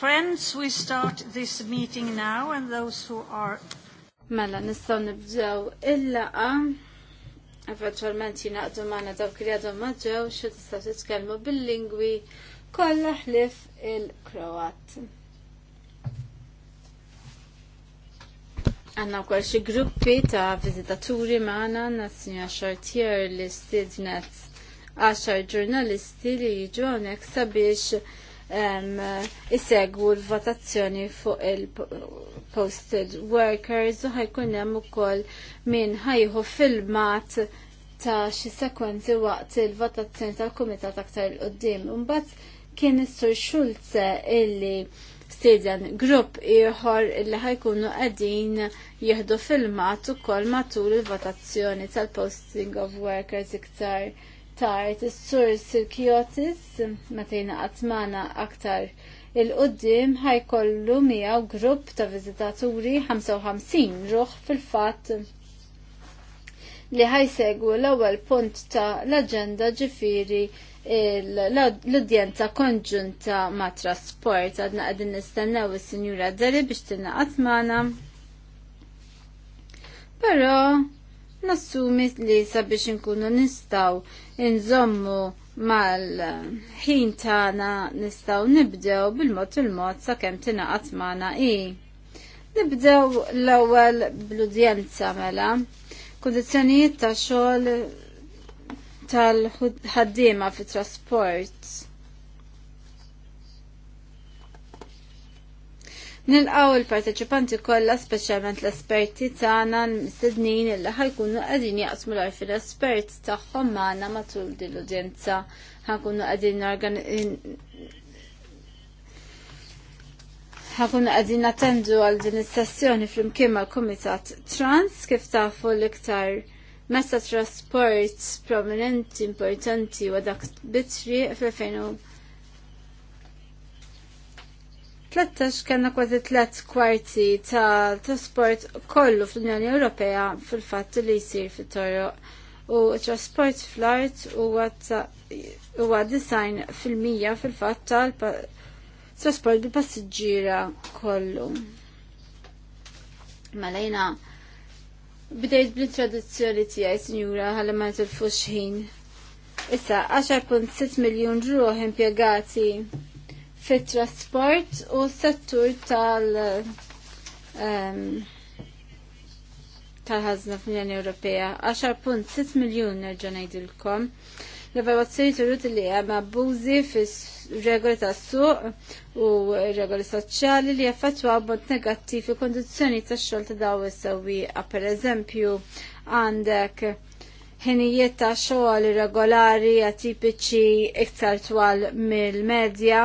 Friends, we start this meeting now and those who are Mela, nistaw nibdew il-laqa. Eventualment jinaqdu maħna dawk li għadhom maġġew xi tistaw titkellmu bil-lingwi kollha ħlif il-Kroat. Għanna wkoll xi gruppi ta' viżitaturi maħna nasinja xortier li stidnet għaxar ġurnalisti li jiġu hawnhekk sabiex isegwu l-votazzjoni fuq il-posted workers u ħajkun hemm ukoll min ħajħu filmat ta' xi sekwenzi waqt il-votazzjoni tal-kumitat aktar il qoddim Imbagħad kien is-Sur Schulze illi stedjan grupp ieħor illi ħajkunu qegħdin jieħdu filmat ukoll matul il-votazzjoni tal-posting of workers iktar tard is-sur Sirkiotis meta għatmana magħna aktar il-qoddim ħajkollu miegħu grupp ta' viżitaturi 55 ruħ fil-fatt li ħajsegwu l-ewwel punt ta' l-aġenda ġifiri l-udjenza konġunta ma' trasport għadna qegħdin nistennew is-Sinjura Deri biex tinnaqat magħna. Però nassumi li sabiex nkunu nistaw nżommu mal-ħin tagħna nistaw nibdew bil-mod il-mod sakemm tingħaqad magħna i. Nibdew l-ewwel bl-udjenza mela. Kundizzjonijiet ta' xogħol tal-ħaddiema fit trasport Nilqaw il-parteċipanti kollha speċjalment l-esperti tagħna mistednin illi ħajkunu qegħdin jaqsmu l-arfi l-espert tagħhom magħna matul din l-udjenza. Ħankunu qegħdin ħakun għadin attendu għal din is-sessjoni fl-imkien mal-Kumitat Trans kif tafu l-iktar messa trasport prominenti importanti u dak bitri fl-2000 tlettax kena kważi 3 kwarti ta' trasport kollu fl-Unjoni Ewropea fil-fatt li jisir fit-toroq u trasport fl-art u huwa design fil-mija fil-fatt tal-trasport bil-passiġġiera kollu. Malajna, bidejt bdejt bl-tradizzjoni tiegħi sinjura ħalli ma tilfux ħin. Issa 10.6 miljun ruħ impjegati fit-trasport u s-settur tal- um, tal-ħazna fl Ewropea. 10.6 miljun nerġa' ngħidilkom. L-evalwazzjoni turut li hemm abbużi fis-regoli tas-suq u regoli soċjali li jaffettwaw b'mod negattiv il-kondizzjoni tax-xogħol ta' daw is-sewwieqa. Pereżempju għandek ħinijiet ta' xogħol irregolari atipiċi iktar twal mill-medja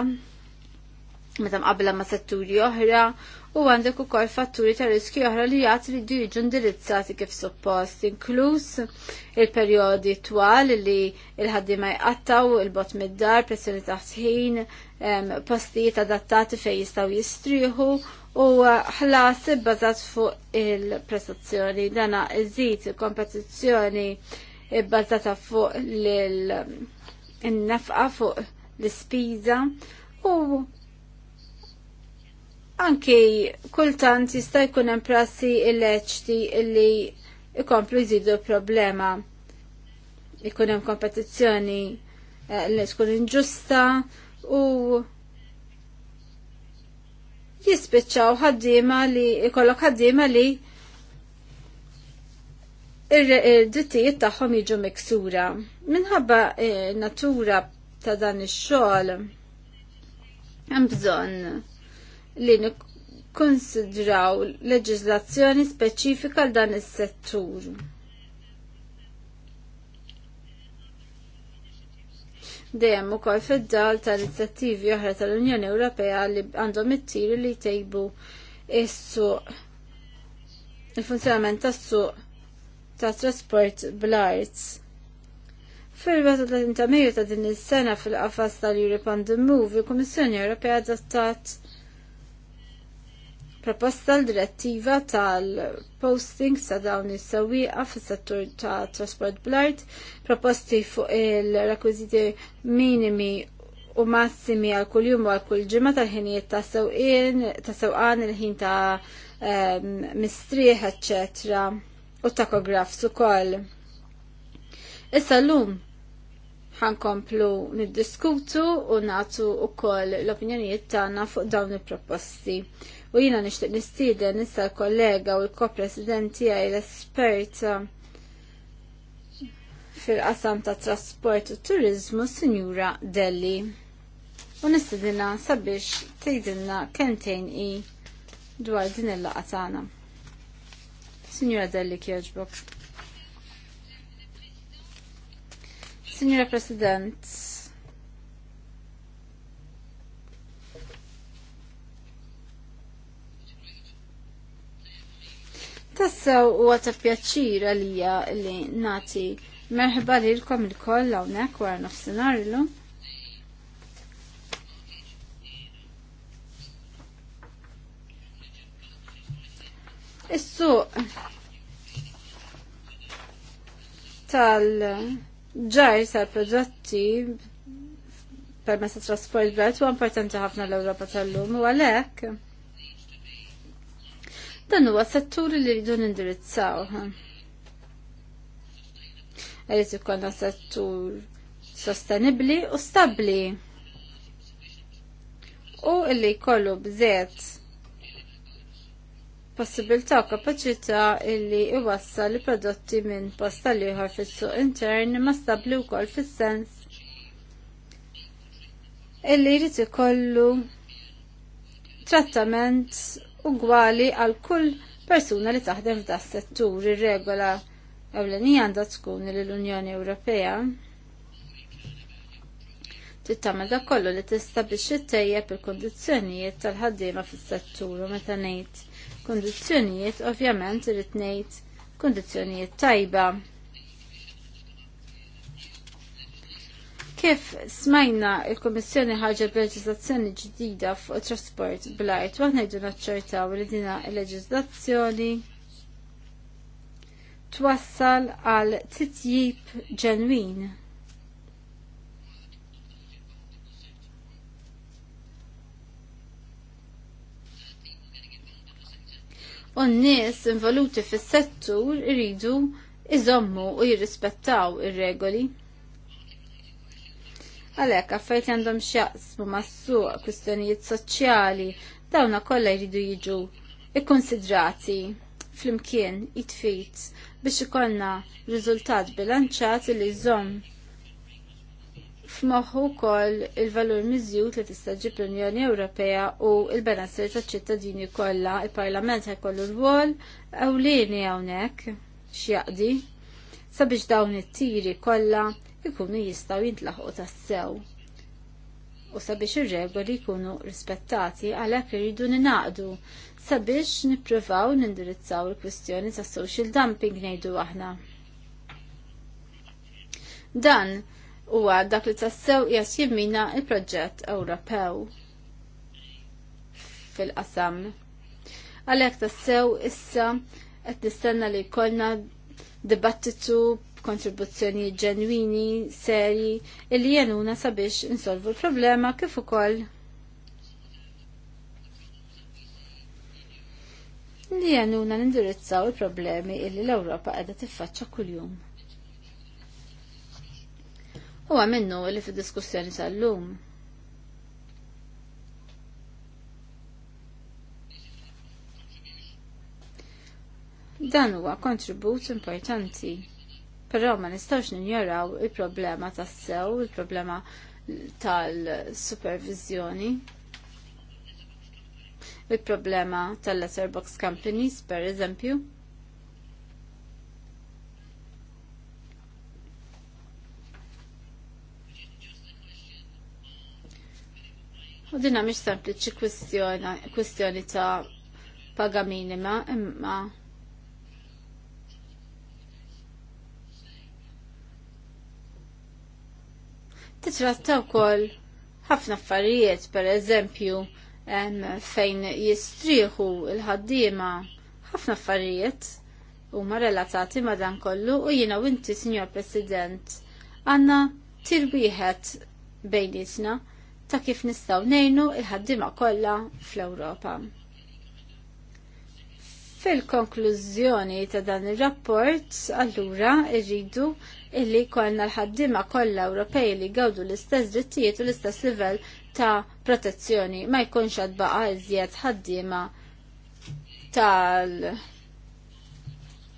meta mqabbla ma' setturi oħra u għandek ukoll fatturi ta' riski oħra li jgħat li jiġu indirizzati kif suppost, inkluż il-perjodi twal li il ħaddima jqattaw il-bot mid-dar, pressjoni ta' sħin, postijiet adattati fejn jistgħu jistrieħu u ħlas bbażat fuq il-prestazzjoni. Dana iżid kompetizzjoni bbażata fuq l-nafqa fuq l-ispiża u anki kultant jista' jkun hemm prassi illeċti illi ikomplu jżidu problema. Ikun hemm kompetizzjoni eh, li tkun inġusta u jispiċċaw ħaddiema li ikollok ħaddiema li ir dittijiet tagħhom jiġu miksura. Minħabba eh, natura ta' dan ix-xogħol hemm bżonn li nikkonsidraw leġiżlazzjoni speċifika għal dan is-settur. Dejjem ukoll fid-dal tal-inizjattivi oħra tal-Unjoni Ewropea li għandhom it li jtejbu is-suq il-funzjonament tas-suq tat trasport bl-arts. Fil-30 ta' Mejju ta' din is-sena fil-qafas tal-European The Move, il-Kummissjoni Ewropea adottat proposta l-direttiva tal-posting sa' dawn is-sewwieqa fis-settur ta' trasport blart, proposti fuq il-rekwiżiti minimi u massimi għal kull jum u għal kull ġimma tal-ħinijiet ta' sewqien, ta' sewqan il-ħin ta' ehm, mistrieħ, eccetera, u takograf ukoll. Issa l-lum ħankomplu niddiskutu u natu u koll l-opinjonijiet tagħna fuq dawn il-proposti u jina nishtiq nistieden issa kollega u l-ko-president tiegħi l-espert uh, fil-qasam ta' trasport u turizmu Signora Delli. U nistidina sabiex tgħidilna kentejn i dwar din il laqatana Signora Delli kieġbok. Signora President, Tassa u għata pjaċir għalija li nati merħba li l-kom il-koll nek għar nofsenar l-lum. Is-suq tal-ġar tal-prodotti permessa trasport brat u importanti ħafna l-Ewropa tal-lum u għalhekk Dan huwa settur li rridu nindirizzaw. Rrid ikolna settur sostenibbli u stabbli. U illi jkollu bżet possibilta u kapaċità illi iwassal li prodotti minn posta liħor fis-suq intern ma stabli wkoll fis-sens illi jrid ikollu trattament ugwali għal kull persuna li taħdem f'da settur ir-regola ewlenija għandha tkun li l-Unjoni Ewropea Tittama da kollu li tista biex il-kondizzjonijiet tal-ħaddiema fis-settur u meta ngħid kondizzjonijiet ovvjament irid ngħid kondizzjonijiet tajba. Kif smajna il-Komissjoni b leġislazzjoni ġdida fuq trasport bl-art, waħna naċċerta naċċertaw li dina il-leġislazzjoni twassal għal titjib ġenwin. u n-nies involuti fis-settur iridu iżommu u jirrispettaw ir-regoli. Għalhekk affarijiet għandhom x'jaqsmu mas-suq, kwistjonijiet soċjali, dawna kolla jridu jiġu ikkonsidrati flimkien it-fit biex ikollna riżultat bilanċat li jżomm f'moħħu wkoll il-valur miżjud li tista' ġib l-Unjoni Ewropea u l-benessri taċ-ċittadini kollha, il-Parlament ħekollu rwol ewlieni hawnhekk x'jaqdi sabiex dawn it-tiri kollha jkunu jistgħu jintlaħqu sew u sabiex ir-regoli jkunu rispettati għalhekk iridu ninaqdu sabiex nippruvaw nindirizzaw il-kwistjoni ta' social dumping ngħidu aħna. Dan huwa dak li tassew jas jimmina il-proġett Ewropew fil-qasam. Għalhekk tassew issa qed nistenna li jkollna dibattitu kontribuzzjoni ġenwini, seri, illi jenuna sabiex insolvu l-problema kif ukoll li jenuna nindirizzaw il-problemi illi l-Ewropa qiegħda tiffaċċa kuljum. Huwa minnu li fid-diskussjoni tal-lum Dan huwa kontribut importanti. Però ma nistax ninjoraw il-problema tas-sew, il-problema tal-supervizjoni, il-problema tal-letterbox companies, per eżempju. U dinna mhix sempliċi kwistjoni ta' paga minima imma titratta wkoll ħafna affarijiet, per eżempju, fejn jistrieħu il-ħaddiema ħafna affarijiet huma relatati ma' dan kollu u jina u inti, Sinjor President, għandna tirbiħet bejnietna ta' kif nistgħu ngħinu il-ħaddiema kollha fl-Ewropa. Fil-konklużjoni ta' dan ir-rapport, allura irridu illi kollna l-ħaddima kollha Ewropej li gawdu l-istess drittijiet u l-istess livell ta' protezzjoni ma jkunx għad baqa' iżjed ħaddima tal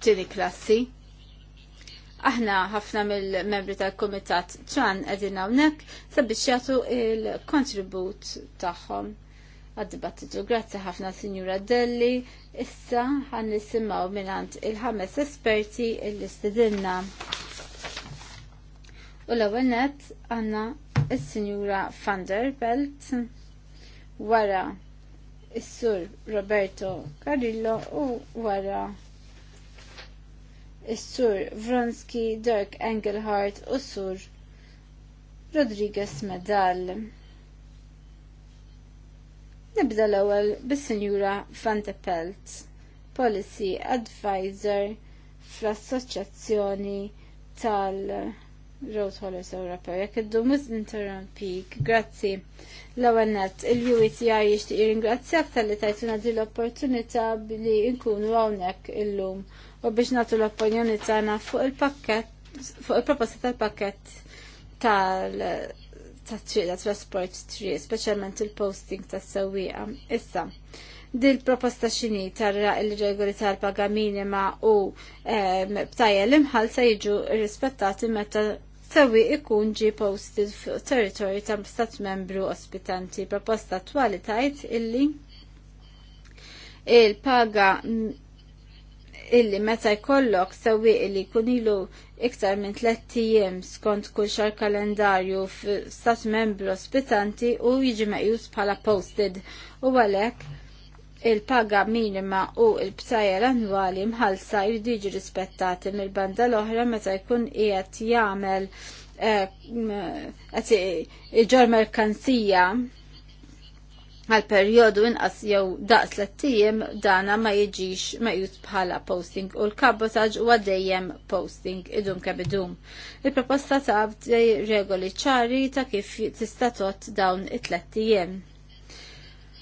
tini klassi. Aħna ħafna mill-membri tal-Kumitat ċan qegħdin hawnhekk sabiex jagħtu il-kontribut tagħhom għad-dibattitu. Grazzi ħafna Sinjura Delli. Issa għan nisimaw minant il-ħames esperti il-istidinna. U l-ewwel għanna għandna is-Sinjura van der Belt wara is-Sur Roberto Carillo u wara is-Sur Vronski, Dirk Engelhardt u s-Sur Rodriguez Medal. Nibda l-ewwel bis-Sinjura Fante Pelt, Policy Advisor fl-Assoċjazzjoni tal-Road Haulers Ewropew. Jekk iddu miż peak, grazzi. L-ewwel nett il-UETI jixtieq jirringrazzjak tal-li tajtuna din l-opportunità li nkunu hawnhekk illum u biex nagħtu l-opinjoni tagħna fuq il-pakkett fuq il-proposta tal-pakkett tal-, -pakket, tal ta' triq ta' trasport triq, speċjalment il-posting ta' sewwieqa. Issa, dil proposta xini tarra il-regoli tal-paga minima u btajja l-imħal sa jiġu rispettati meta sawi ikun ġi posted fuq territorju ta' stat membru ospitanti. Proposta twali tajt illi il-paga illi meta jkollok sewi illi jkun ilu iktar minn tliet ijiem skont kull xar kalendarju f'stat membru ospitanti u jiġi meqjus bħala posted u għalhekk il-paga minima u l-btajja annwali mħalsa jridu rispettati mill-banda l-oħra meta jkun qiegħed jagħmel eh, qed iġor merkanzija għal perjodu inqas jew daqs l-tijiem dana ma jiġix meqjus bħala posting u l-kabotaġ huwa dejjem posting idum kebidum. Il-proposta ta' regoli ċari ta' kif tista' tot dawn it-tlet tijiem.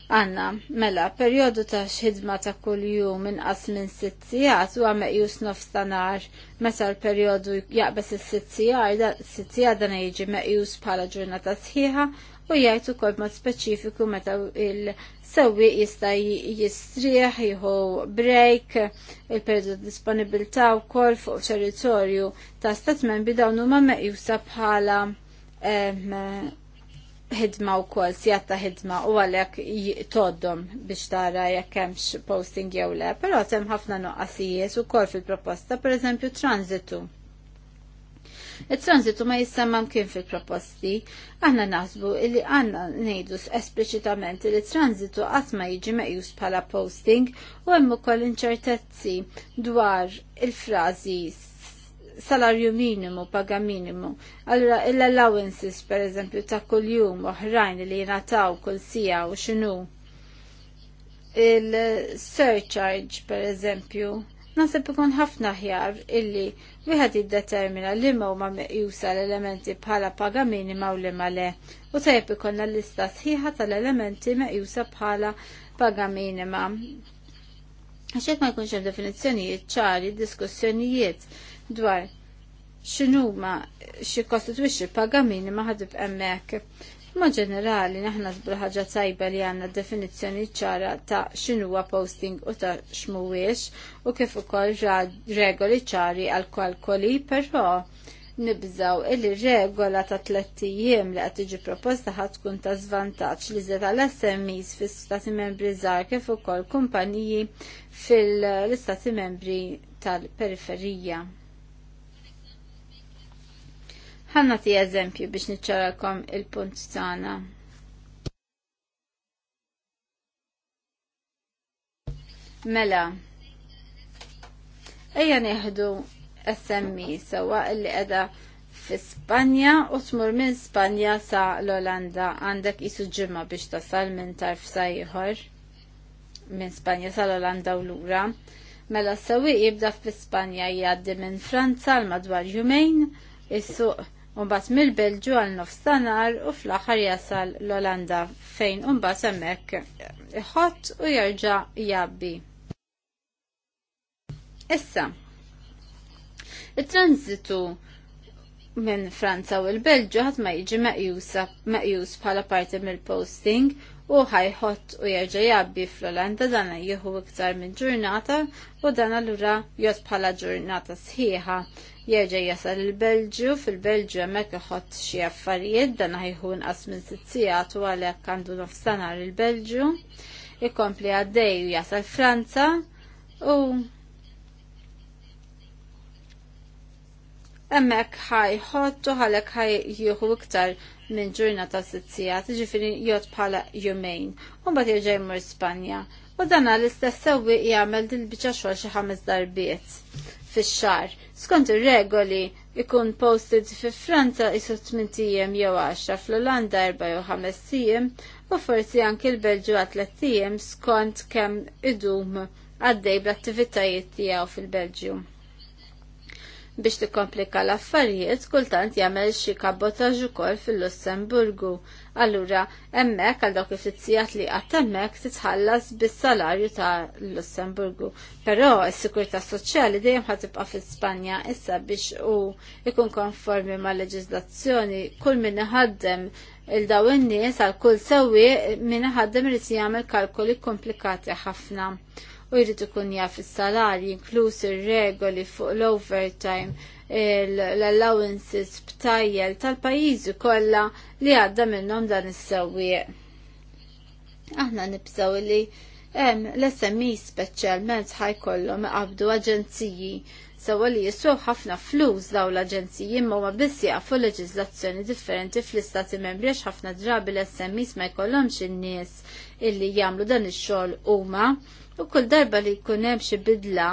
Għanna, mela, perjodu ta' xidma ta' kull jum inqas minn sitt u huwa meqjus nofstanar meta l-perjodu jaqbes is-sitt sigħar dan jiġi meqjus bħala ġurnata sħiħa u jgħid ukoll mod speċifiku meta il sewi jista' jistrieħ jieħu break il-periodu disponibilità wkoll fuq territorju ta' statmen membri dawn meqjusa bħala ħidma u kol, sijatta hidma u għalek toddom biex tara jekk hemmx posting jew le, però hemm ħafna u ukoll fil-proposta, per eżempju, transitu. Il-transitu ma jissamam kien fil-proposti. Aħna naħsbu illi għanna nejdu esplicitament li transitu għatma jiġi meqjus bħala posting u hemm ukoll inċertezzi dwar il-frażi salarju minimu, paga minimu. Allora, l-allowances, per eżempju, ta' kull-jum oħrajn li jenataw kull sija u xinu. Il-surcharge, per eżempju, Nasib ikun ħafna ħjar illi wieħed jiddetermina li ma huma meqjusa l-elementi bħala paga minima u li le u tajjeb ikollna l-lista sħiħa tal-elementi meqjusa bħala paga minima. Għaxek ma jkunx hemm definizzjonijiet ċari, diskussjonijiet dwar x'inhuma xi kostitwixxi paga minima ħadib hemmhekk. Ma ġenerali, naħna ħaġa tajba li għanna definizzjoni ċara ta' xinuwa posting u ta' xmuwiex u kif ukoll regoli ċari għal kalkoli, però nibżaw illi regola ta' tlettijiem li għatiġi tiġi proposta ħad tkun ta' zvantaċ li zed għal SMEs fi stati Membri żgħar kif ukoll kumpaniji fil-Istati Membri tal-Periferija. Ħanna ti eżempju biex niċċarakom il-punt tagħna. Mela, ejja nieħdu SMI sewa li qiegħda fi Spanja u tmur minn Spanja sa l-Olanda għandek isu ġimma biex tasal minn tarf sa ieħor minn Spanja sa l-Olanda u lura. Mela s-sawi jibda fi Spanja jgħaddi minn Franza l-madwar jumejn, is-suq Umbat mill-Belġu għal nofstanar u fl-axar jasal l-Olanda fejn umbat semmek iħot u jarġa jabbi. Issa, il-transitu minn Franza u l-Belġu għat ma jiġi meqjus bħala parti mill-posting u ħajħot u jerġa' jabbi fl-Olanda dana jieħu iktar minn ġurnata u dan allura jgħod bħala ġurnata sħiħa jerġa' jasal il-Belġu, fil-Belġu hemmhekk iħodd xi affarijiet dan ħajħun qas minn sitt u għalhekk għandu nofsinhar il-Belġu, ikompli għaddej u jasal Franza u emmek ħajħot u ħalek ħaj jieħu iktar minn ġurnata sitt sigħat, ġifieri jgħod bħala jumejn, u mbagħad jerġa' jmur Spanja. U dan l-istess sewwi jagħmel din biċċa xogħol xi ħames darbiet fix-xar. Skont ir-regoli ikun posted fi Franza isu 8 jew 10, fl-Olanda 4 jew 5 u forsi anki l-Belġu 3 skont kemm idum għaddej bl-attivitajiet tiegħu fil-Belġju. Biex tikkomplika l-affarijiet, kultant jagħmel xi kabotaġu ukoll fil-Lussemburgu Allura, emmek għal dawk il-fizzijat li għat emmek titħallas bis-salarju ta' Lussemburgu. Però s-sikurta soċjali dejjem ħat tibqa' fil spanja issa biex u ikun konformi ma' leġislazzjoni kull min ħaddem il daw in-nies għal kull sewi min ħaddem irid jagħmel kalkoli komplikati ħafna u jrid ikun jaf is-salarji inkluż ir-regoli fuq l-overtime l-allowances b'tajjel tal-pajjiżi kollha li għadda minnhom dan is-sewwieq. Aħna nibżgħu li hemm l-SMI e speċjalment ħajkollhom iqabdu aġenziji sewwa li jiswew ħafna flus daw l-aġenziji imma ma biss jafu leġiżlazzjoni differenti fl-istati membri għax ħafna drabi l-SMIs ma jkollhomx in-nies illi jagħmlu dan ix-xogħol huma U kull darba li jkun hemm xi bidla,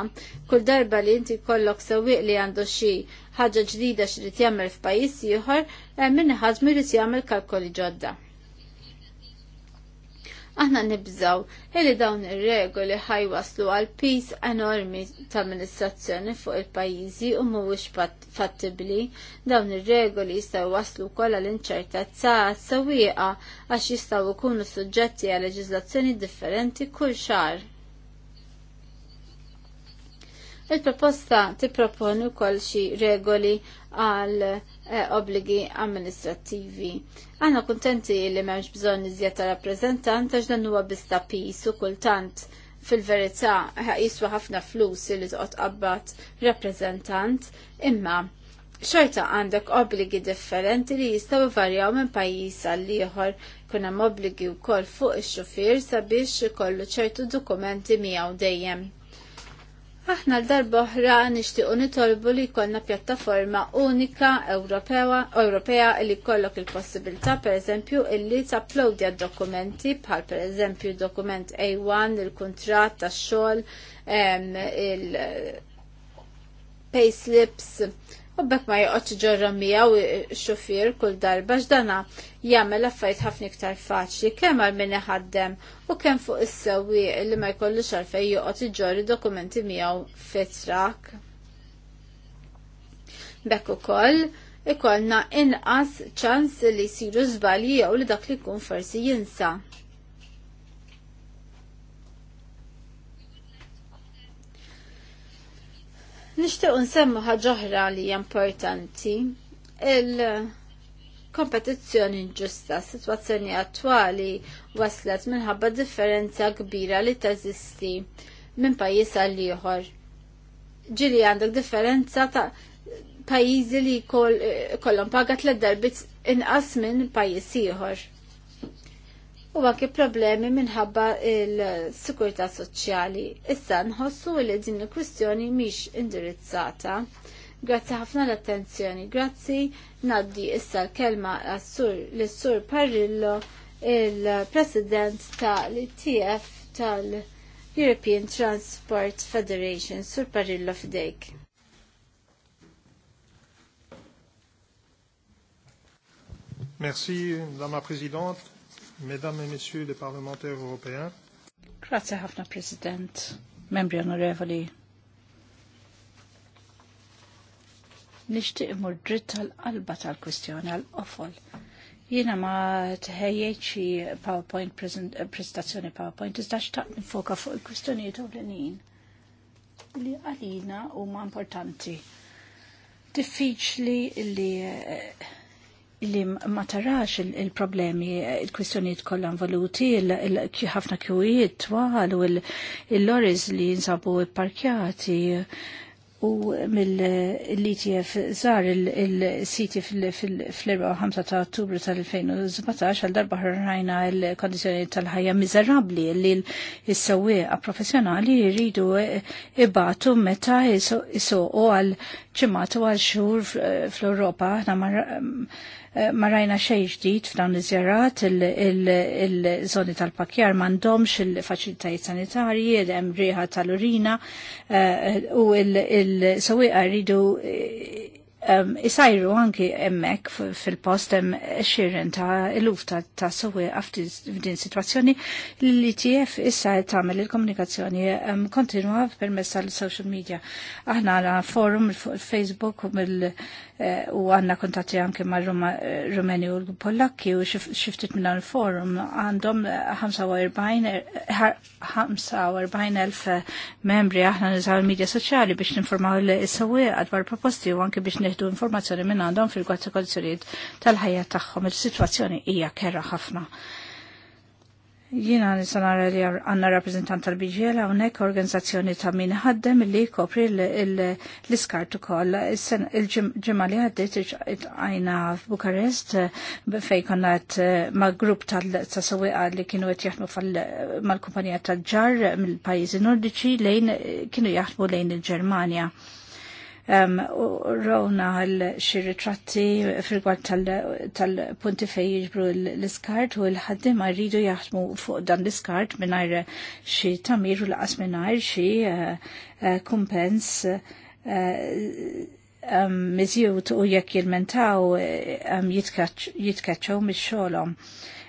kull darba li inti kollok sewwieq li għandu xi ħaġa ġdida xrid jagħmel f'pajjiż ieħor, hemm eh, min ħażmu jrid jagħmel kalkoli ġodda aħna nibżaw li dawn ir-regoli ħajwaslu għal pis enormi ta' amministrazzjoni fuq il-pajjiżi u mhuwiex fattibbli. Dawn ir-regoli jistgħu waslu wkoll għal inċertezza għas-sewwieqa għax jistgħu jkunu suġġetti għal leġiżlazzjoni differenti kull xahar. Il-proposta tipproponi wkoll xi regoli għal eh, obbligi amministrattivi. Għanna kuntenti li m'hemmx bżonn iżjed ta' rappreżentant għax dan huwa bista pis kultant fil-verità jiswa ħafna flus li tqot qabbat rappreżentant imma xorta għandek obbligi differenti li jistaw varjaw minn pajjiż għal ieħor kun hemm obbligi wkoll fuq ix-xufier sabiex ikollu ċertu dokumenti miegħu dejjem. Aħna l-darba oħra nixtiequ nitolbu li jkollna pjattaforma unika Ewropea li jkollok il-possibilità pereżempju illi tapplowdja dokumenti bħal pereżempju dokument A1, il-kuntratt tax-xogħol, il-payslips, u bekk ma joqgħodx ġorra miegħu xufier kull darba x'dana jagħmel affarijiet ħafna iktar faċli kemm għal min iħaddem u kemm fuq is-sewwieq li ma jkollux għalfejn joqgħod iġorri dokumenti miegħu fitrak. trak Bekk ukoll ikollna inqas ċans li jsiru żbalji jew li dak li jkun forsi jinsa. Nishtiq nsemmu ħagġoħra li importanti il-kompetizzjoni ġusta, situazzjoni attwali waslet minħabba differenza kbira li teżisti minn pajjiż għal ieħor. Ġili għandek differenza ta' pajjiżi li kollom pagat l-darbit inqas minn pajjiż ieħor u anke problemi minħabba il-sikurta soċjali. Issa nħossu li din il-kwistjoni mhix indirizzata. Grazzi ħafna l-attenzjoni, grazzi naddi issa l-kelma l-sur Parrillo, il-president tal-TF tal-European Transport Federation, sur Parrillo fidejk. Merci, Madame la Présidente. Mesdames et Messieurs les parlementaires européens. Grazie ħafna President, membri onorevoli. Nixtieq imur dritt tal-qalba tal-kwistjoni għal-qofol. Jiena ma tħejjeċi PowerPoint presentazzjoni PowerPoint iżda xtaqt nifoka fuq il-kwistjonijiet ewlenin li għalina huma importanti. Diffiċli li, li eh, li ma tarax il-problemi, il-kwistjoniet kollha involuti, ħafna kjujiet twal u l-loris li jinsabu parkjati u mill-ETF zar il-siti fil 5 ta' ottubru tal-2017 għal darba ħrajna l-kondizjoni tal-ħajja miserabli li l-sewwieqa professjonali jridu ibatu meta jisoqu għal ċimatu għal xhur fl-Ewropa ma rajna xej ġdid f'dawn iż-żjarat il-żoni tal-pakjar m'għandhomx il-faċilitajiet sanitarji, il-hemm riħa tal-urina eh, u il- il-sawiqa rridu eh, um, isajru anki emmek fil-post hemm xirin ta' iluf ta', ta sowi f'din situazzjoni li TF issa tagħmel il-komunikazzjoni um, kontinwa permezz tal-social media. Aħna għana forum il-Facebook u mill eh, u għanna kontatti anke ma' Rumeni u l-Pollakki u xiftit minn l forum għandhom 45.000 eh, membri aħna nizaw il-medja soċjali biex n-informaw l-sawi għadwar proposti u anke biex jieħdu informazzjoni minn għandhom fil-gwazza kondizjoniet tal-ħajja tagħhom. Il-sitwazzjoni hija kerra ħafna. Jina nisanara li għanna rappresentant tal-BGL għonek organizazzjoni ta' min ħaddem li kopri l-iskartu koll. Il-ġimma li għaddit għajna f'Bukarest fej konnat eh, ma' grupp tal-sasawiqa li kienu għet jaħdmu mal-kumpanija tal-ġar mill-pajizi nordiċi lejn kienu jaħdmu lejn il ġermania rawna għal xi ritratti frigwant tal-punti fej jiġbru l-iskart u l-ħaddim rridu jaħdmu fuq dan l-iskart mingħajr xi tamir u laqas mingħajr xi eh, eh, kumpens eh, mizjut u jekk jilmentaw jitkaċċaw mix-xogħolhom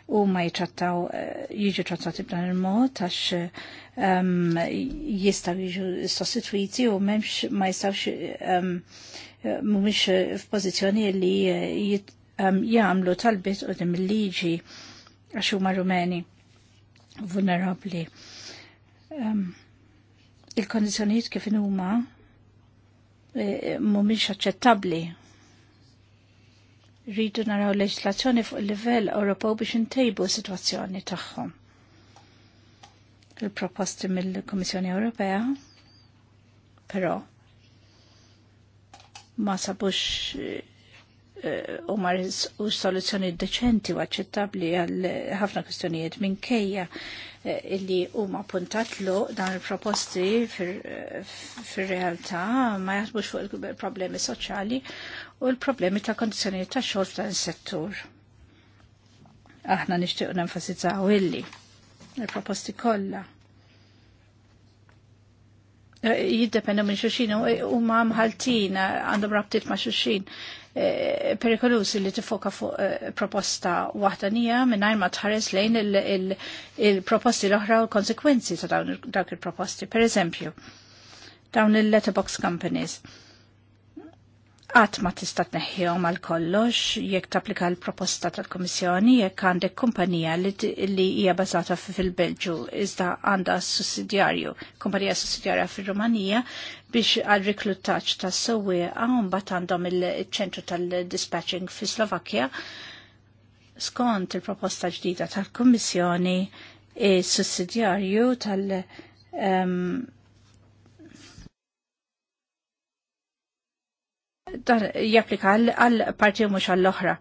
u ma jitrattaw eh, jiġu trattati b'dan il-mod għax um, jistaw jiġu sostituiti u memx ma jistawx ehm, mumiex f'pozizjoni li eh, jgħamlu ehm, um, talbit u dim liġi għax huma rumeni vulnerabli. Um, il kondizjoniet kif huma eh, mumiex aċċettabbli rridu naraw leġislazzjoni fuq il-livell Ewropew biex intejbu s-sitwazzjoni tagħhom. Il-proposti mill-Kummissjoni Ewropea, però ma sabux eh, eh, u ma u soluzzjoni deċenti u aċċettabli għal ħafna kwistjonijiet kejja eh, illi huma puntatlu dan il-proposti fir-realtà ma jaħsbux fuq il-problemi soċjali u l-problemi ta' kondizjoni ta' xogħol f'dan is-settur. Aħna nixtieq nenfasizzaw illi il-proposti kollha e, jiddependu minn xuxin u ma mħaltin għandhom rabtiet ma xuxin e, perikolusi li tifoka fuq e, proposta nija minn ma tħares lejn il-proposti l-oħra u konsekwenzi ta' dawn il-proposti. Per eżempju, dawn il-letterbox companies Għat ma tista tneħħihom għal kollox jekk tapplika l-proposta tal-Komissjoni jekk għandek kumpanija li hija bażata fil-Belġu iżda għandha sussidjarju, kumpanija sussidjarja fir-Rumanija biex għal riklutaċ tas sewwieqa mbagħad għandhom il-ċentru tal-dispatching fi Slovakkja. Skont il-proposta ġdida tal-Kummissjoni, is-sussidjarju tal-, -tal, -tal, -tal, -tal, -tal, -tal, -tal, -tal japplika għal parti mhux għall-oħra.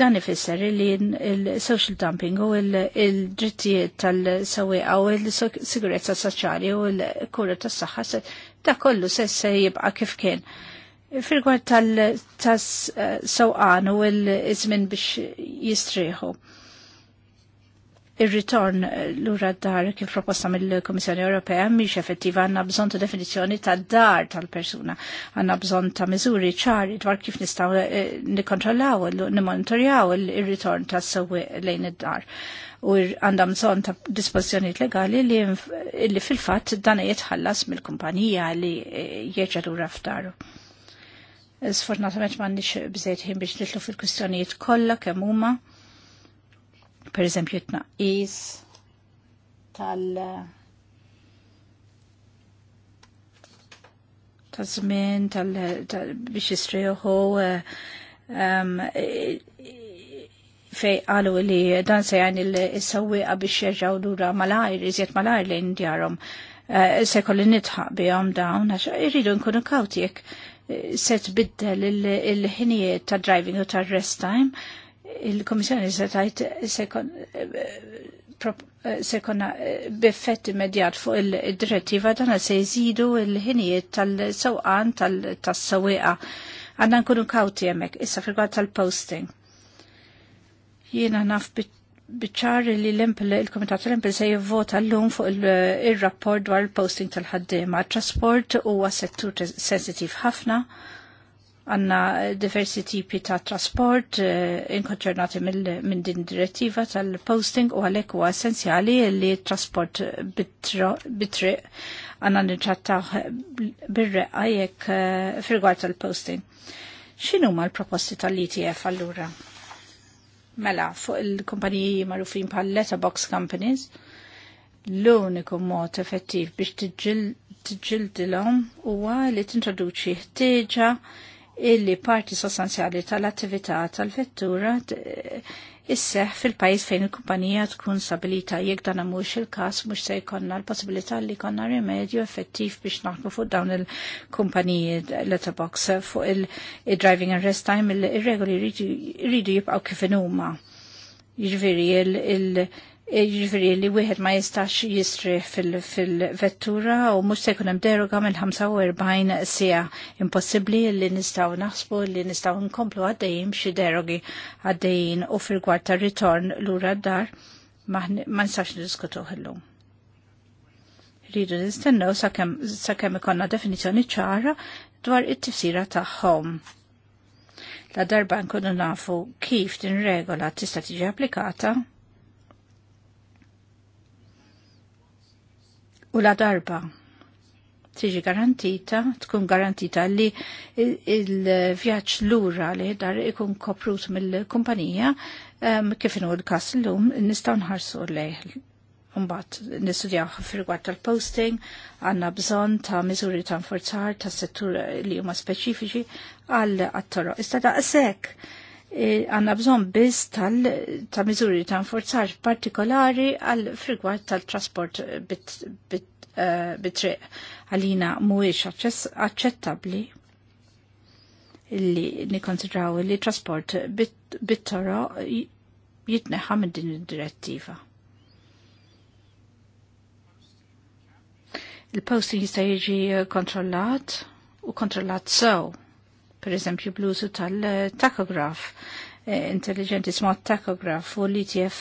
Dan ifisser li il-social dumping u il-drittijiet tal-sawiqa u il-sigurezza soċjali u l-kura tas-saħħa da kollu se se jibqa' kif kien. Firgwar tal-sewqan eh, u l-izmin biex jistrieħu Ir-ritorn eh, lura d-dar kif proposta mill-Komissjoni Ewropea mhix effettiva għandna bżonn ta' definizzjoni ta' dar tal-persuna, għandna bżonn ta' miżuri ċari dwar kif nistgħu eh, nikkontrollaw nimonitorjaw ir-ritorn tas-sewwi lejn id-dar. U għandha bżonn ta' dispożizzjonijiet legali li, fil-fatt dan jitħallas mill-kumpanija li eh, jieġa lura f'daru. Sfortunatament m'għandix bżejt ħin biex nitlu fil-kwistjonijiet kollha kemm huma per eżempju is tal ta' żmien tal biex jistrieħu um, fej qalu li dan se jgħin il-sewwieqa biex jerġgħu lura malajr, iżjed malajr lejn djarhom. Uh, se kolli nitħaq bihom dawn għax irridu nkunu kawtijek se tbiddel il-ħinijiet ta' driving u ta' rest time il-Komissjoni se tajt sekonna b'effett immedjat fuq il-direttiva dana se jżidu il-ħinijiet tal-sewqan tas-sewieqa. Għanna nkunu kawti hemmhekk issa fil tal-posting. Jiena naf biċċar li l-Empel, il-Komitat l-Empel se jivvota l-lum fuq il-rapport dwar il-posting tal-ħaddiema. Trasport huwa settur sensitiv ħafna għanna diversi tipi ta' trasport uh, inkonċernati minn din direttiva tal-posting u għalek huwa essenzjali li trasport bitri għanna nċatta birre għajek uh, eh, fil tal-posting. Xinu ma l-proposti tal-ETF allura? Mela, fuq il-kumpaniji marufin bħal letterbox companies, l-uniku mod effettiv biex tiġġildilhom huwa li tintroduċi ħtieġa illi parti sostanzjali tal-attività tal-vettura isseħ fil-pajis fejn il-kumpanija tkun stabilita jekk dan mhux il-każ mhux se jkollna l-possibilità li jkollna rimedju effettiv biex naħdmu fuq dawn il-kumpaniji letterbox fuq il-driving and rest time il-regoli jridu jibqgħu kif huma. Jiġifieri il-, il, il E, Ġifri li wieħed ma jistax jistri fil-vettura u mhux se jkun hemm deroga minn 45 sija. Impossibbli li nistgħu naħsbu li nistgħu nkomplu għaddejjin xi derogi għaddejjin u fil-gwar ta' ritorn lura d-dar ma nistax niddiskutu ħillum. Rridu nistennew sakemm ikonna definizzjoni ċara dwar it-tifsira tagħhom. La darba nkunu nafu kif din regola tista' tiġi applikata u la darba tiġi garantita, tkun garantita li il-vjaġġ lura li dar ikun koprut mill-kumpanija kif inhu l-kas l-lum nistgħu nħarsu lejh. Mbagħad nistudjaw fir tal-posting, għandna bżonn ta' miżuri ta' nforzar ta' settur li huma speċifiċi għal attoro. Istada' daqshekk E, għanna bżon biss ta' miżuri ta' nforzar partikolari għal frigwat tal-trasport bit-triq e, għalina muwiex accettabli illi nikonsidraw li trasport bit-toro jitneħa minn din id-direttiva. Il-posting jista' jiġi kontrollat u kontrollat sew. So per eżempju bluzu tal-takograf, eh, intelligenti smart takograf u li tjef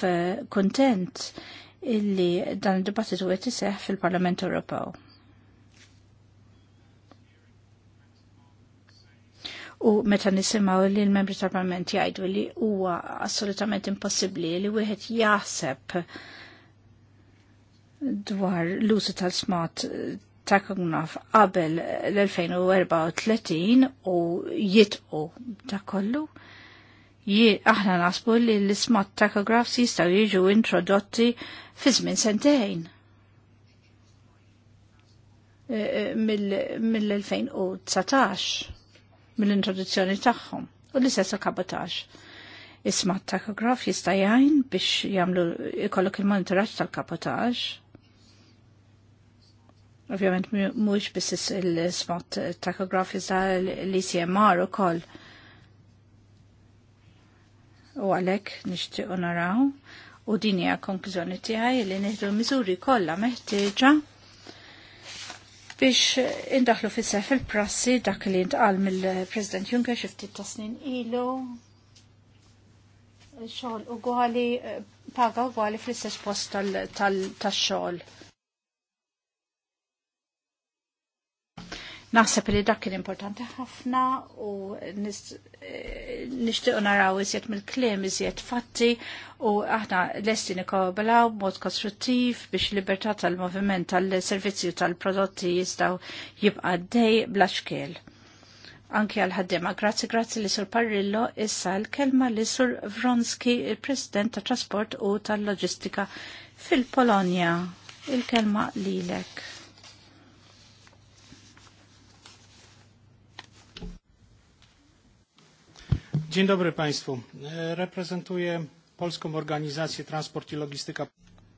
kontent eh, illi dan il-dibattitu għet iseħ fil-Parlament Ewropew. U meta nisimaw li l-membri tal-Parlament jgħidu li huwa assolutament impossibbli li wieħed jaħseb dwar l-użu tal-smart ta' qabel l-2034 u jitqu ta' kollu. Aħna nasbu li l-ismat takografs jistaw jiġu introdotti fi żmien sentejn e, e, mill-2019 mill-introduzzjoni tagħhom u l-istess kabotax. Isma takograf jista' jgħin biex jagħmlu ikollok il-monitoraġġ tal-kabotax Ovvjament mux biss il-spot li ta' l-ICMR ukoll. U għalhekk nixtiequ naraw u din hija konklużjoni tiegħi li nieħdu miżuri kollha meħtieġa biex indaħlu fis seħ il-prassi dak li intqal mill-President Juncker xi ftit ta' snin ilu xogħol ugwali eh, paga ugwali fl-istess post tax-xogħol. Naħseb li dak kien importanti ħafna u nixtiequ naraw iżjed mill-kliem iżjed fatti u aħna lesti nikobelaw b'mod kostruttiv biex libertà tal-moviment tal-servizzi u tal-prodotti jistgħu jibqa' dej bla xkel. Anki għal ħaddiema grazzi grazzi li sur Parrillo issa l-kelma li sur Vronski, il-President tat Trasport u tal-Loġistika fil-Polonja. Il-kelma lilek. Dzień dobry Państwu. E, reprezentuję Polską Organizację Transport i Logistyka.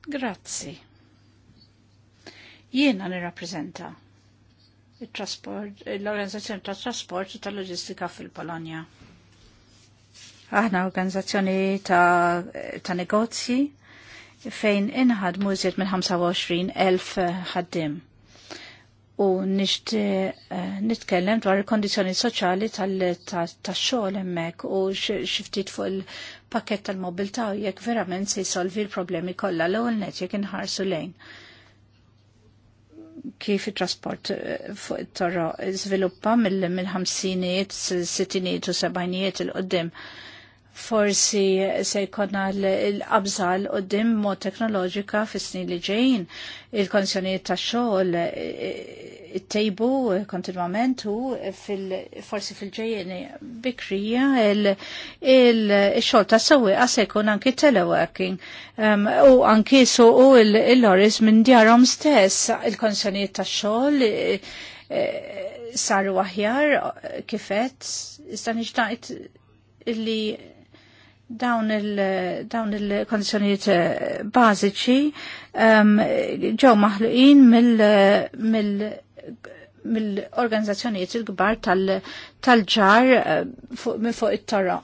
Grazzi. Jiena nirrappreżenta l-Organizzazzjoni ta' transport, u tal-Loġistika fil-Polonja. Aħna organizzazzjoni ta', ta negozji fejn inħad iżjed minn 25,000 ħaddim. Uh, u nishti eh, nitkellem dwar il-kondizjoni soċjali tal-xogħol hemmhekk u xiftit fuq il-pakket tal-mobilità u jekk verament se jsolvi l-problemi kollha l-ewwel net jekk inħarsu lejn kif it-trasport eh, fuq it-torro żviluppa mill-ħamsinijiet, sittinijiet u sebgħinijiet il-qoddim. il qoddim il forsi se jkonna l-qabżal u dim mod teknoloġika fis-snin li ġejjin. Il-konsjonijiet ta' xogħol eh, it-tejbu kontinwament u forsi fil-ġejjin bikrija il-xogħol ta' sewwieqa se jkun anki teleworking u anki suqu l-loris minn djarhom stess il-konsjonijiet ta' xogħol eh, saru aħjar eh, kifet, iżda nixtaqt illi dawn il-kondizjoniet eh, bażiċi ehm, ġew maħluqin mill-organizzazzjonijiet il-kbar tal-ġar eh, minn fuq it-torra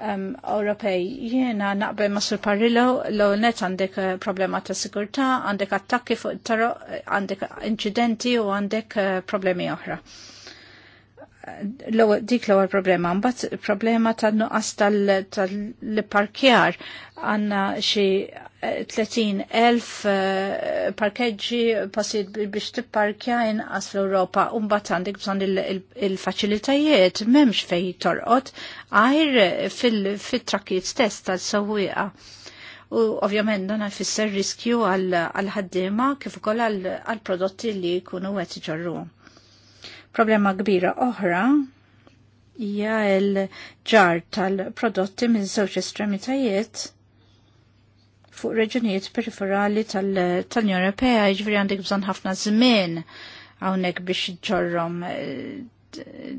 ehm, Ewropej. Jiena naqbel ma' Sur Parrillo l net għandek eh, problema ta' sigurtà, għandek attakki fuq it-torra, għandek inċidenti u għandek problemi oħra dik l-ewwel problema, mbagħad problema tan-nuqqas tal-parkjar għandna xi 30,000 eh, eh, parkeġġi passijiet biex tipparkja inqas l ewropa u mbagħad għandek bżonn il-faċilitajiet m'hemmx fejn torqod għajr fit-trakkijiet stess tal-sewwieqa. U ovvjament dan ifisser riskju għal ħaddiema kif ukoll għal prodotti li jkunu qed iġorruhom Problema kbira oħra hija l-ġar tal-prodotti minn żewġ estremitajiet fuq reġunijiet periferali tal-Unjoni Ewropea, jiġri għandek bżonn ħafna żmien hawnhekk biex ġorrom eh,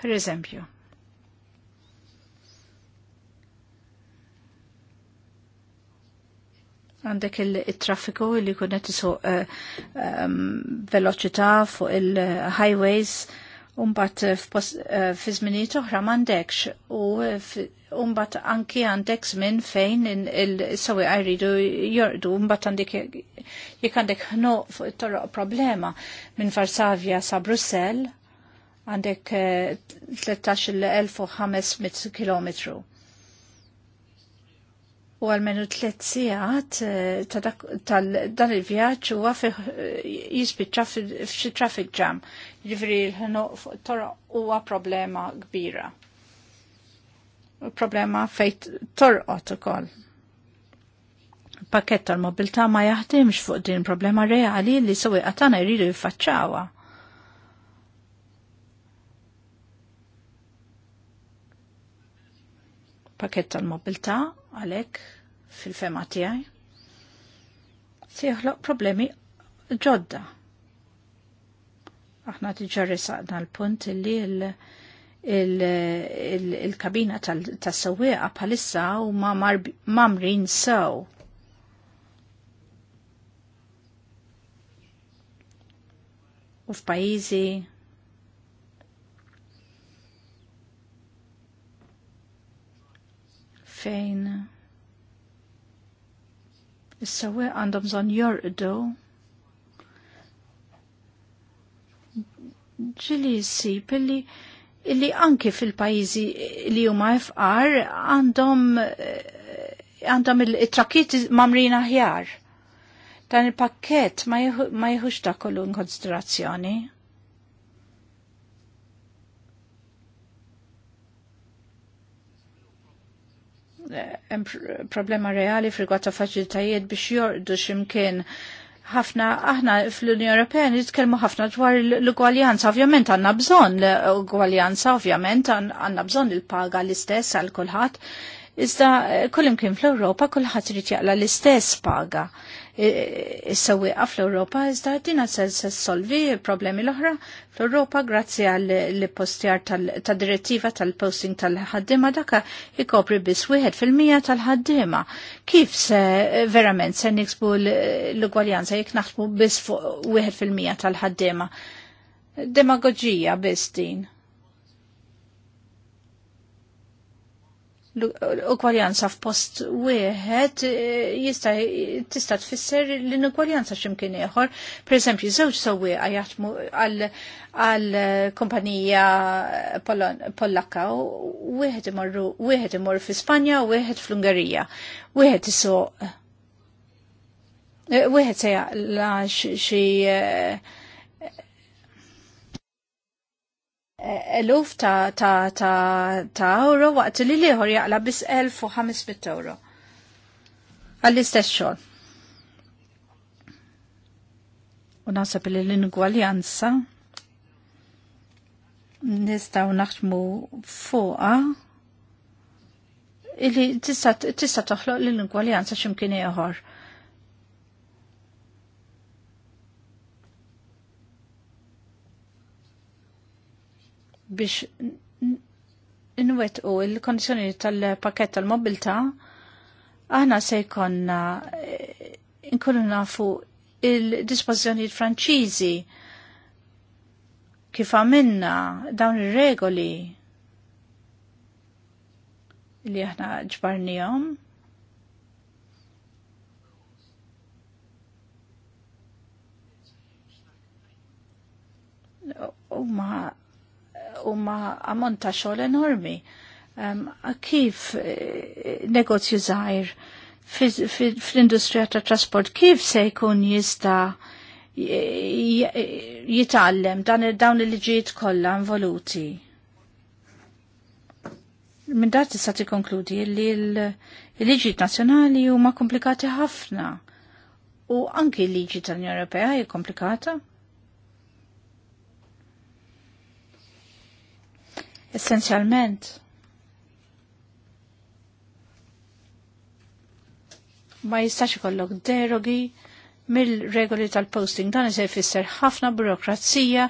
Per eżempju, għandek il-traffiku li kunet jisu eh, ehm, veloċità fuq il-highways umbat eh, eh, fi zminiet oħra mandekx u umbat anki għandek zmin fejn il-sawi għajridu jordu umbat għandek jek għandek no fuq il-torroq problema minn Varsavja sa Brussel għandek 13.500 kilometru u għalmenu tlet sijat eh, tal-dan il-vjaġġ u għaf jisbitċa f'xi traffic jam. Ġifri l-ħinu tora huwa problema kbira. Problema fejt tor ukoll. Pakket tal-mobilta ma jaħdimx fuq din problema reali li sewi għatana jridu jiffaċċawa. Pakket tal-mobilta għalek fil-fema tijaj siħloq problemi ġodda. Aħna tiġarri resaqna l-punt li il-kabina tal-sewwieqa bħalissa u ma mamrin sew. U f'pajjiżi fejn is-sewwe għandhom bżonn jorqdu ġili jisib illi illi anki fil-pajizi li huma fqar għandhom għandhom il-trakkiet mamrin aħjar. Dan il-pakket ma jħux dakollu in konsiderazzjoni. hemm problema reali frigwat ta' faċilitajiet biex jorqdu x'imkien ħafna aħna fl-Unjoni Ewropea nitkellmu ħafna dwar l-ugwaljanza. Ovvjament għandna bżonn l-ugwaljanza, ovvjament għandna bżonn il-paga l-istess għal kulħadd. Iżda kullimkien fl-Ewropa kulħadd irid jaqla l-istess paga is-sewwieqa fl-Ewropa iżda dina se solvi problemi l-oħra fl-Ewropa grazzi għall postjar tad-direttiva tal-posting tal ħaddima daka ikopri biss wieħed fil-mija tal ħaddima Kif se verament se niksbu l-ugwaljanza jekk naħdmu biss fuq wieħed fil-mija tal-ħaddiema? Demagogija biss din. l-ugwaljanza f'post wieħed eh, jista' tista' tfisser l-inugwaljanza x'imkien ieħor. Pereżempju, żewġ sewwieqa jaħdmu għal kumpanija Pollakka wieħed imorru wieħed imur fi Spanja u wieħed fl-Ungerija. Wieħed isoq. Eh, wieħed la xi eh, eluf ta', ta, ta, ta euro waqt li liħor jaqla bis 1500 euro. Għall-istess xogħol. U naħseb li l-ingwaljanza nistgħu naħdmu fuqha. illi tista' toħloq l-ingwaljanza x'imkien ieħor biex inwetqu il-kondizjoni tal-pakket tal-mobilta, aħna se jkonna eh, nkunu nafu il-dispozizjoni franċiżi kif għamilna dawn ir-regoli li aħna ġbarnijom. U ma huma ammont ta' xogħol enormi. kif eh, negozju żgħir fl-industrija tat trasport kif se jkun jista' jitgħallem dan dawn il-liġijiet kollha involuti? Minn dak tista' tikkonkludi li l-liġijiet nazzjonali huma komplikati ħafna u anki l-liġi tal-Unjoni Ewropea hija komplikata essenzjalment ma jistax ikollok derogi mill-regoli tal-posting. Dan se jfisser ħafna burokrazija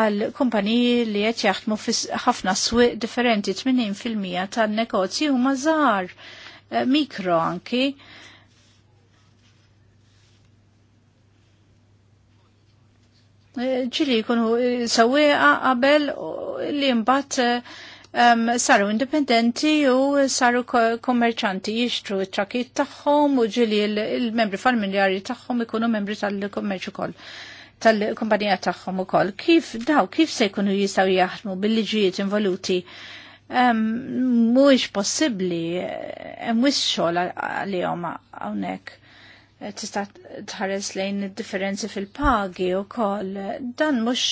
għal kumpaniji li qed jaħdmu ħafna swieq differenti 80% tan-negozji huma żgħar eh, mikro anki ġili jkunu eh, saweqa qabel li mbagħad eh, saru indipendenti u saru kommerċanti jixtru it-trakit tagħhom u ġili il-membri familjari tagħhom ikunu membri tal kommerċu ukoll tal-kumpanija tagħhom ukoll. Kif daw kif se jkunu jistgħu jaħdmu bil-liġijiet involuti mhuwiex possibbli eh, hemm wis xogħol għalihom hawnhekk Eh, tista' tħares lejn id-differenzi fil-pagi u koll. Dan mux,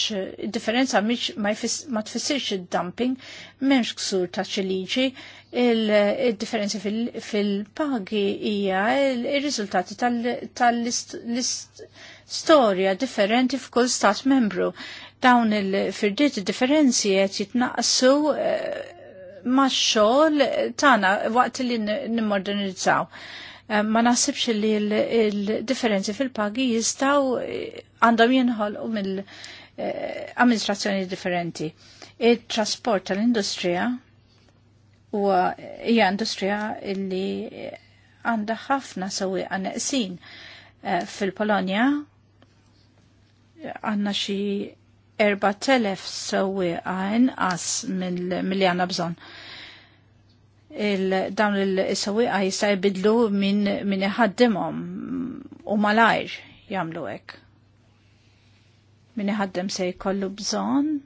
differenza ma tfissirx id-dumping, menx ksur ta' ċiliġi, il-differenzi fil-pagi hija il-riżultati tal-storja differenti f'kull stat membru. Dawn il-firdiet differenzi qed jitnaqsu eh, ma' xogħol tagħna waqt li nimmodernizzaw. Eh, ma nasibx li l-differenzi fil-pagi jistaw eh, għandhom jinħol u mill-amministrazzjoni eh, differenti. Il-trasport tal-industrija u hija industrija li għandha ħafna sewi għanneqsin fil-Polonja għanna xie 4,000 sewi għan għas mill-li għanna bżon il dawn il-sawiqa jista' jbidlu minn min iħaddimhom u malajr jagħmlu hekk. Min iħaddem se jkollu bżonn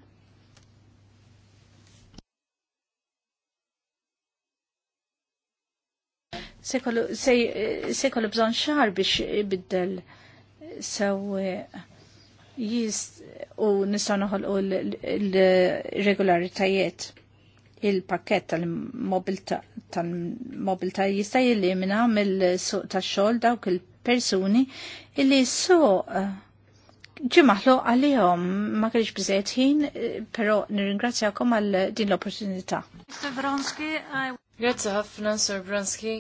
se kollu bżon xar biex ibiddel sewwe jist u nistaw noħolqu l-regolaritajiet il-pakket tal-mobilta jista' jillimina mill-suq tax-xogħol dawk il-persuni illi suq eh, ġimaħlu għalihom ma kienx biżejjed ħin, eh, però nirringrazzjakom għal din l-opportunità. Grazzi ħafna, Sir Bronski.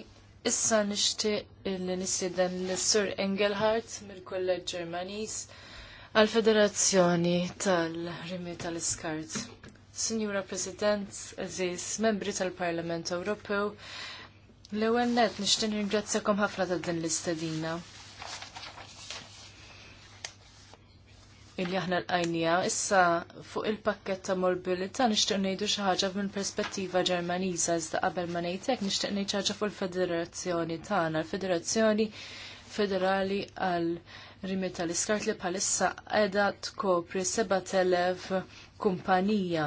Issa nixtieq li nisidan l-Sur Engelhardt mill-Kolleġġ Germanis għal-Federazzjoni tal-Rimi tal-Iskart. Signora President, Aziz, membri tal-Parlament Ewropew, l-ewwel net nixtieq ringrazzjakom ħafna ta' din l-istedina. Illi aħna l-qajnija, issa fuq il-pakket ta' mobilità nixtieq ngħidu xi ħaġa minn perspettiva Ġermaniża iżda qabel ma ngħid hekk nixtieq ngħid ħaġa fuq il-Federazzjoni tagħna, il federazzjoni Federali għal rimit tal-iskart li bħalissa qiegħda tkopri 7000 kumpanija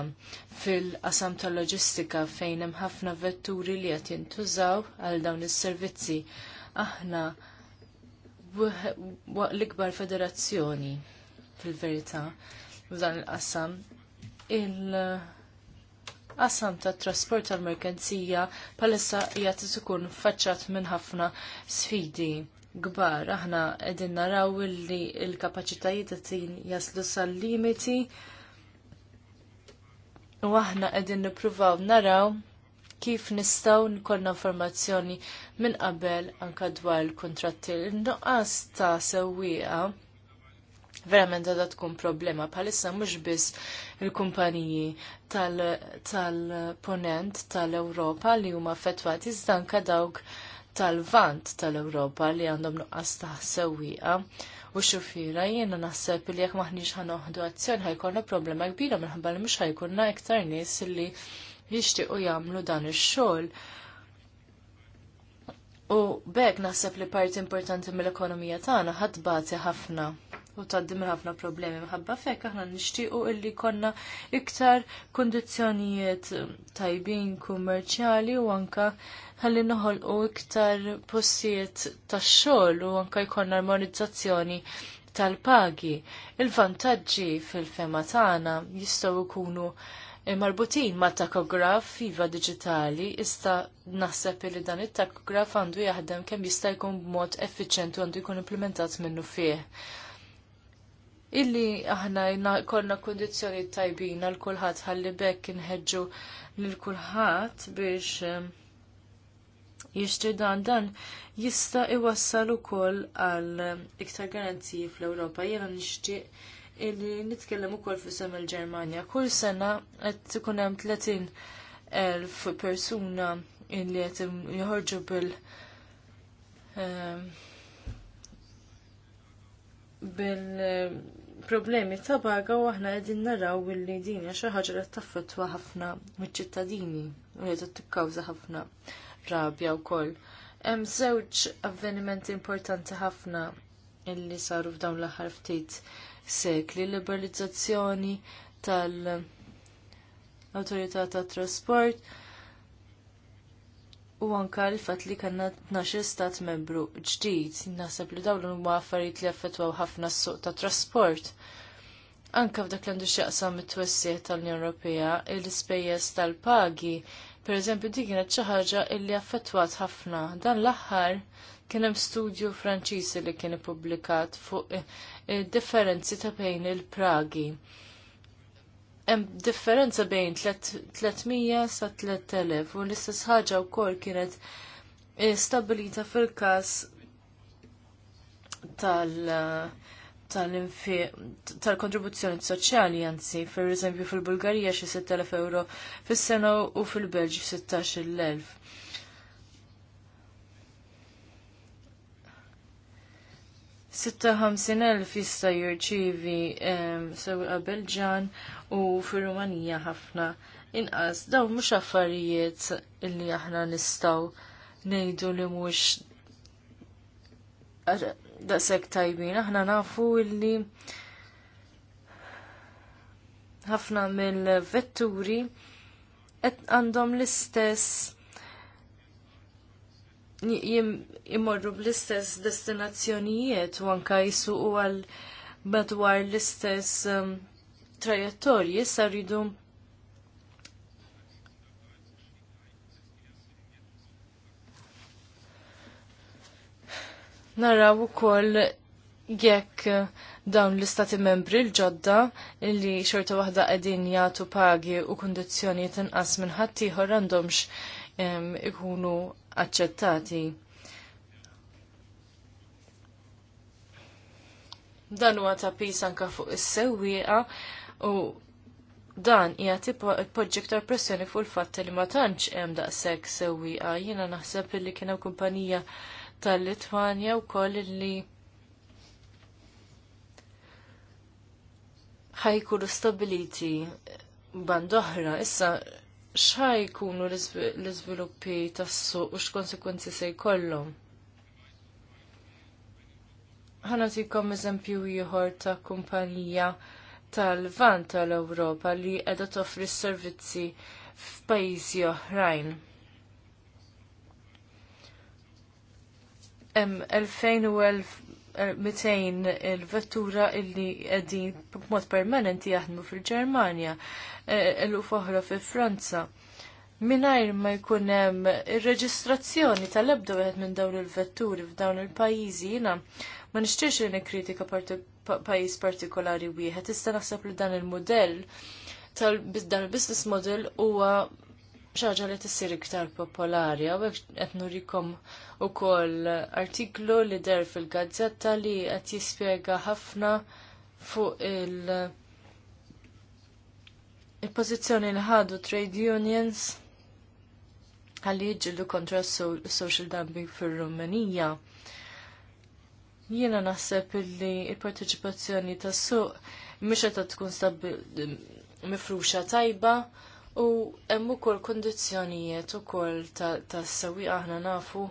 fil-qasam tal-loġistika fejn hemm ħafna vetturi li qed jintużaw għal dawn is-servizzi. Aħna l-ikbar federazzjoni fil-verità f'dan il-qasam il-qasam tat trasport tal-merkanzija bħalissa qiegħed ikun faċċat minn ħafna sfidi gbar. Aħna qegħdin naraw li l-kapaċitajiet qed jaslu sal-limiti u aħna qegħdin nippruvaw naraw kif nistaw nkollna informazzjoni minn qabel anka dwar il-kontratti. Il-nuqqas ta' sewwieqa verament għadha tkun problema bħalissa mhux biss il-kumpaniji tal-ponent tal-Ewropa li huma affettwati iżda anke dawk tal-vant tal-Ewropa li għandhom nuqqas ta' sewwieqa u xufira jiena naħseb li jekk maħniex ħanoħdu azzjoni ħajkollna problema kbira minħabba li mhux ħajkunna iktar nies li jixtiequ jagħmlu dan ix-xogħol. U b'hekk naħseb li parti importanti mill-ekonomija tagħna ħadbati ħafna u tgħaddi ħafna problemi minħabba fekk aħna nixtiequ illi konna iktar kundizzjonijiet tajbin kummerċjali u anka ħalli noħolqu iktar postijiet tax-xogħol u anka jkollna armonizzazzjoni tal-pagi. Il-vantaġġi fil-fema tagħna jistgħu jkunu marbutin ma' takograf iva digitali, ista naħseb li dan it-takograf għandu jaħdem kemm jista' jkun b'mod effiċjenti għandu jkun implementat minnu fih illi aħna konna kondizjoni tajbina għal kulħadd ħalli bekk inħeġġu lil kulħadd biex ehm, jixtri dan dan jista' iwassal ukoll għal ehm, iktar garanziji fl-Ewropa. Jiena nixtieq illi nitkellem ukoll kol sem il-Ġermanja. Kull sena qed ikun hemm 30 elf persuna illi qed joħorġu bil ehm, bil problemi ta' baga u aħna qegħdin naraw illi din hija xi ħaġa li taffettwa ħafna miċ-ċittadini u li tikkawża ħafna rabja wkoll. Hemm żewġ avvenimenti importanti ħafna illi saru f'dawn l-aħħar ftit sekli liberalizzazzjoni tal-Awtorità tat trasport U anka l-fat li kanna 12 stat membru ġdid, naħseb li dawn huma affarijiet li affettwaw ħafna s-suq ta' trasport. Anka f'dak l-għandu x'jaqsam it-twessieħ tal-Unjoni Ewropea, l-ispejjeż tal-pagi, per eżempju dik kienet xi ħaġa li affettwat ħafna. Dan l-aħħar kien hemm studju Franċiżi li kien ippubblikat fuq differenzi ta' bejn il-Pragi. il pragi hemm differenza bejn 300 sa 3000 u l-istess ħaġa wkoll kienet eh, stabilita fil-każ tal- eh, tal-kontribuzzjoni soċjali anzi, fil-reżempju fil-Bulgarija xi 6,000 euro fis-sena u fil-Belġi 16,000. 56.000 jista jirċivi ehm, sewi qabel u fir-Rumanija ħafna inqas. Daw mhux affarijiet li aħna nistgħu ngħidu li mhux daqshekk tajbin. Aħna nafu li ħafna mill-vetturi għandhom l-istess jimmorru bl-istess destinazzjonijiet u anka u għal madwar l-istess um, trajettorji, issa rridu naraw ukoll jekk uh, dawn l-istati membri l-ġodda li xorta waħda qegħdin jagħtu pagi u kundizzjonijiet inqas minn ħaddieħor għandhomx um, ikunu aċċettati. Dan huwa ta' pis anka fuq is-sewwieqa u dan hija poġġi iktar pressjoni fuq il-fatt li ma tantx hemm daqshekk sewwieqa. Jiena naħseb li kien hemm kumpanija tal-Litwanja wkoll li ħajkunu stabiliti band oħra. Issa xħaj jkunu l-izviluppi tas-suq u konsekwenzi se jkollhom. Ħana tikom eżempju ieħor ta' kumpanija tal-van tal-Ewropa li qiegħda toffri s-servizzi f'pajjiżi oħrajn. Hemm elfejn u elf 200 eh, il-vettura illi għedin b'mod permanenti jaħdmu fil-Ġermanja, eh, l-uf fil-Franza. Minajr ma jkun hemm ir-reġistrazzjoni tal-ebda wieħed minn dawn il-vetturi f'dawn il-pajjiżi jiena ma nixtiex li nikkritika pajjiż partikolari wieħed, Tista' naħseb li dan il modell tal-business model huwa xaġa li tissir iktar popolari, u għek għetnu rikom u koll artiklu li der fil-gazzetta li għet jispiega ħafna fuq il- il-pozizjoni ħadu trade unions għalli jġillu kontra social dumping fil-Rumenija. Jiena naħseb li il-parteċipazzjoni tas suq mhix qed tkun mifruxa tajba, U hemm ukoll u ukoll ta' sewwi aħna nafu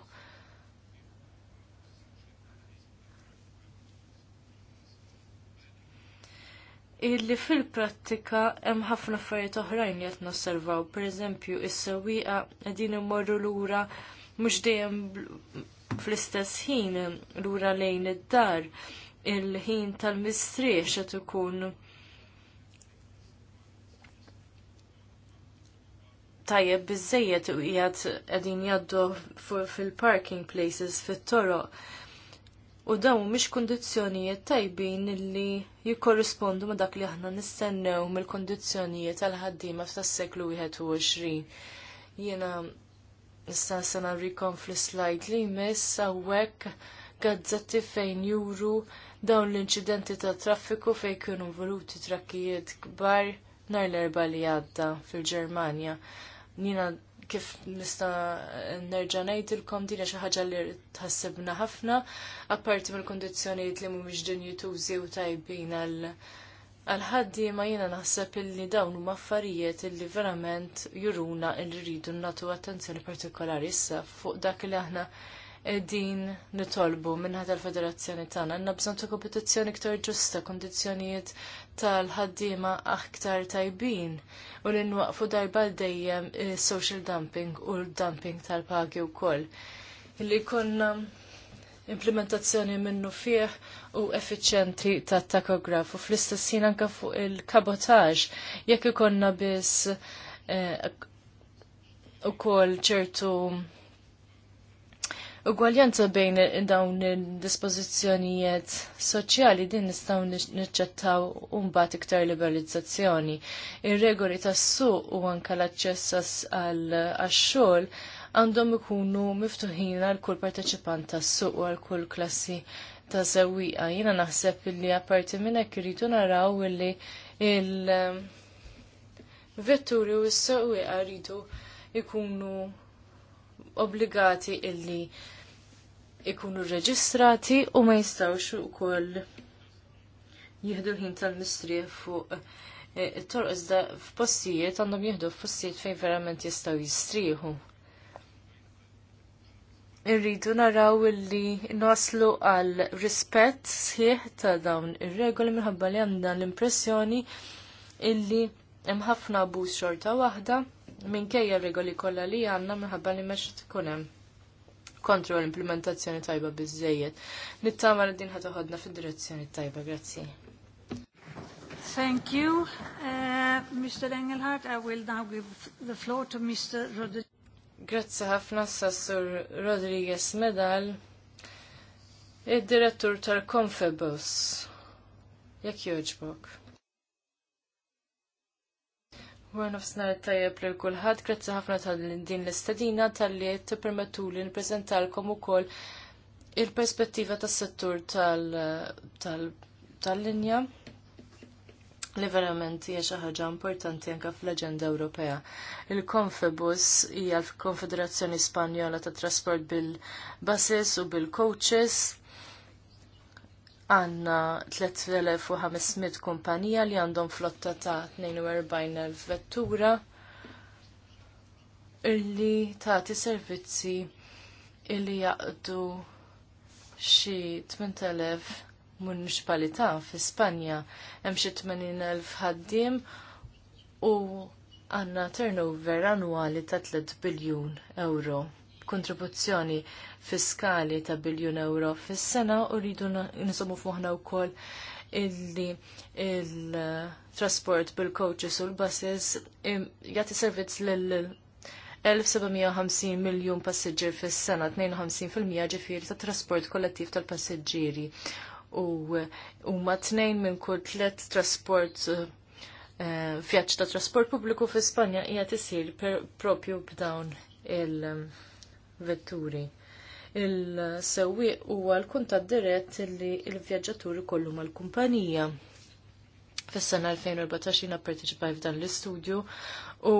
illi fil-prattika hemm ħafna affarijiet oħrajn li qed nosservaw. Pereżempju, is-sewwieqa qegħdin imorru lura mhux dejjem fl-istess ħin lura lejn id-dar il-ħin tal mistrieħ qed ikun tajjeb biżejjed u qiegħed qegħdin jgħaddu fil-parking places fit-toroq. U dawn mhumiex kundizzjonijiet tajbin li jikkorrispondu ma' dak li aħna nistennew mill-kundizzjonijiet għall ħaddiema f'tas-seklu 21. Jiena issa se narikom fl-slide li jmiss hawnhekk gazzetti fejn juru dawn l-inċidenti ta' traffiku fejn kienu voluti trakkijiet kbar nhar l-erba li għadda fil-Ġermanja. Nina kif nista nerġa' ngħidilkom dinja xi ħaġa li tħassibna ħafna, apparti mill kundizzjonijiet li mhumiex dinjutużi u tajbin għal ħaddiema jiena naħseb illi dawn huma affarijiet illi verament juruna illi rridu nagħtu attenzjoni partikolari issa fuq dak li aħna din nitolbu minnħat tal-federazzjoni tagħna għandna bżonn ta' kompetizzjoni iktar ġusta, kondizzjonijiet tal-ħaddiema aktar tajbin u li nwaqfu darba dejjem social dumping u l-dumping tal-pagi wkoll. Li konna implementazzjoni minnu fieħ u effiċjenti ta' takografu fl-istess ħin anke fuq il-kabotaġġ jekk ikonna biss eh, ukoll ċertu ugwaljanza bejn dawn il-dispozizjonijiet soċjali din nistaw niċċettaw umbat iktar liberalizzazzjoni. Ir-regoli tas-suq u anka l-aċċess għal-xogħol għandhom ikunu miftuħin għal kull parteċipant tas-suq u għal kull klassi ta' sewwieqa. Jiena naħseb li apparti minn hekk iridu naraw illi il-vetturi u s-sewwieqa rridu ikunu obbligati illi ikunu reġistrati u ma jistawx ukoll jihdu l-ħin tal-mistrieħ fuq eh, it-torq iżda f'postijiet għandhom jihdu f-postijiet fejn verament jistaw jistrieħu. Irridu naraw illi noslu għal rispett sħiħ ta' dawn ir-regoli minħabba li għandna l-impressjoni illi hemm ħafna xorta waħda minkejja regoli kollha li għandna minħabba li meċ tkun hemm kontro l-implementazzjoni tajba bizzejiet. Nittama li din ħatoħodna fid-direzzjoni tajba, grazzi. Thank you, uh, Mr. Engelhardt. I will now give the floor to Mr. Rodriguez. Grazzi ħafna Sassur Rodriguez Medal, id-direttur tal-Confebus. Jekk joġbok. Għan nofsnar tajja li kullħad, grazzi ħafna tal-din l-istadina tal-li t-permettu li t permetu li n prezentalkom u kol il-perspettiva tas settur tal-linja li verament hija xi ħaġa importanti anke fl-Aġenda Ewropea. Il-Confebus hija l-Konfederazzjoni Spanjola tat Trasport bil-Basis u bil-Coaches għanna 3500 kumpanija li għandhom flotta ta' 42.000 vettura illi tagħti servizzi illi jaqdu xi 8.000 municipalità fi Spanja hemm xi 80.000 ħaddiem u għanna turnover annwali ta' 3 biljun euro kontribuzzjoni fiskali ta' biljun euro fis-sena u rridu nisomu f'moħħna wkoll illi il-trasport bil-coaches u l-buses jagħti servizz lil 1750 miljon passiġġier fis-sena, 52% ġifieri ta' trasport kollettiv tal-passiġġieri. U huma tnejn minn kull tliet trasport eh, vjaġġ ta' trasport pubbliku fi Spanja hija tisir propju b'dawn il- vetturi. Il-sewwieq huwa l-kuntat dirett li l-vjaġġaturi kollu mal-kumpanija. Fis-sena 2014 jiena pparteċipaj f'dan l-istudju u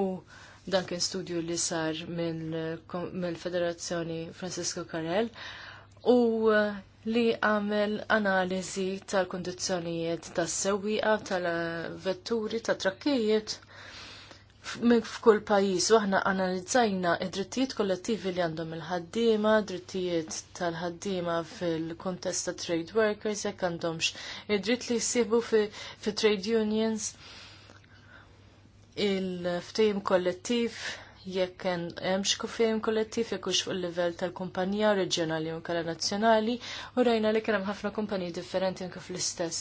dan kien studju li sar mill-Federazzjoni Francisco Carell u uh, li għamel analiżi tal-kondizzjonijiet tas-sewwieqa tal-vetturi tat-trakkijiet f'kull pajjiż u aħna analizzajna id-drittijiet kollettivi li għandhom il-ħaddiema, drittijiet tal-ħaddiema fil-kontest ta' trade workers, jekk għandhomx id-dritt li jsibu fi, trade unions, il-ftehim kollettiv jekk hemm xkufim kollettiv jekk hux fuq il-livell tal-kumpanija reġjonali u kala nazzjonali u rajna li kien hemm ħafna kumpaniji differenti anke fl-istess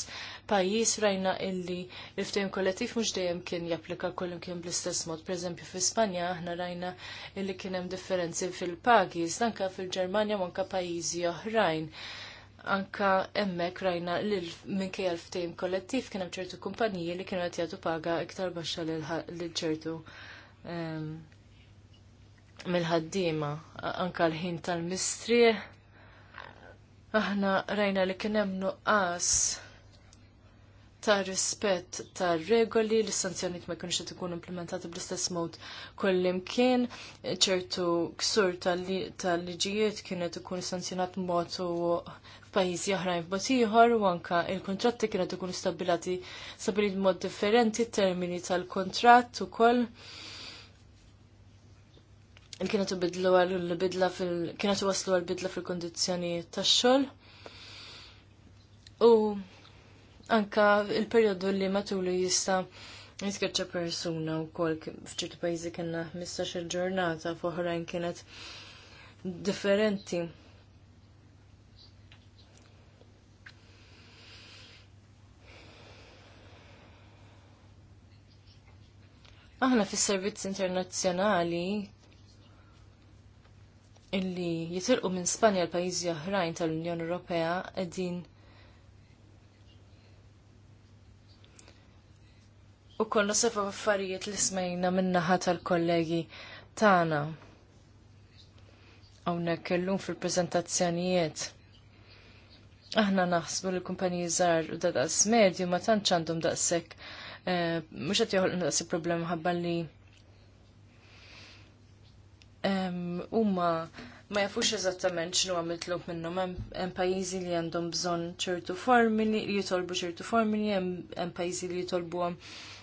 pajjiż rajna illi il-ftehim kollettiv mhux dejjem kien japplika kullum kien bl-istess mod. Pereżempju fl-Ispanja aħna rajna illi kien hemm differenzi fil-pagi, anke fil-Ġermanja u anke pajjiżi oħrajn anka emmek rajna li minkejja l ftehim kollettiv kien hemm ċertu kumpaniji li kienu qed jagħtu paga iktar baxxa lil ċertu ehm, mill-ħaddiema anka l-ħin tal mistri Aħna rajna li kien hemm nuqqas ta' rispett ta' regoli li sanzjoniet ma' jkunx qed ikunu implementati bl-istess mod kullimkien, ċertu ksur tal-liġijiet kienet ikun sanzjonat mod u f'pajjiżi oħrajn f'mod ieħor u anke il-kontratti kienet ikunu stabilati stabilit mod differenti, termini tal-kontratt ukoll. koll kienet bidlu għal-bidla fil- kienet waslu għal-bidla fil-kondizjoni tax-xogħol. U anka il-perjodu li matulu jista' jiskerċa persuna u kol fċertu pajzi kena 15 ġurnata fuħrajn kienet differenti. Aħna fis servizzi internazzjonali illi jitilqu minn Spanja l pajjiżi oħrajn tal-Unjoni Ewropea qegħdin u konna sefa affarijiet li smajna min-naħa tal-kollegi tagħna. Hawnhekk kellum fil-preżentazzjonijiet. Aħna naħsbu li kumpaniji żgħar u daqs medju ma tantx għandhom daqshekk eh, mhux qed joħolqu daqs problema ħabba li huma ma jafux eżattament x'nu huwa minnhom hemm pajjiżi li għandhom bżonn ċertu formili, jitolbu ċertu formili, hemm pajjiżi li jitolbuhom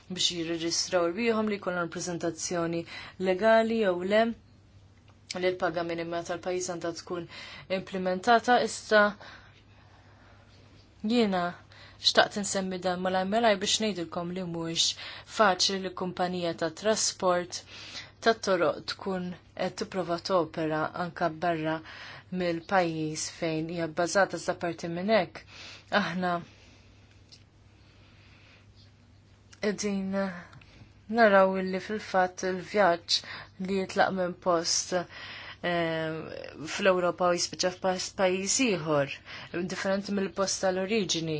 biex jirreġistraw rbieħom li jkollhom prezentazzjoni legali jew le li l-paga minima tal-pajjiż għandha tkun implementata issa jiena xtaqt insemmi dan mal malaj biex ngħidilkom li mhuwiex faċli li kumpanija ta' trasport tattoro toroq tkun qed tipprova topera anke barra mill-pajjiż fejn hija bbażata parti minn hekk aħna qegħdin naraw illi fil-fatt il-vjaġġ li jitlaq minn post ehm, fl-Ewropa u jispiċċa f'pajjiż ieħor, differenti mill-post tal-oriġini.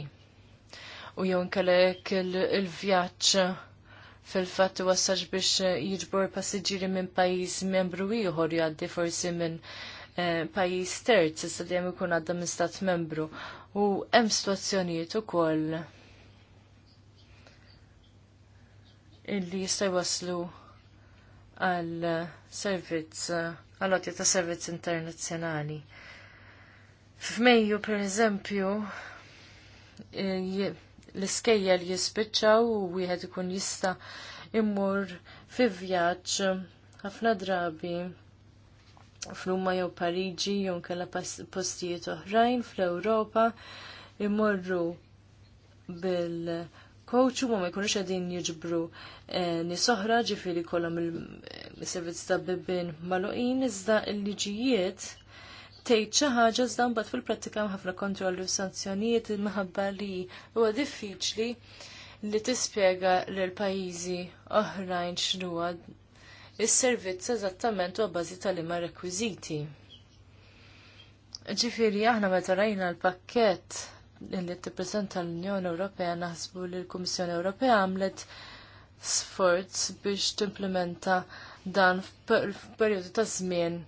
U jew il vjaċ il vjaġġ fil-fatt wassax biex eh, jiġbor passiġġieri minn pajjiż membru ieħor jgħaddi forsi minn eh, pajjiż terz, issa dejjem ikun għadda minn stat membru. U hemm sitwazzjonijiet ukoll illi jista' waslu għal eh, servizz għal ta' servizz internazzjonali. F'Mejju, per eżempju, l-iskejjel jispiċċaw u wieħed ikun jista' immur fi vjaġġ ħafna drabi f'Ruma jew Pariġi jew kella postijiet oħrajn fl-Ewropa immorru bil coach u ma jkunux għedin jiġbru eh, nis oħra ġifiri kollha il-servizz ta' bibin maluqin iżda l-liġijiet tgħid xi ħaġa iżda fil-prattika hemm ħafna kontrolli u sanzjonijiet minħabba li huwa diffiċli li tispjega lil pajjiżi oħrajn x'nuha is-servizz eżattament huwa bażi tal-ima rekwiżiti. Ġifieri aħna meta rajna l-pakkett li tippreżenta l-Unjoni Ewropea naħsbu li l-Kummissjoni Ewropea għamlet sforz biex timplementa dan f'perjodu ta' żmien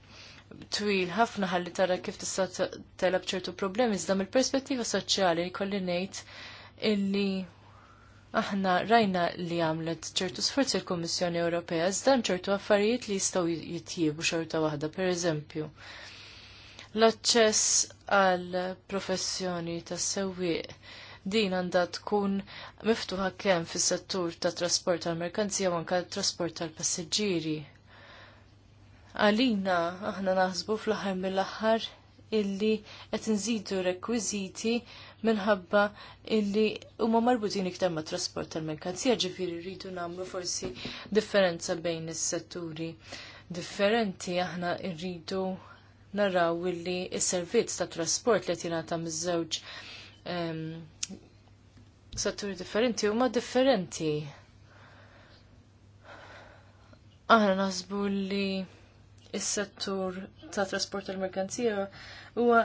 twil ħafna ħalli tara kif tista' telab ċertu problemi iżda mill-perspettiva soċjali jkolli ngħid illi aħna rajna li għamlet ċertu sforzi l-Kommissjoni Ewropea hemm ċertu affarijiet li jistgħu jitjiebu xorta waħda, pereżempju. L-aċċess għal professjoni tas sewwieq din għandha tkun miftuħa kemm fis-settur tat trasport tal merkanzija u anke trasport tal-passiġġieri. Għalina aħna naħsbu fl-aħħar mill-aħħar illi qed nżidu rekwiżiti minħabba illi huma marbutin iktar ma' trasport tal-merkanzija ġifieri rridu nagħmlu forsi differenza bejn is-setturi differenti aħna rridu naraw illi s-servizz tat trasport li jingħata miż-żewġ ehm, setturi differenti huma differenti. Aħna naħsbu li is-settur ta' trasport tal-merkanzija huwa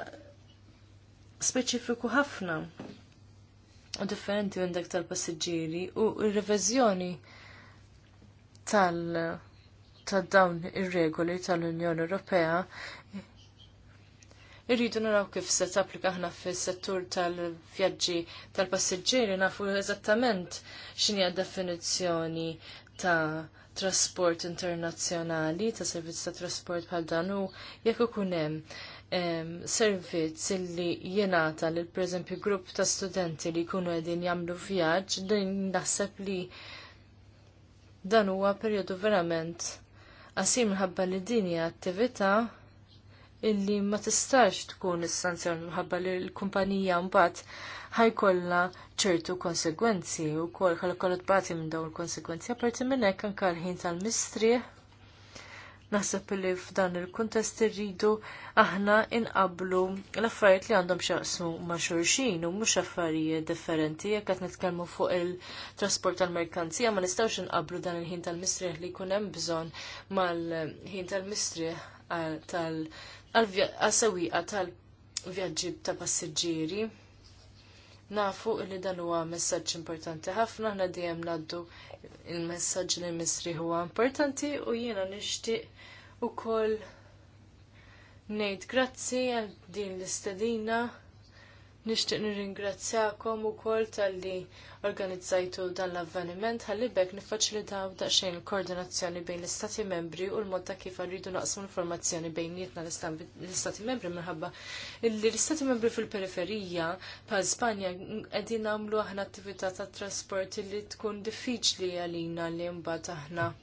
speċifiku ħafna u differenti minn dak tal-passiġġieri u r-reviżjoni tal- ta' dawn ir-regoli tal-Unjoni Ewropea Irridu naraw kif se tapplika aħna fis-settur tal-vjaġġi tal-passiġġieri nafu eżattament x'inhi d-definizzjoni ta' trasport internazzjonali, ta' servizz ta' trasport bħal dan u jekk ikun hemm servizz li jingħata lil pereżempju grupp ta' studenti li jkunu qegħdin jagħmlu vjaġġ, din naħseb li dan huwa perjodu verament qasim minħabba li din hija attività illi ma tistax tkun istanzjon minħabba li l-kumpanija mbagħad ħajkollha ċertu konsegwenzi u kol ħalkolot tbati minn dawn il-konsegwenzi apparti minn hekk anke l-ħin tal-mistrieħ Naħseb li f'dan il-kuntest irridu aħna inqablu l-affarijiet li għandhom xaqsmu ma' xurxin u mhux affarijiet differenti jekk qed nitkellmu fuq il-trasport tal-merkanzija ma nistgħux inqablu dan il-ħin tal-mistrieħ li jkun hemm bżonn mal-ħin tal-mistrieħ tal għal-sewwieqa tal-vjaġġi ta' passiġġieri. Nafu li dan huwa messaġġ importanti ħafna, aħna dejjem ngħaddu il-messaġġ li misri huwa importanti u jiena nixtieq ukoll ngħid grazzi għal din l-istedina Nixtieq nirringrazzjakom ukoll talli organizzajtu dan l-avveniment ħalli bekk niffaċilitaw daqsxejn il-koordinazzjoni bejn l-Istati membri u l-mod ta' kif rridu naqsmu informazzjoni bejnietna l-Istati membri minħabba li l-Istati membri fil-periferija bħal Spanja qegħdin nagħmlu aħna attività tat trasport li tkun diffiċli għalina li mbagħad aħna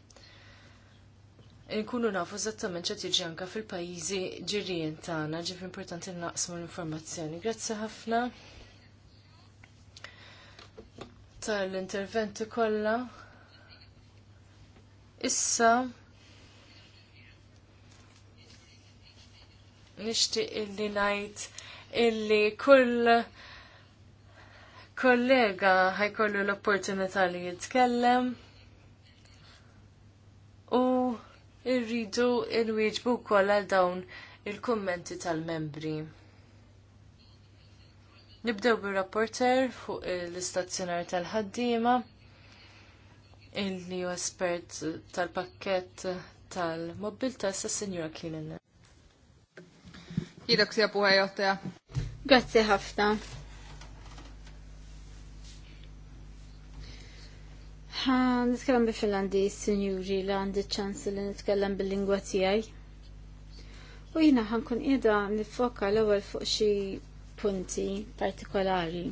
nkunu nafu eżattament ċet jiġi fil-pajjiżi ġirien tagħna, ġif importanti naqsmu l-informazzjoni. Grazzi ħafna tal-interventi kollha. Issa nixtieq illi ngħid illi kull kollega ħajkollu l-opportunità li jitkellem u irridu il-wieġbu wkoll għal dawn il-kummenti tal-membri. Nibdew bir-rapporter fuq l-istazzjonar tal-ħaddiema il new espert tal-pakket tal-mobilta sa' Signora si għapu għajotja. Grazie ħafna. Ha, nitkellem bi Finlandi, sinjuri, li għandi ċans li nitkellem bil-lingwa tiegħi. U jina ħankun qiegħda nifoka l-ewwel fuq xi punti partikolari.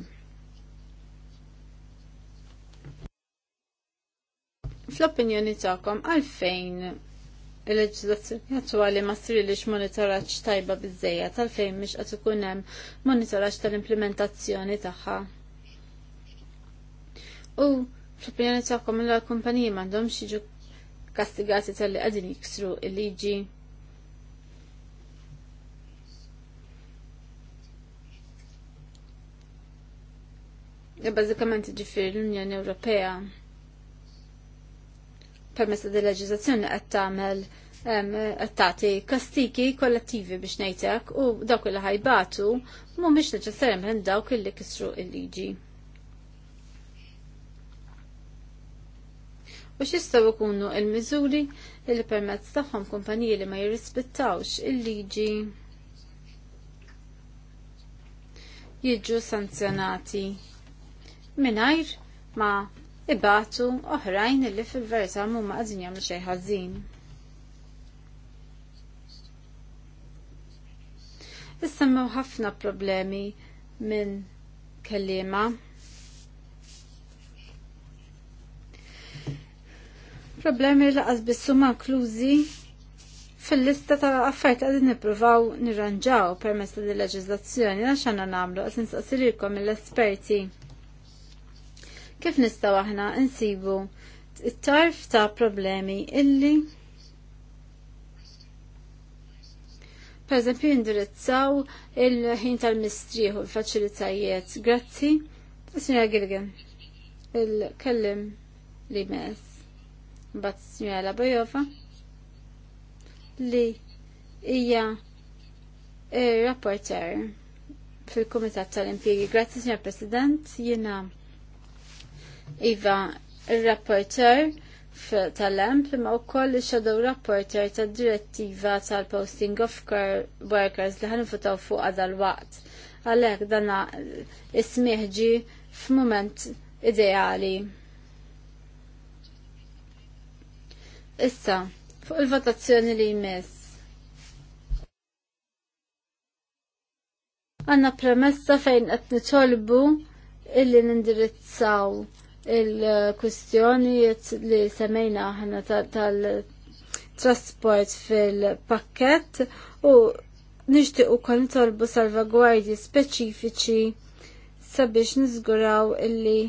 Fl-opinjoni tagħkom għalfejn il-leġislazzjoni attwali ma srilix monitoraġġ tajba biżejjed għalfejn mhix qed ikun hemm monitoraġġ tal-implementazzjoni tagħha. U Fl-opinjoni tagħkom il-kumpaniji m'għandhomx jiġu kastigati tal-li qegħdin jiksru il-liġi e Bażikament, ġifieri l-Unjoni Ewropea permess di leġizazzjoni qed tagħmel qed tagħti kastiki kollettivi biex ngħidlek u dawk li ħajbatu mhumiex neċessarjament dawk illi kisru l-liġi. u x'jistgħu jkunu l-miżuri li permezz tagħhom kumpaniji li ma jirrispettawx il-liġi jiġu sanzjonati mingħajr ma ibatu oħrajn li fil-verità huma qegħdin jagħmlu xejn ħażin. Issemmew ħafna problemi minn kellima problemi laqas bissu ma' klużi fil-lista ta' affarijiet għadin nippruvaw nirranġaw permezz li leġiżlazzjoni għax għandna nagħmlu qed nistaqsililkom mill-esperti. Kif nistgħu aħna insibu it-tarf ta' problemi illi per eżempju indirizzaw il-ħin tal-mistrieħ u l-faċilitajiet. Grazzi, Sinja Gilgan, il-kellim li mess bat Smjela Bajova li hija eh, rapporter fil-Kumitat tal-Impjegi. Grazzi, Signor President, jiena Iva rapporter tal-emp imma wkoll ix-shadow rapporter tad-direttiva tal-posting of workers li ħanifutaw fuq għadal waqt Għalhekk dana ismiħġi f f'mument ideali Issa, fuq il-votazzjoni li jmiss. Għanna premessa fejn qed nitolbu illi nindirizzaw il-kwistjonijiet li semmejna aħna tal-trasport fil-pakket u nixtieq ukoll nitolbu salvagwardji speċifiċi sabiex niżguraw illi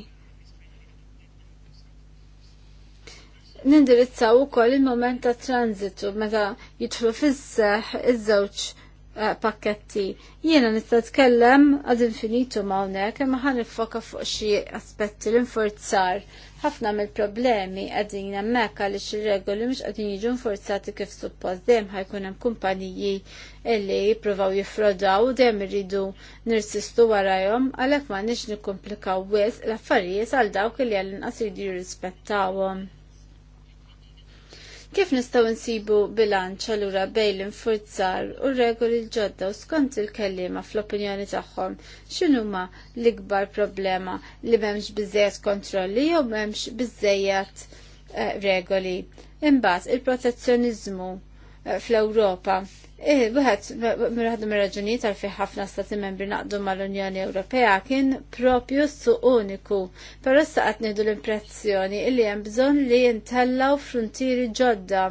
nindirizzaw ukoll il-moment ta' transitu meta jidħlu fizzeħ iż-żewġ eh, pakketti. Jiena nista' tkellem għad infinitu ma' hawnhekk imma ħan nifoka fuq xi aspetti l inforzar Ħafna mill-problemi qegħdin hemmhekk għaliex ir-regoli mhux qegħdin jiġu nfurzati kif suppost dejjem ħajkun hemm kumpaniji illi jippruvaw jiffrodaw u dejjem irridu nirsistu għalek għalhekk m'għandniex nikkomplikaw wisq l-affarijiet għal dawk li għallin inqas jridu jirrispettawhom. Kif nistgħu nsibu bilanċ allura bejn l-infurzar u regoli l-ġodda u skont il-kellima fl-opinjoni tagħhom x'inhuma l-ikbar problema li m'hemmx bizzejat kontrolli jew m'hemmx bizzejat eh, regoli. Imbagħad il-protezzjoniżmu eh, fl-Ewropa Eh, bħat, mirħadu mir raġuni fi ħafna stati membri naqdu mal-Unjoni Ewropea kien propju su uniku, pero saqat nidu l-impressjoni illi hemm bżonn li jintellaw frontieri ġodda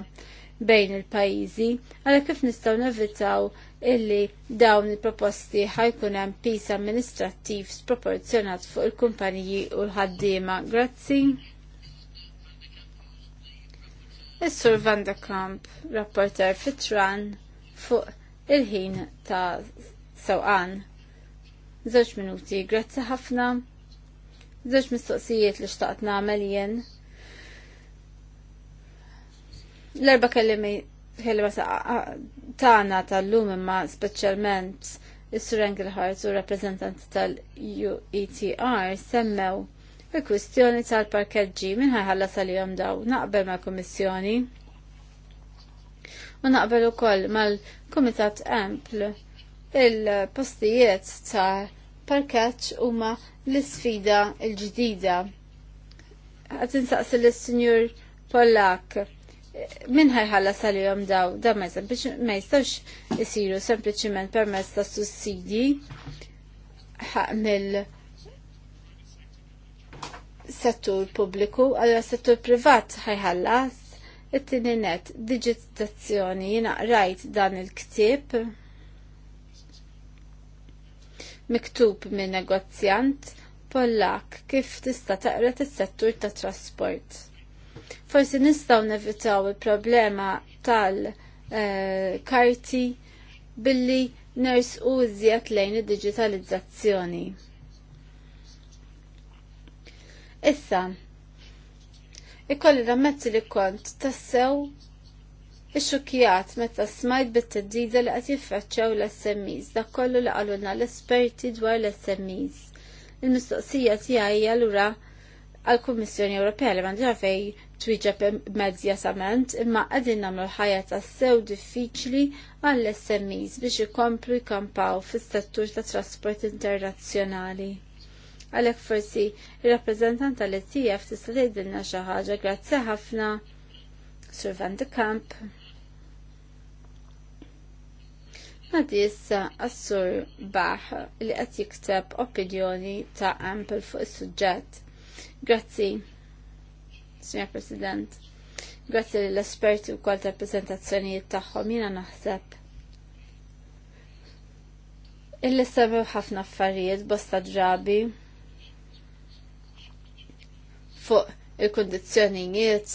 bejn il-pajizi, għala kif nistaw nevitaw illi dawn il-proposti ħajkun hemm pis amministrattiv sproporzjonat fuq il-kumpaniji u l-ħaddiema. Grazzi. Is-Sur Van de Kamp, rapporter fit-Tran fuq il-ħin ta' sewqan. Żewġ minuti, grazzi ħafna. Żewġ mistoqsijiet li xtaqt nagħmel jien. L-erba kellimi kellima tagħna tal-lum imma speċjalment is-Sur Engelhardt u rappreżentanti tal-UETR semmew il-kwistjoni tal-parkeġġi minn ħajħallas jom daw naqbel mal-Kummissjoni ma naqbel ukoll mal-Kumitat Ampl il-postijiet ta' parkaċ huma l-sfida l-ġdida. Għatin insaqsi l senjur Pollak minn ħajħalla sal-jom daw, da ma jistax isiru sempliciment permess ta' sussidi mill settur pubbliku, għalla settur privat ħajħallas It-tini net, digitazzjoni, jina rajt dan il-ktib miktub minn negozjant Pollak kif tista' taqra t settur ta' trasport. Forsi nistgħu nevitaw il-problema tal-karti eh, billi ners użjat lejn id-digitalizzazzjoni. Issa, Ikolli rammetti li kont tassew Ix-xukjat meta smajt bit-teddida li qed jiffaċċjaw l-SMEs, dak kollu li qalulna l-esperti dwar l-SMEs. Il-mistoqsija tiegħi hija lura għall-Kummissjoni Ewropea li m'għandha fej twieġeb immedjatament imma qegħdin nagħmlu l-ħajja tassew diffiċli għall-SMEs biex ikomplu jkampaw fis-settur tat trasport internazzjonali għalhekk forsi ir-rappreżentant tal-ETF tista' tgħidilna xi ħaġa grazzi ħafna Sur Van de Kamp. Nadi issa assur Baħ li qed jikseb opinjoni ta' ampel fuq is-suġġett. Grazzi, Sr. President. Grazzi l-esperti u kol tal prezentazzjoni tagħhom jiena naħseb Illi semmew ħafna affarijiet bosta ġrabi fuq il-kondizjonijiet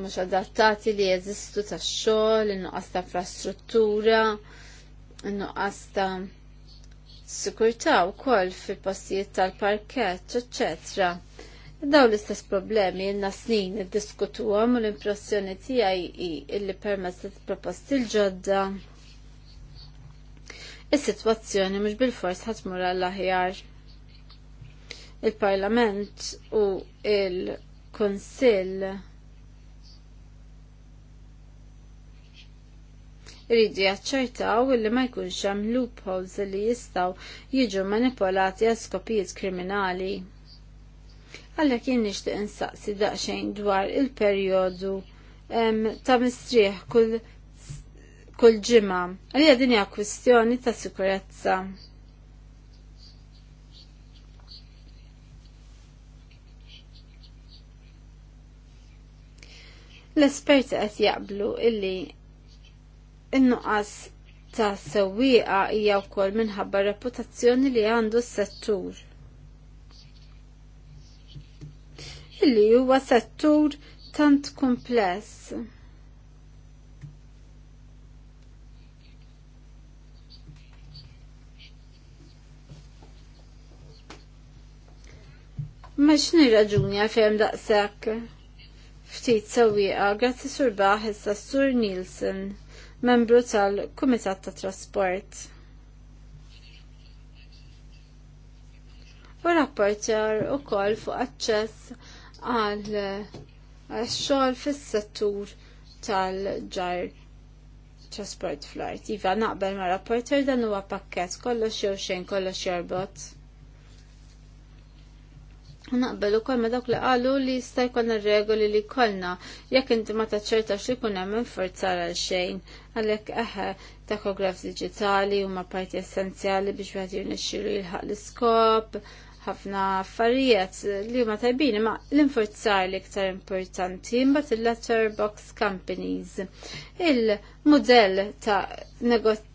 mhux adattati li jeżistu tax-xogħol, il nuqqas ta' infrastruttura, in-nuqqas ta' sikurtà wkoll fil-postijiet tal-parkett, eċċetera. Daw l-istess problemi jenna snin id-diskutu għam l-impressjoni tijaj i illi permess li t-proposti l-ġodda. Is-situazzjoni mux bil-fors ħatmur għall-aħjar il-Parlament u il-Konsill Ridi jaċċertaw li ma jkunx hemm loopholes li jistgħu jiġu manipolati għal skopijiet kriminali. Għalhekk jien nixtieq insaqsi daqsxejn dwar il-perjodu ta' mistrieħ kull kull ġimgħa. Għalija din hija kwistjoni ta' sikurezza. L-esperti qed jaqblu illi in-nuqqas ta' sewwieqa hija wkoll minħabba reputazzjoni li għandu s-settur. Illi huwa settur tant kumpless. Max nirraġuni għalfejn daqshekk ftit sewwieqa grazzi sur baħ issa sur Nielsen, membru tal-Kumitat ta' Trasport. U rapporter ukoll fuq aċċess għal xogħol fis-settur tal-ġar trasport fl-art. Iva naqbel ma' rapporter dan huwa pakkett kollox jew xejn kollox jorbot. Naqbel ukoll ma dawk li qalu li jista' jkollna regoli li kolna, jekk inti ma taċċertax li jkun hemm infurzar għal xejn għalhekk eħe takograf diġitali huma parti essenzjali biex wieħed jirnexxielu jilħaq l-iskop ħafna affarijiet li huma tajbini, ma l inforzar li iktar importanti mbagħad il letterbox companies. il modell ta' negozju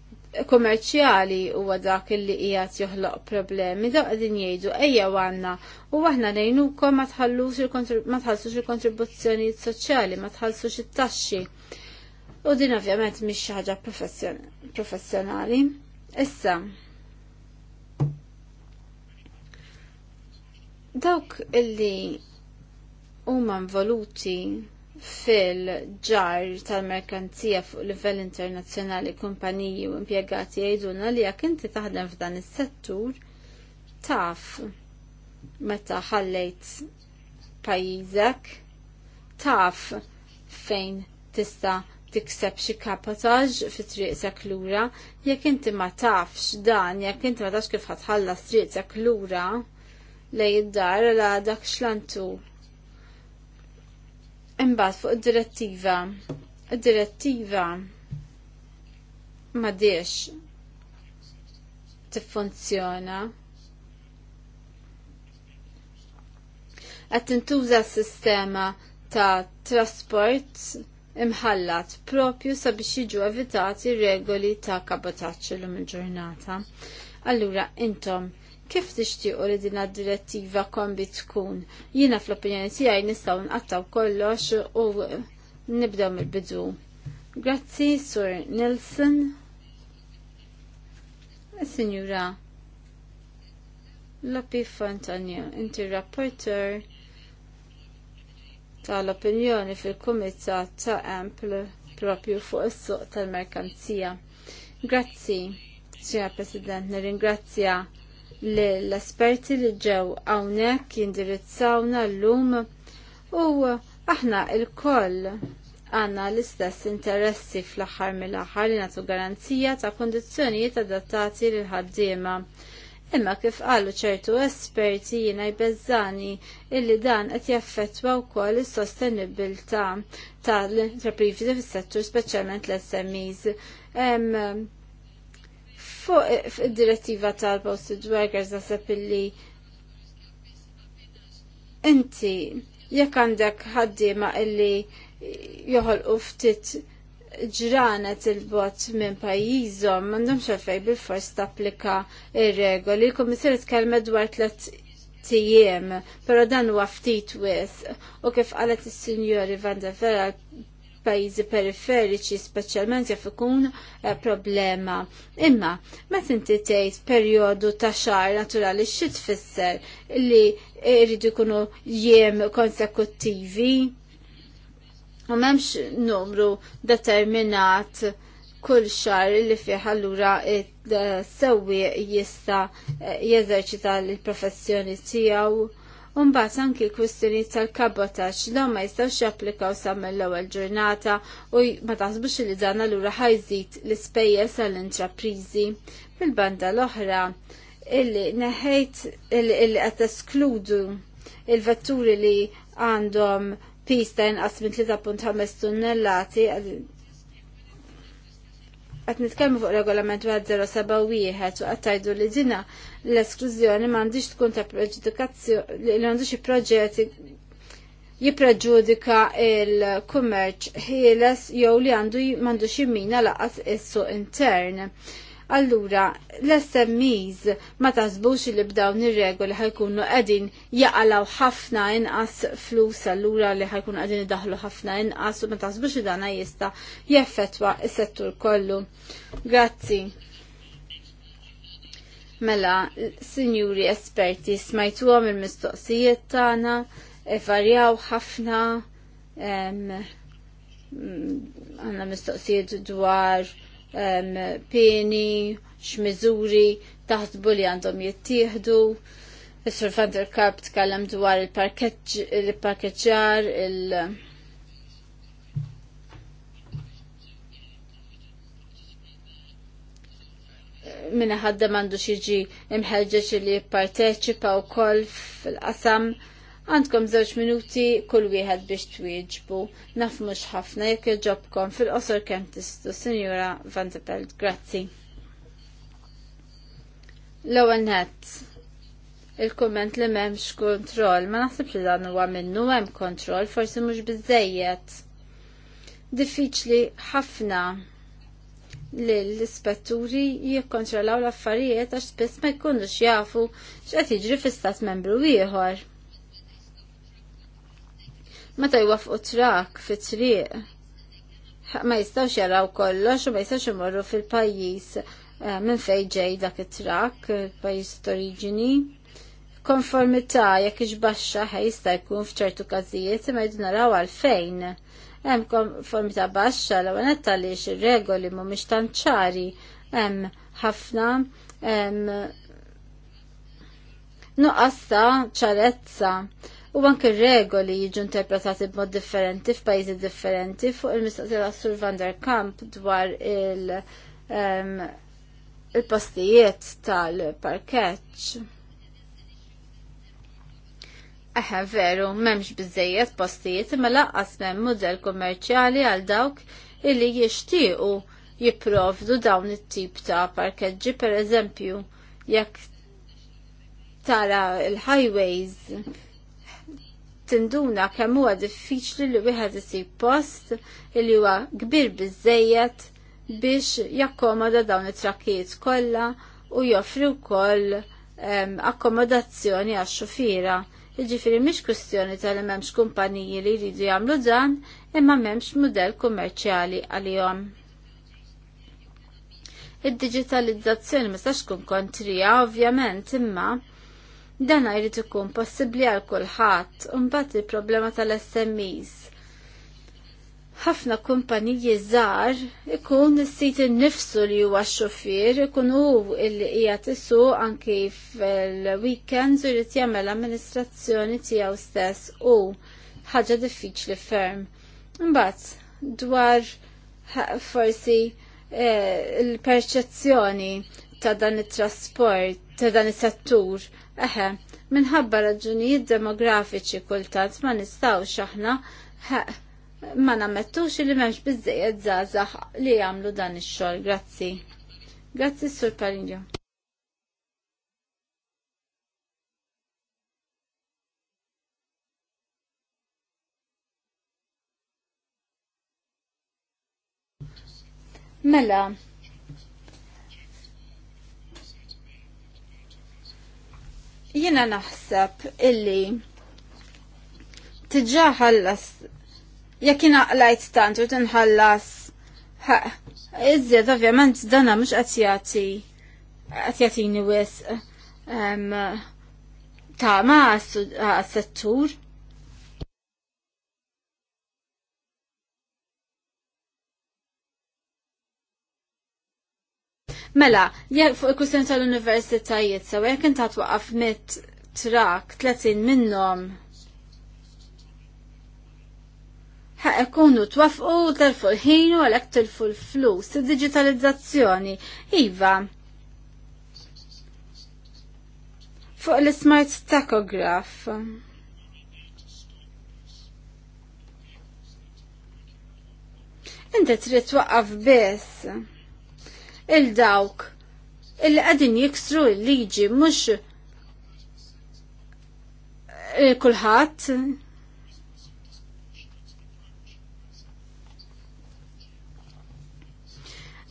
kommerċjali huwa dak li qiegħed joħloq problemi dak qegħdin jgħidu ejja għandna u aħna ngħinukom ma tħallsux il-kontribuzzjonijiet soċjali, ma tħallsux it-taxxi. U din ovvjament mhix xi ħaġa professjonali. Issa, dawk illi huma involuti fil-ġar tal-merkanzija fuq livell internazzjonali kumpaniji u impjegati jgħidulna li jekk inti taħdem f'dan is-settur taf meta ħallejt pajjiżek taf fejn tista' tikseb xi kapotaġġ fi triqsek lura jekk inti ma tafx dan jekk inti ma tafx kif ħatħallas triqsek lura lejn id-dar għal dak xlantu Imbagħad fuq id-direttiva. Id-direttiva ma diex tiffunzjona. Qed tintuża s-sistema ta' trasport imħallat propju sabiex jiġu evitati regoli ta' kabotaċċju l il-ġurnata. Allura, intom Kif tixtiequ li din id-direttiva kombi tkun? Jina fl-opinjoni tiegħi nistgħu nqattaw kollox u nibdew mill-bidu. Grazzi Sur Nelson. Signora Lopi Fontanio, inti rapporter tal-opinjoni fil-Kumitat ta' Ampl propju fuq is-suq tal-merkanzija. Grazzi, Signor President, nirringrazzja l-esperti li ġew hawnhekk jindirizzawna llum u aħna il-koll għanna l-istess interessi fl-axar mill-axar li natu garanzija ta' kondizjonijiet adattati l ħaddiema Imma kif qalu ċertu esperti jina jbezzani illi dan qed jaffettwa wkoll is-sostenibilità tal-intrapriżi fis-settur speċjalment l-SMEs. Eh, fuq id-direttiva tal-posted workers nasab illi inti jekk għandek ħaddiema illi joħolqu ftit ġranet il-bot minn pajjiżhom m'għandhomx għalfejn bil-fors tapplika ir-regoli. Il-Kummissar tkellmet dwar tliet tijiem, pero dan huwa ftit wis. U kif qalet is-Sinjori Van der Vera, f'pajjiżi periferiċi speċjalment jaf ikun eh, problema. Imma meta inti tgħid perjodu ta' xar naturali xi tfisser li iridu jkunu jiem konsekuttivi u m'hemmx numru determinat kull xar li fih allura eh, sewwi jista' eh, jeżerċita l-professjoni tiegħu Umbat anki l-kwistjoni tal-kabotax dawn ma jistgħux japplikaw sa mill-ewwel ġurnata u ma taħsbux li dan allura ħajżid l-ispejjeż għall-intrapriżi. Fil-banda l-oħra illi neħejt illi qed eskludu il-vetturi li għandhom pista inqas minn 3.5 tunnellati għat nitkelmu fuq regolament 1071 u għattajdu li dina l-esklużjoni mandiġ tkun ta' proġudikazzjoni, li mandiġ proġetti jipreġudika il-kummerċ ħieles jew li għandu mandu jimmina laqas issu intern. Allura, l-SMEs ma tażbux li b'dawn ir-regoli ħajkunu qegħdin jaqalaw ħafna inqas flus allura li ħajkunu qegħdin idaħlu ħafna inqas u ma tasbux li dana jista' jeffettwa s-settur kollu. Grazzi. Mela, sinjuri esperti, smajtuhom il-mistoqsijiet tagħna, e varjaw ħafna mm, għandna mistoqsijiet dwar pieni, x'miżuri taħsbu li għandhom jittieħdu. Is-Sur Van der Karp tkellem dwar il-parkeġġar, il minna ħaddem għandu xieġi imħelġeċ li jipparteċipa u kol fil-qasam Għandkom żewġ minuti kull wieħed biex twieġbu. Naf mhux ħafna jekk iġobkom fil-qosor kemm tistu, Sinjura Van de Belt. Grazzi. L-ewwel nett il-komment li m'hemmx kontroll, ma naħsibx li dan huwa minnu hemm kontroll, forsi mhux biżejjed. Diffiċli ħafna li l-ispetturi jikkontrollaw l-affarijiet għax spiss ma jkunux jafu x'qed jiġri fis stat membru ieħor meta jwafqu trak fi triq ma jistawx jaraw kollox u ma jistawx imorru fil-pajjiż eh, minn fejn ġej dak it-trak, pajjiż t-oriġini. Konformità jekk ixbaxxa baxxa jista' jkun f'ċertu każijiet ma jdu naraw għalfejn. Hemm konformità baxxa l għanet għaliex ir-regoli mhumiex tant ċari hemm ħafna nuqqas ta' ċarezza u anke regoli jiġu interpretati b'mod differenti f'pajjiżi differenti fuq il-mistoqsija Sur Van der Kamp dwar il- um, il-postijiet tal-parkeċ. Eħe, veru, memx bizzejiet postijiet imma laqqas hemm model kommerċjali għal dawk illi jixtiequ jipprovdu dawn it-tip ta' parkeġġi per eżempju jekk tara il-highways tinduna kemm huwa diffiċli li wieħed isib post li huwa kbir biżejjed biex jakkomoda dawn it-trakkijiet kollha u joffri wkoll akkomodazzjoni għax-xufiera. Jiġifieri mhix kwistjoni tal m'hemmx kumpaniji li jridu jagħmlu dan imma m'hemmx mudell kummerċjali għalihom. Id-digitalizzazzjoni ma tkun kontrija, ovvjament, imma Dan jrid ikun possibbli għal kulħadd u mbagħad il-problema tal-SMEs. Ħafna kumpaniji żgħar ikun is-sit innifsu li huwa x-xufier ikun hu li qiegħed isuq anke fil-weekends u jrid jagħmel l-amministrazzjoni tiegħu stess u ħaġa diffiċli ferm. Imbagħad dwar forsi eh, il-perċezzjoni ta' dan it-trasport, ta' dan is-settur Eħe, minħabba raġunijiet demografiċi kultant ma nistaw aħna ma nammettux li memx bizzejed zazax li jagħmlu dan ix-xogħol. Grazzi. Grazzi Sur Parinjo. Mela, Jiena naħseb illi tiġa ħallas jekk inaqlajt tant u tinħallas iżjed ovvjament dana mhux qed jagħti qed ta' wisq tama għas-settur Mela, jekk fuq il-kustjoni tal-universitajiet, sew jekk inta twaqaf mit trak 30 minnhom Ha' ikunu twafqu telfu l-ħin u għalhekk tilfu l-flus, id-digitalizzazzjoni. Iva. Fuq l-smart tachograph. Inti trid twaqqaf biss il-dawk il qegħdin jiksru il-liġi mhux kulħadd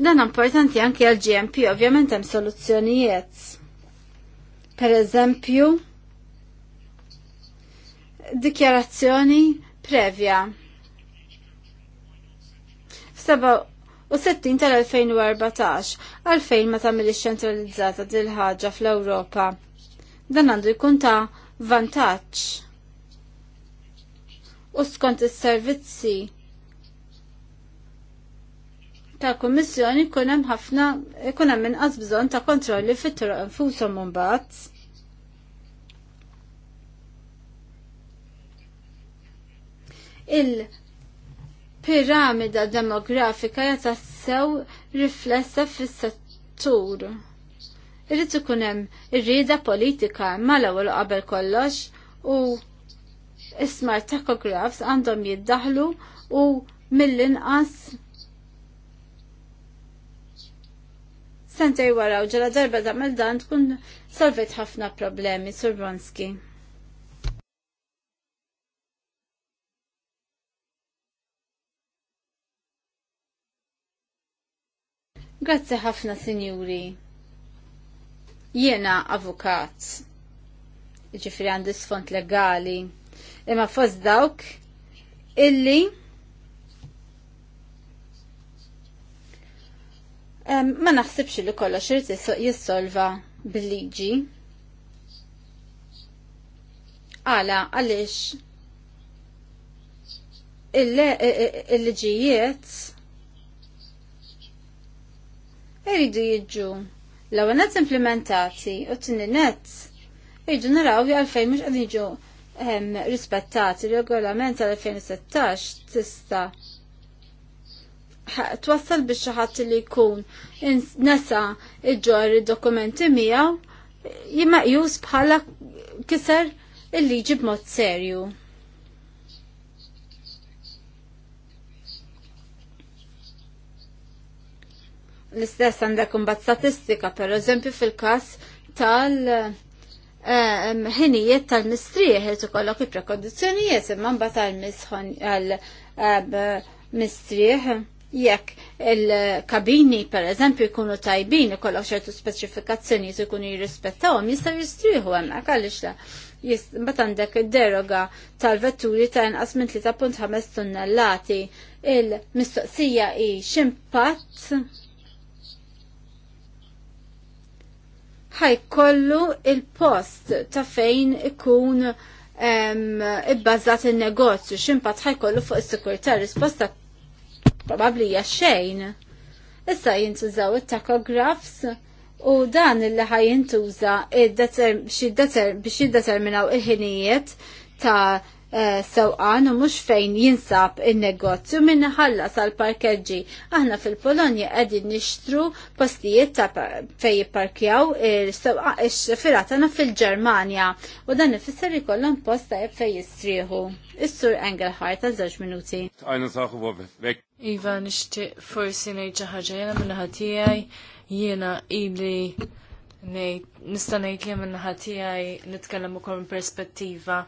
Dan importanti anke għal GMP, ovvjament hemm soluzzjonijiet. Per eżempju, dikjarazzjoni previa. F'seba' u 60 tal-2014 għalfejn ma iċ ċentralizzata dil ħaġa fl-Ewropa. Dan għandu jkun ta' vantaġġ. U skont is-servizzi ta' kummissjoni kun hemm ħafna kun hemm inqas bżonn ta' kontrolli fit-toroq infushom mbagħad. il piramida demografika jatassew riflessa fis-settur. Irrid ikun hemm irrieda politika mal-ewwel qabel kollox u smart tachografs għandhom jiddaħlu u mill-inqas sentej wara u ġala darba da' dan tkun solvet ħafna problemi, Sur Bronski. Grazzi ħafna, Sinjuri. Jiena avukat, ġifri għandi sfond legali, imma fost dawk illi ma naħsibx li kollox irid jissolva bil-liġi. Għala, għaliex il-liġijiet il Eridu jiġu l għanet implementati u t-tieni net irridu naraw għalfejn mhux qed jiġu ehm, rispettati regolament tal-2016 tista' twassal biex xi ħadd li jkun nesa l-ġor id-dokumenti miegħu jus bħala kiser il-liġi b'mod serju. l-istess għandek imbagħad statistika, per eżempju fil-każ tal- ehm, ħinijiet tal-mistrieħ li tkollok il-prekondizzjonijiet imma mbagħad għall ehm, mistrieħ jekk il-kabini per eżempju jkunu tajbin ikollok ċertu speċifikazzjonijiet jkunu jirrispettawhom jistgħu jistrieħu hemmhekk għaliex le. Mbagħad għandek id-deroga tal-vetturi ta' inqas minn 3.5 tunnellati il-mistoqsija hi x'impatt ħajkollu il-post ta' fejn ikun ibbażat il-negozju, ximpat ħajkollu fuq is-sikurtà risposta probabbli hija xejn. Issa jintużaw it-tachographs u dan il-li ħajintuża biex jiddeterminaw il-ħinijiet ta' Eh, sewqan u mhux fejn jinsab in-negozju minn ħalla sal parkeġġi. Aħna fil-Polonja qegħdin nixtru postijiet ta' fejn jipparkjaw il xifira tagħna fil-Ġermanja u dan ifisser jkollhom post tajjeb fejn jistrieħu. Is-sur Engelhardt għal żewġ minuti. Iva nixtieq forsi ngħid xi ħaġa minna ħatijaj jiena ili nista' ngħid li minn ħatijaj nitkellem ukoll perspettiva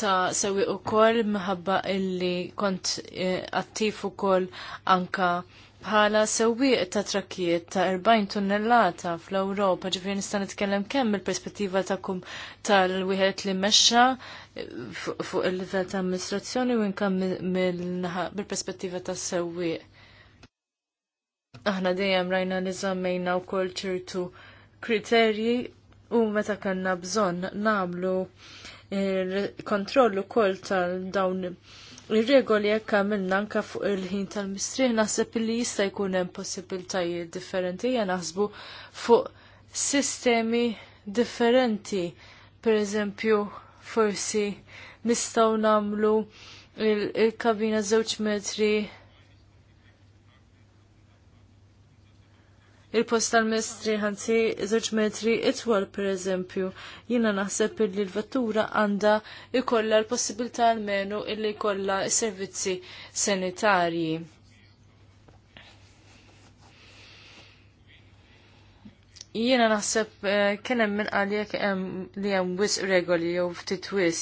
ta' sewi u koll mħabba illi kont eh, attiv u koll anka bħala sewwieq ta' trakkijiet ta' 40 tunnellata fl-Ewropa, ġifieri nista' nitkellem kemm il perspettiva kum tal-wieħed li mexxa eh, fuq il-livell ta' amministrazzjoni u inka mill-perspettiva ta' sewwieq. Aħna dejjem rajna li żammejna wkoll ċertu kriterji u meta kellna bżonn nagħmlu kontrollu kol tal-dawn Ir-regoli jekk għamilna anka fuq il-ħin tal-mistrieħ naħseb li jista' jkun hemm possibiltajiet differenti hija naħsbu fuq sistemi differenti. Pereżempju, forsi nistgħu nagħmlu il-kabina żewġ metri il-post tal-mestri ħansi żewġ metri itwal pereżempju. Jiena naħseb li l-vettura għandha jkollha l-possibilità għall-menu illi jkollha s-servizzi sanitarji. Jiena naħseb eh, kien hemm min għalek li hemm wisq regoli jew ftit wis,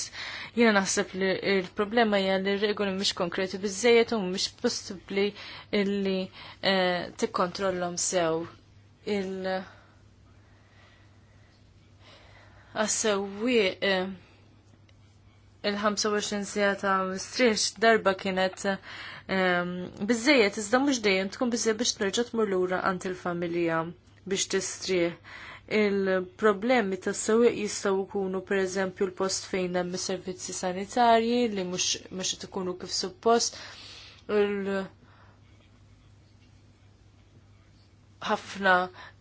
jina naħseb li il-problema hija li regoli mhux konkreti biżejjed u mhux possibbli illi eh, t-kontrollom sew il- għassewwieq eh, il-25 sija ta' mistriex darba kienet eh, bizzejiet, iżda mhux dejjem tkun bizzejiet biex terġa' tmur lura għand il-familja biex tistrieħ. Il-problemi ta' sewwieq jistgħu jkunu pereżempju l-post fejn hemm servizzi sanitarji li mhux mhux ikunu kif suppost. il ħafna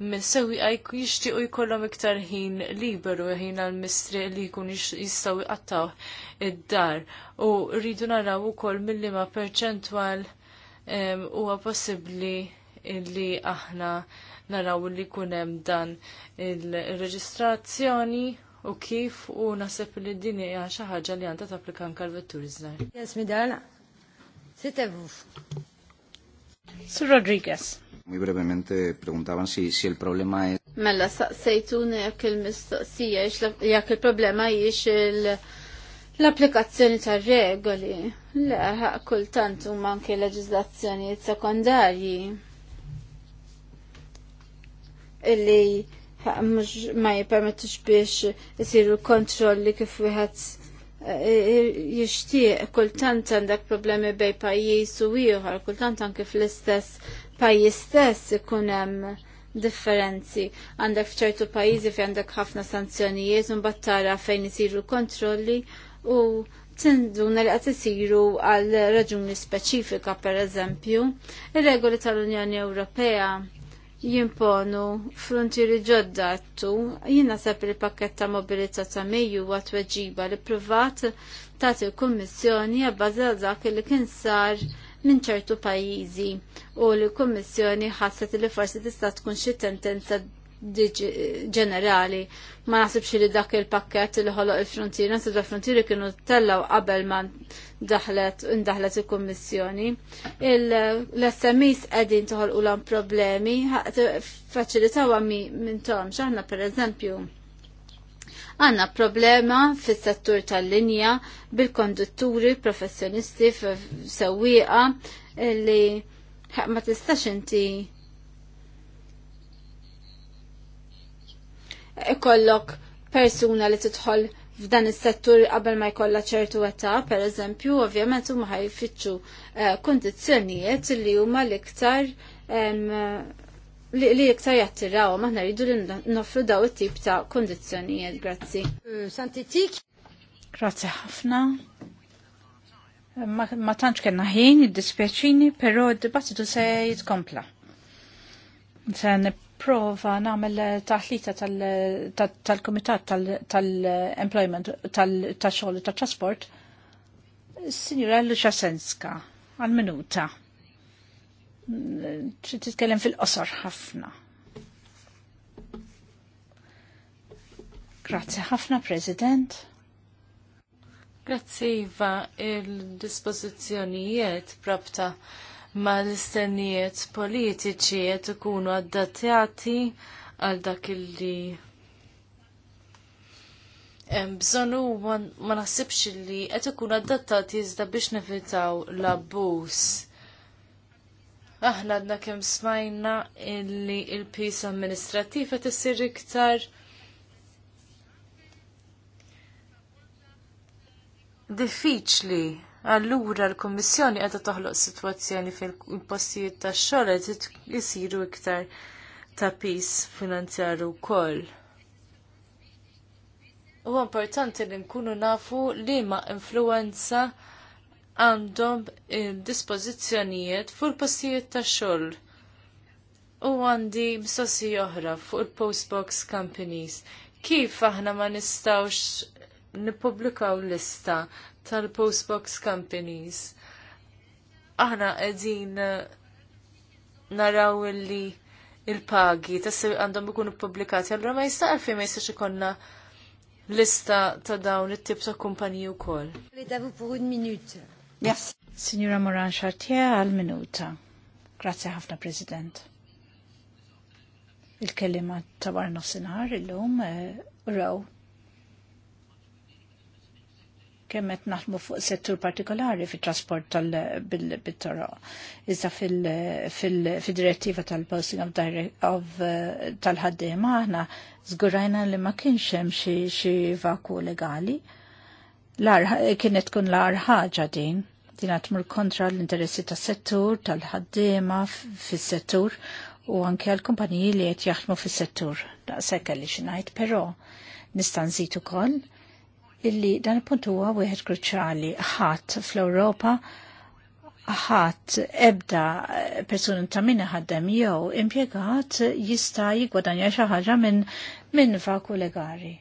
minn sewi għajku u jkollhom iktar ħin liberu ħin għal mistri li jkun jistaw jqattaw id-dar. U rridu naraw ukoll mill ma perċentwal huwa possibbli li aħna naraw li jkun hemm dan il-reġistrazzjoni u kif u naħseb li din hija xi ħaġa li għandha tapplika anke l-vetturi żgħar. Yes, Sur Rodriguez. Muy brevemente preguntaban si, si el problema es... Mella, saqsejtun jekk il-mistoqsija, jekk il-problema jiex l-applikazzjoni tar regoli. Le, kultant u manke leġizlazzjoni sekondarji illi ma jipermettux biex isiru kontrolli kif wieħed eh, jixtieq kultant għandek problemi bej pajjiż u ieħor, kultant anke fl-istess pajis stess ikun hemm differenzi. Għandek f'ċertu pajjiżi fi għandek ħafna sanzjonijiet un battara tara fejn isiru kontrolli u tinduna li qed isiru għal raġuni speċifika pereżempju. Ir-regoli tal-Unjoni Ewropea jimponu frontieri ġodda għattu, jina sepp li pakketta mobilità ta' meju għat weġiba li privat ta' il-Kommissjoni għabbaża dak li kien sar minn ċertu pajjiżi u l-Kummissjoni ħasset li forsi tista' tkun xi tendenza ġenerali. Ma naħsibx li dak il-pakket li ħoloq il-frontier, naħseb da frontieri kienu tellaw qabel ma daħlet indaħlet il-Kummissjoni. L-SMIs qegħdin toħolqu problemi, faċilitaw mi minn tom, xaħna per eżempju Għanna problema fis-settur tal-linja bil-kondutturi professjonisti f-sewiqa li ma tistax inti ikollok persuna li tidħol f'dan is-settur qabel ma jkollha ċertu età, per eżempju, ovvjament huma ħajfittxu eh, kondizzjonijiet li huma l-iktar li iktar jattiraw, maħna rridu li noffru daw it-tip ta' kondizjonijiet, grazzi. Santitik. Grazzi ħafna. Ma tantx kena ħin, id-dispjaċini, pero d-dibattitu se jitkompla. Se nipprova nagħmel taħlita tal-Kumitat tal-Employment tal-Xogħol tat trasport Signora Lucia Senska, għal-minuta trid titkellem fil-qosor ħafna. Grazzi ħafna, President. Grazzi, Iva, il-dispozizjonijiet prabta ma l-istennijiet politiċi qed ikunu addattjati għal dak illi bżonu ma naħsibx li qed ikunu addattati iżda biex nevitaw l-abbuż aħna għadna kemm smajna illi il-pis amministrativ qed isir iktar diffiċli Allura l-Kommissjoni qiegħda toħloq sitwazzjoni fil-postijiet tax-xogħol qed isiru iktar ta' pis finanzjaru wkoll. Huwa importanti li nkunu nafu li ma' influenza għandhom eh, dispożizzjonijiet fuq il-postijiet ta' xogħol. U għandi msossi oħra fuq il-postbox companies. Kif aħna ma nistawx nipublikaw lista tal-postbox companies? Aħna qegħdin eh, naraw illi il-pagi tassi għandhom ikunu publikati, allura ma jistaqal fejn ma jistax ikonna lista ta' dawn it-tip ta' kumpaniji wkoll. Merci. Signora Moran Chartier għal minuta. Grazie ħafna, President. Il-kellima tawar nofsinhar illum eh, raw kemm qed naħdmu fuq settur partikolari fit-trasport bittoro Iżda fil-direttiva tal-posting of eh, tal-ħaddiema aħna żgurajna li ma kienx hemm xi vaku legali. l kienet tkun l-ar ħaġa din din għatmur kontra l-interessi ta' settur, tal-ħaddima fis settur u anke għal-kumpaniji li għet jaħdmu fis settur Da' sekka li xinajt, pero nistan zitu kol illi dan il-punt huwa wieħed kruċali ħadd fl-Ewropa ħadd ebda persuni ta' minna ħaddem jew impjegat jista' jigwadanja xi ħaġa minn min vaku legali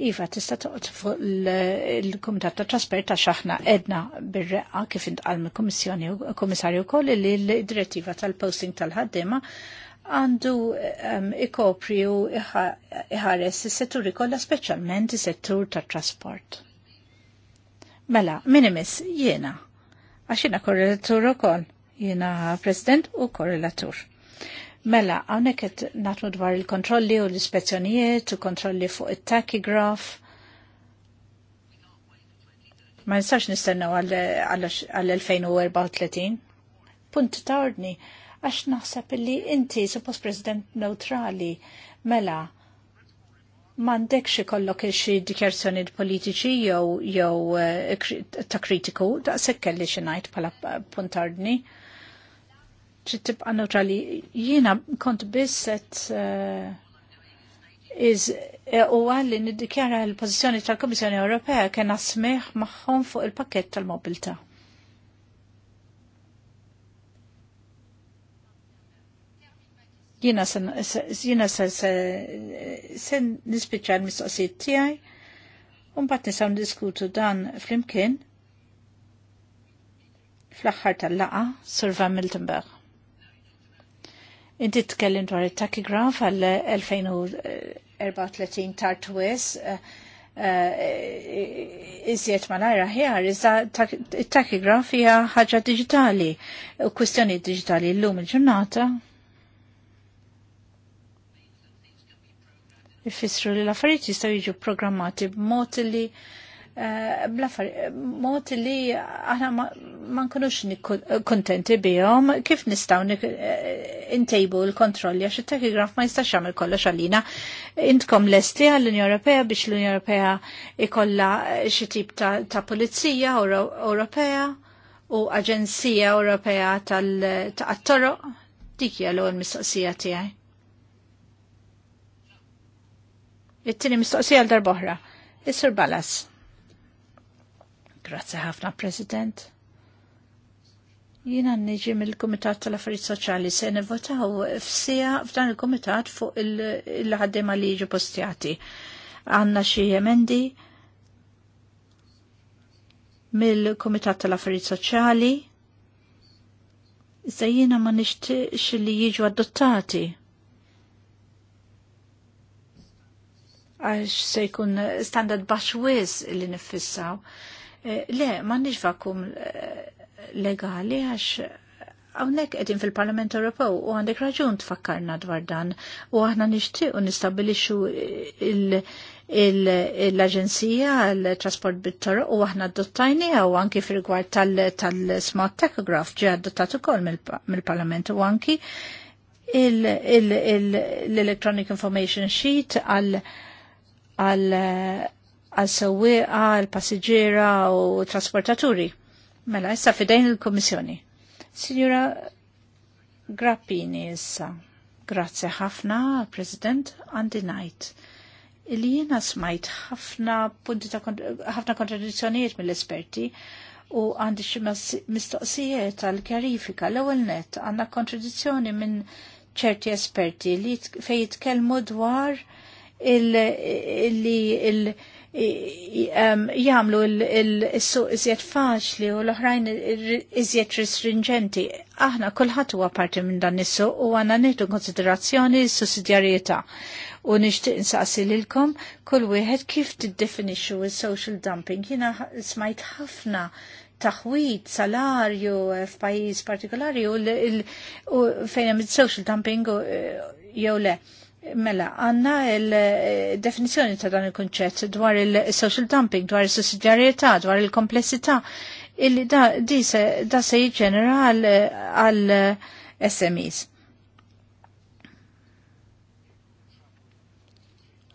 Iva, tista toqt fuq il-Komitat ta' Trasport ta' xaħna edna bir-reqqa kif intqal mill-Kummissjoni u Kummissarju koll li l-direttiva tal-posting tal-ħaddiema għandu ehm, ikopri u iħares is-setturi kollha speċjalment is-settur tat trasport. Mela, minimis jiena għax jiena korrelatur ukoll, jiena president u korrelatur. Mela, għawnek et natmu dwar il-kontrolli u l-ispezzjonijiet u kontrolli fuq il-tachigraf. Ma nistax nistennaw għall-2034. Punt ta' ordni, għax naħseb li inti suppost president neutrali, mela, mandek xie kollok xie dikjarzjoni politiċi jew jew eh, ta' kritiku, da' sekkelli xie najt pala punt ordni ċi tibqa neutrali. Jiena kont bisset eh, iż e, u għalli niddikjara l-pozizjoni tal-Komissjoni Ewropea kena smeħ maħħom fuq il-pakket tal-mobilta. Jina sen, nispiċa l-mistoqsijiet tijaj, un bat nisaw diskutu dan fl-imkien, fl-axħar tal-laqa, Sir Van Miltenberg. Inti t tkellim dwar il-takigraf għal 2034 eh, eh, tartwis eh, iżjed ma najra ħjar, iżda il-takigraf hija ħagġa digitali, u kwistjoni digitali l-lum il-ġurnata. Ifissru li l affariet jistaw jiġu programmati b'mod li Eh, mod li aħna ma nkunux kontenti bihom kif nistaw eh, intejbu l-kontrolli għax it-takigraf ma jistax jagħmel kollox għalina. Intkom lesti għall-Unjon Ewropea biex l-Unjon Ewropea ikolla eh, xi tip ta' pulizija Ewropea u Aġenzija Ewropea tal-Toroq dik hija l-ewwel mistoqsija tiegħi. It-tieni mistoqsija l-darboħra. Is-Sur Balas. Grazzi ħafna, President. Jina niġi mill-Kumitat tal-Affarijiet Soċjali se nivotaw f'sija f'dan il-Kumitat fuq il-ħaddiema li jiġu postjati. Għandna xi emendi mill-Kumitat tal-Affarijiet Soċjali. Iżda jiena ma nixtiex li jiġu adottati. Għax se jkun standard baxwiz li nifissaw Eh, le, nix vakum eh, legali għax għawnek edin fil-Parlament Ewropew u għandek raġun tfakkarna dwar dan u aħna u nistabilixu l-Aġenzija l trasport bit-Toru u aħna dottajni u anki fil-gwart tal-Smart Tachograph ġi adottat ukoll mill-Parlament u għanki l-Electronic Information Sheet għal għal sewwieqa l-passiġġiera u trasportaturi. Mela, issa fidejn il-Kommissjoni. Signora Grappini issa. Grazzi ħafna, President, Andy Knight. Il jiena smajt ħafna punti ta' ħafna kontradizzjonijiet mill-esperti u għandi xi mistoqsijiet għal kjarifika l-ewwel net għandna kontradizzjoni minn ċerti esperti li fejn jitkellmu dwar il-li il, il, il jagħmlu l-suq iżjed faċli u l-oħrajn iżjed restringenti. Aħna kulħadd huwa parti minn dan is-suq u għanna nieħdu konsiderazzjoni s-sussidjarjetà u nixtieq insaqsi lilkom kull wieħed kif tiddefinixxu s-social dumping. Jiena smajt ħafna taħwit, salarju f'pajjiż partikolari u fejn hemm social dumping eh, jew le. Mela, għanna il-definizjoni eh, ta' dan il-konċett dwar il-social dumping, dwar il-sussidjarietà, dwar il-komplessità, illi da, se, da se jġenera għal eh, SMEs.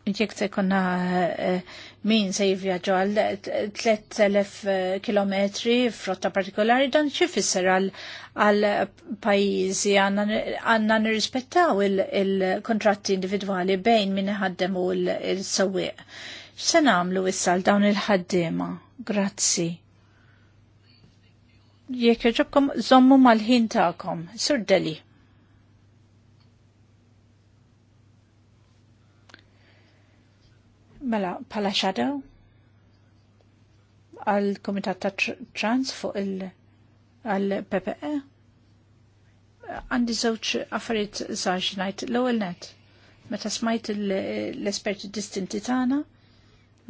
Jek se konna uh, min se jivvjaġġa għal 3000 eh, km frotta partikolari dan xi fisser għal pajjiżi għandna nirrispettaw il-kontratti individwali bejn min iħaddem u l-sewwieq. X'se nagħmlu issa għal dawn il-ħaddiema? Grazzi jekk joġobkom zommu mal-ħin ta'kom, surdeli. Mela, pala shadow għal komitat ta' trans fuq il- għal PPE għandi żewġ affarijiet sarx l-ewwel net. Meta smajt l-esperti distinti tagħna,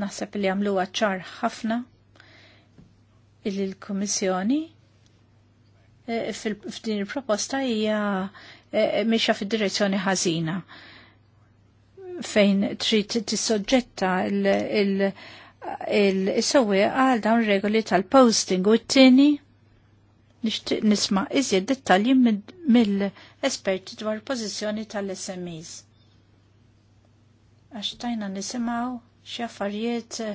naħseb li għamlu għacċar ħafna il l-Komissjoni eh, f'din il-proposta hija eh, mixja fid-direzzjoni ħażina fejn trid tissoġġetta il-sewwi għal dawn regoli tal-posting u t-tieni nixtieq nisma' iżjed dettalji mill-esperti dwar pożizzjoni tal-SMEs. Għax tajna nisimgħu xi affarijiet eh,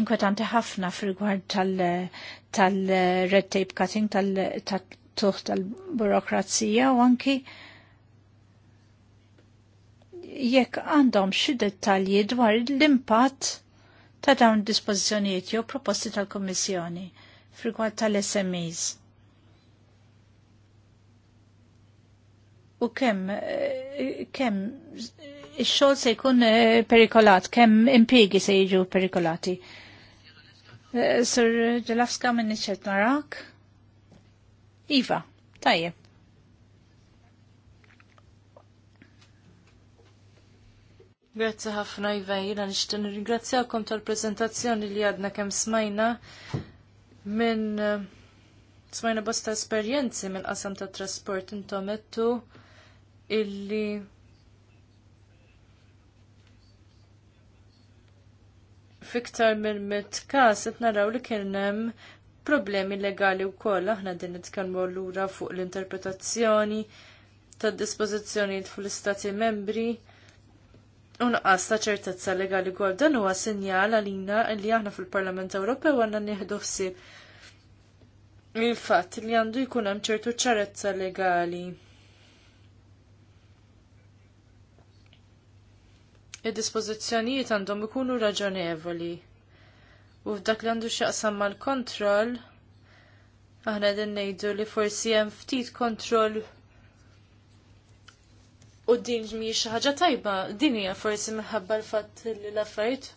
inkwetanti ħafna fil-gwar tal-red tape cutting tal-tuħ tal-burokrazija u anki jekk għandhom xi dettalji dwar l-impatt ta' dawn dispożizzjonijiet jew proposti tal-Kommissjoni frigward tal-SMEs. U kemm eh, kemm ix-xogħol se jkun eh, perikolat, kemm impjiegi se jiġu perikolati. Eh, Sir Ġelafska minn iċċet narak? Iva, tajjeb. Grazzi ħafna Iva, jina nishtin tal-prezentazzjoni li għadna kem smajna minn eh, smajna bosta esperienzi minn qasam ta' trasport intom ettu illi fiktar minn mit kas qed naraw li kien hemm problemi legali wkoll aħna din nitkellmu lura fuq l-interpretazzjoni tad dispożizzjonijiet fuq l-istati membri Unqas ta' ċertezza legali għal dan huwa sinjal għalina li aħna fil-Parlament Ewropew għandna nieħdu ħsieb il-fatt li għandu jkun hemm ċertu ċarezza legali. Id-dispożizzjonijiet għandhom ikunu raġonevoli. U f'dak li għandu x'jaqsam mal-kontroll, aħna din ngħidu li forsi hemm ftit kontroll U din mi ħaġa tajba, din hija forsi minħabba l-fatt li l-affarijiet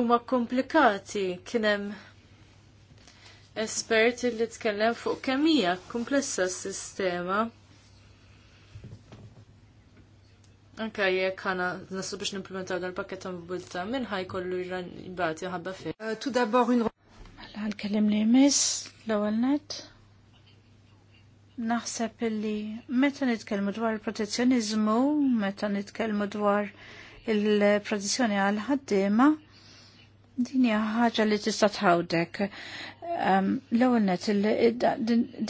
huma komplikati kien hemm espert li tkellem fuq kemm hija komplessa s-sistema. Anka jekk ħana naslu biex nimplementaw dan il-pakket ta' mobilità minn kollu jran jibati ħabba fejn. Euh, tu d'abord un Mela nkellem li l-ewwel net. Naħseb illi meta nitkellmu dwar il-protezzjonizmu, meta nitkellmu dwar il-protezzjoni għal ħaddiema, din hija ħaġa li tista' tħawdek. Ehm, l-ewwel net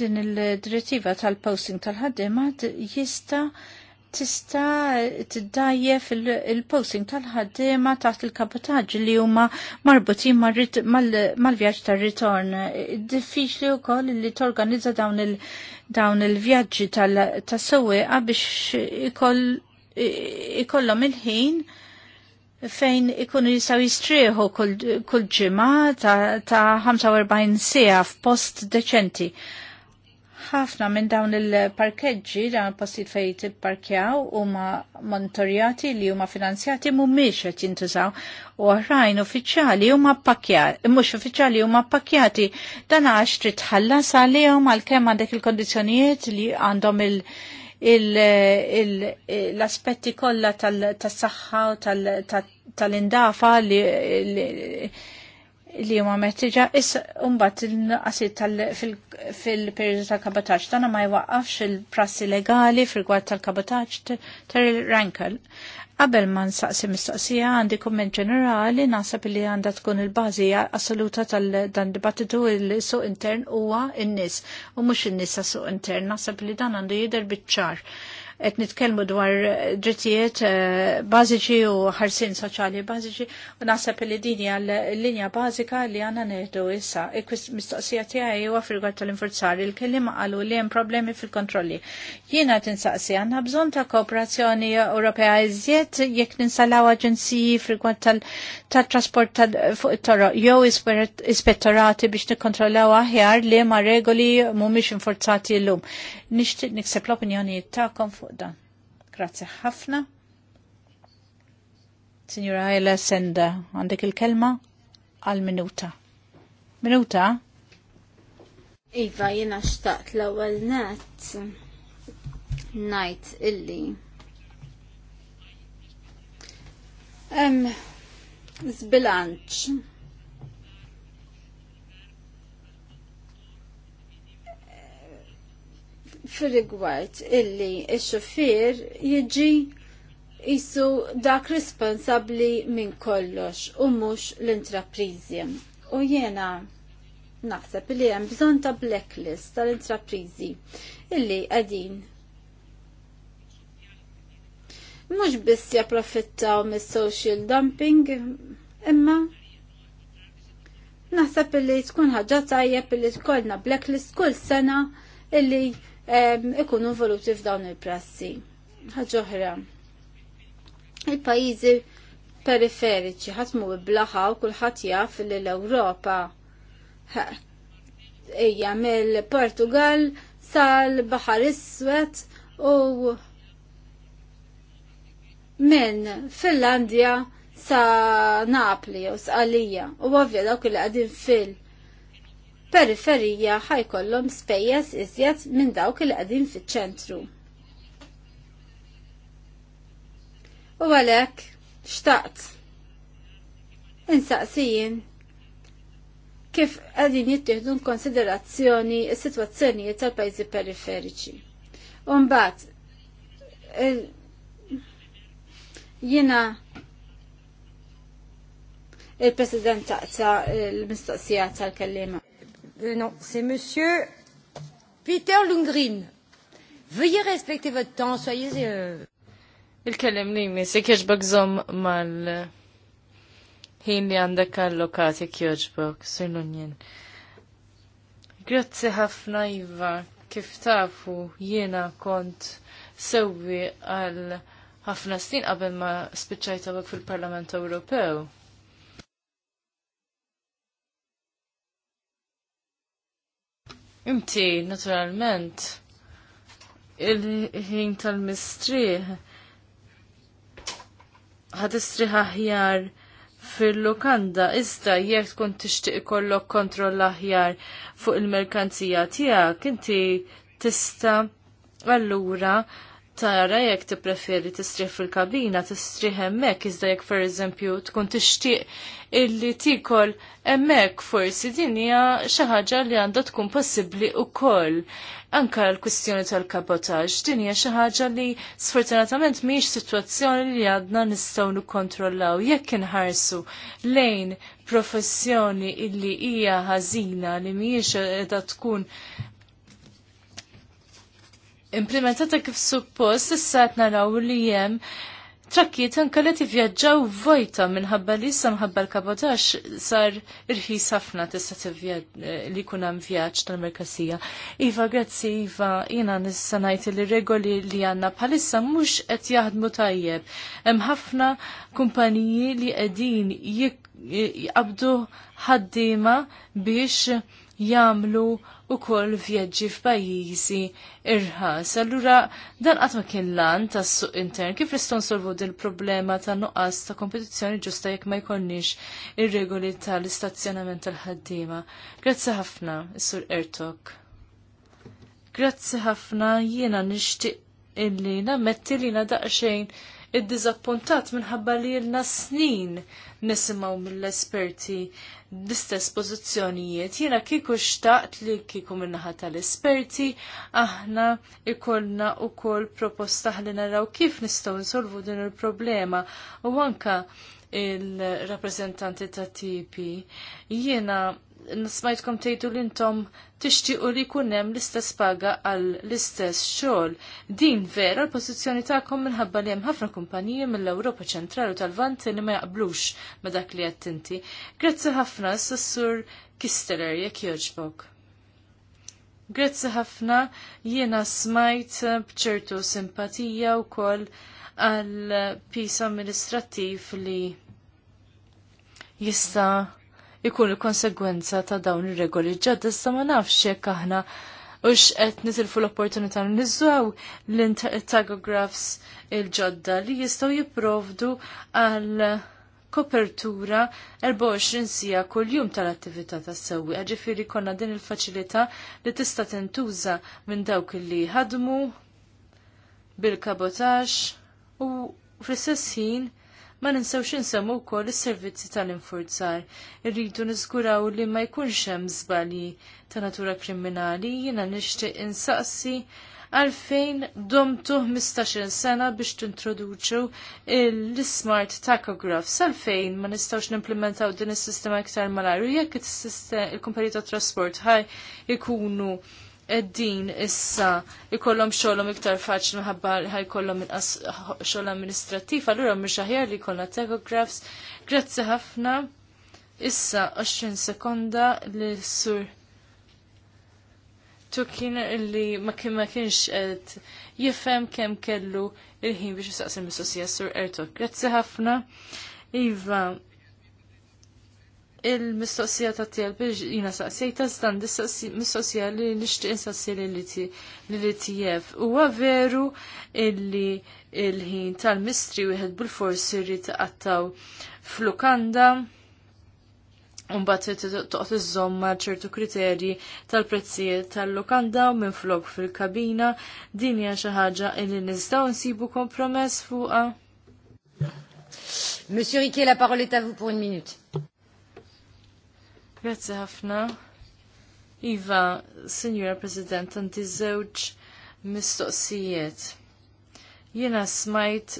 din il-direttiva tal-posting tal-ħaddiema jista' tista tiddajje fil posting tal-ħaddiema taħt il kapotaġ li huma marbutin mal-vjaġġ tar-ritorn. Diffiċli wkoll li torganizza dawn il- dawn il-vjaġġi tas-sewwieqa biex ikollhom il-ħin fejn ikunu jisaw jistrieħu kull ġimgħa ta' 45 sija f'post deċenti ħafna minn dawn il-parkeġġi dan postijiet fejn tipparkjaw huma monitorjati li huma finanzjati mhumiex qed jintużaw u oħrajn uffiċjali huma pakkjati mhux uffiċjali huma pakkjati dan għax trid tħallas għalihom għalkemm għandek il-kondizzjonijiet li għandhom il- l-aspetti kollha tas-saħħa u tal-indafa li li huma meħtieġa issa mbagħad il-nuqqasiet fil-perjodu tal-kabotaġġ dan ma jwaqqafx il-prassi legali fil-gwad tal-kabotaġġ ter rankel. Qabel ma nsaqsi mistoqsija għandi kumment ġenerali naħseb li għandha tkun il-bażi assoluta tal-dan dibattitu il-suq intern huwa in-nies u mhux in-nies suq intern naħseb li dan għandu jidher biċ-ċar qed nitkellmu dwar eh, drittijiet eh, bażiċi u ħarsin soċjali bażiċi u naħseb li din hija l-linja bażika li għandna neħdu issa. mistoqsija tiegħi huwa fil tal-infurzar il-kellim qalu li hemm problemi fil-kontrolli. Jiena tinsaqsi għandna bżonn ta' kooperazzjoni Ewropea iżjed jekk ninsalaw aġenziji fil tat tal-trasport fuq it-toroq jew ispettorati biex nikkontrollaw aħjar li ma regoli mhumiex infurzati llum. Nixtieq nikseb l-opinjoni tagħkom fuq l Grazie Grazzi ħafna. Signora Ayla Senda, għandek il-kelma għal-minuta. Minuta? Iva, jena xtaqt l ewwel net. Najt illi. zbilanċ. zbilanċ fil-rigward illi il-xofir jiġi jisu dak responsabli minn kollox u mux l-intraprizi. U jena naħseb li hemm bżonn ta' blacklist tal-intraprizi illi qegħdin. Mhux biss japprofittaw mis-social dumping, imma naħseb illi tkun ħaġa tajjeb illi tkollna blacklist kull sena illi ikunu involuti f'dawn il-prassi. Ħaġoħra, il-pajizi periferiċi ħatmu blaħa u kulħadd jaf li l-Ewropa hija mill-Portugal sal-Baħar Iswed u minn Finlandja sa Napli u Sqalija u ovvja dawk li qegħdin fil periferija ħajkollhom spejjeż iżjed minn dawk il qegħdin fiċ-ċentru. U għalhekk xtaqt. Insaqsijin kif qegħdin jittieħdu konsiderazzjoni s-sitwazzjonijiet tal-pajjiżi periferiċi. U mbagħad jiena il-President taqsa l-mistoqsija tal-kellima. Euh, non, c'est Monsieur Peter Lundgren. Veuillez respecter votre temps, soyez... Euh. Il-kellem li mi se kiex bagżom mal ħin li għandek allokati kieġbok, sirlunjen. Grazzi ħafna Iva, kif tafu jiena kont sewwi għal ħafna snin qabel ma spiċċajt fil-Parlament Ewropew. Inti, naturalment, il-ħin tal-mistrieħ ħadistriħ aħjar fil-lokanda iżda jekk tkun tixtieq ikollok kontroll aħjar fuq il-merkanzija tiegħek inti tista' allura tara jekk tippreferi tistrih fil-kabina, tistrih hemmhekk iżda jekk eżempju tkun tixtieq illi tikol hemmhekk forsi din hija xi ħaġa li għandha tkun possibbli wkoll. Anka l-kwistjoni tal-kabotaġġ din hija xi ħaġa li sfortunatament mhijiex sitwazzjoni li għadna nistgħu nikkontrollaw jekk inħarsu lejn professjoni illi hija ħażina li mhijiex qiegħda tkun implementata kif suppost, issa qed naraw li hemm trakkiet anke ivvjaġġaw tivvjaġġaw vojta minħabba li issa mħabba l-kabotax sar irħis ħafna tista' eh, li jkun hemm vjaġġ tal-merkasija. Iva, grazzi Iva, jiena nista' ngħid li regoli li għandna bħalissa mhux qed jaħdmu tajjeb. Hemm ħafna kumpaniji li qegħdin jik ħaddiema biex u kol vjeġġi f'pajjiżi irħas. Allura dan qatt ma kien lan tas-suq intern kif riston nsolvu il problema ta' nuqqas ta' kompetizzjoni ġusta jekk ma jkollniex ir-regoli tal-istazzjonament tal-ħaddiema. Grazzi ħafna, Sur Ertok. Grazzi ħafna jiena nixtieq illi nammetti li daqsxejn id-dizappuntat minħabba li l snin nisimaw mill-esperti d'istess pozizjonijiet. Jena kiku xtaqt li kiku minnaħa tal-esperti, aħna ikolna u kol proposta li naraw kif nistaw nsolvu din il-problema. U anka il-rappresentanti ta' tipi. Jena nismajtkom tejtu l-intom tixtiequ li jkun hemm l-istess paga għal l-istess xogħol. Din vera l-pożizzjoni tagħkom minħabba li hemm ħafna kumpaniji mill-Ewropa ċentrali u tal-Vanti li ma jaqblux ma dak li qed Grazzi ħafna s-sur Kisteler jekk jogħġbok. Grazzi ħafna jiena smajt bċertu simpatija wkoll għal pis amministrattiv li jista' ikun il-konsegwenza ta' dawn ir-regoli ġodda issa ma nafx jekk aħna ux qed nitilfu l-opportunità nizzaw l-tagographs il-ġodda li jistgħu jipprovdu għal kopertura 24 sija kull jum tal-attività tas sewwi ġifieri konna din il-faċilità li tista' tintuża minn dawk li ħadmu bil kabotax u fl-istess ħin ma xin insemmu wkoll is-servizzi tal-infurzar. Irridu niżguraw li ma jkunx hemm żbalji ta' natura kriminali, jiena nixtieq insaqsi għalfejn domtu 15 sena biex tintroduċu l-smart tachograph. għalfejn ma nistawx nimplementaw din is-sistema iktar malaru jekk il-kumpanija ta' trasport ħaj ikunu eddin issa ikollom xogħolhom iktar faċli nħabba ħaj kollom xogħol amministrattiv, allura mhux aħjar li jkollna tachographs. Grazzi ħafna. Issa 20 sekonda li sur Tukin li ma kien ma kienx qed jifhem kemm kellu il-ħin biex jistaqsi mistoqsija sur Ertok. Grazzi ħafna. Iva, il-mistoqsija ta' tiegħek biex jiena saqsejt iżdan mistoqsija li nixtieq insassi li tijef. Huwa veru illi il-ħin tal-mistri wieħed bil-forsi jrid taqattaw f'lukanda Unbat toqt iż-żomma ċertu kriterji tal-prezzijiet tal-lokanda minn flok fil-kabina, din hija xi ħaġa li nistgħu nsibu kompromess fuqha. Monsieur Riquet, la parole est à vous pour une minute. Grazzi ħafna. Iva, Signora President, għandi żewġ mistoqsijiet. Jiena smajt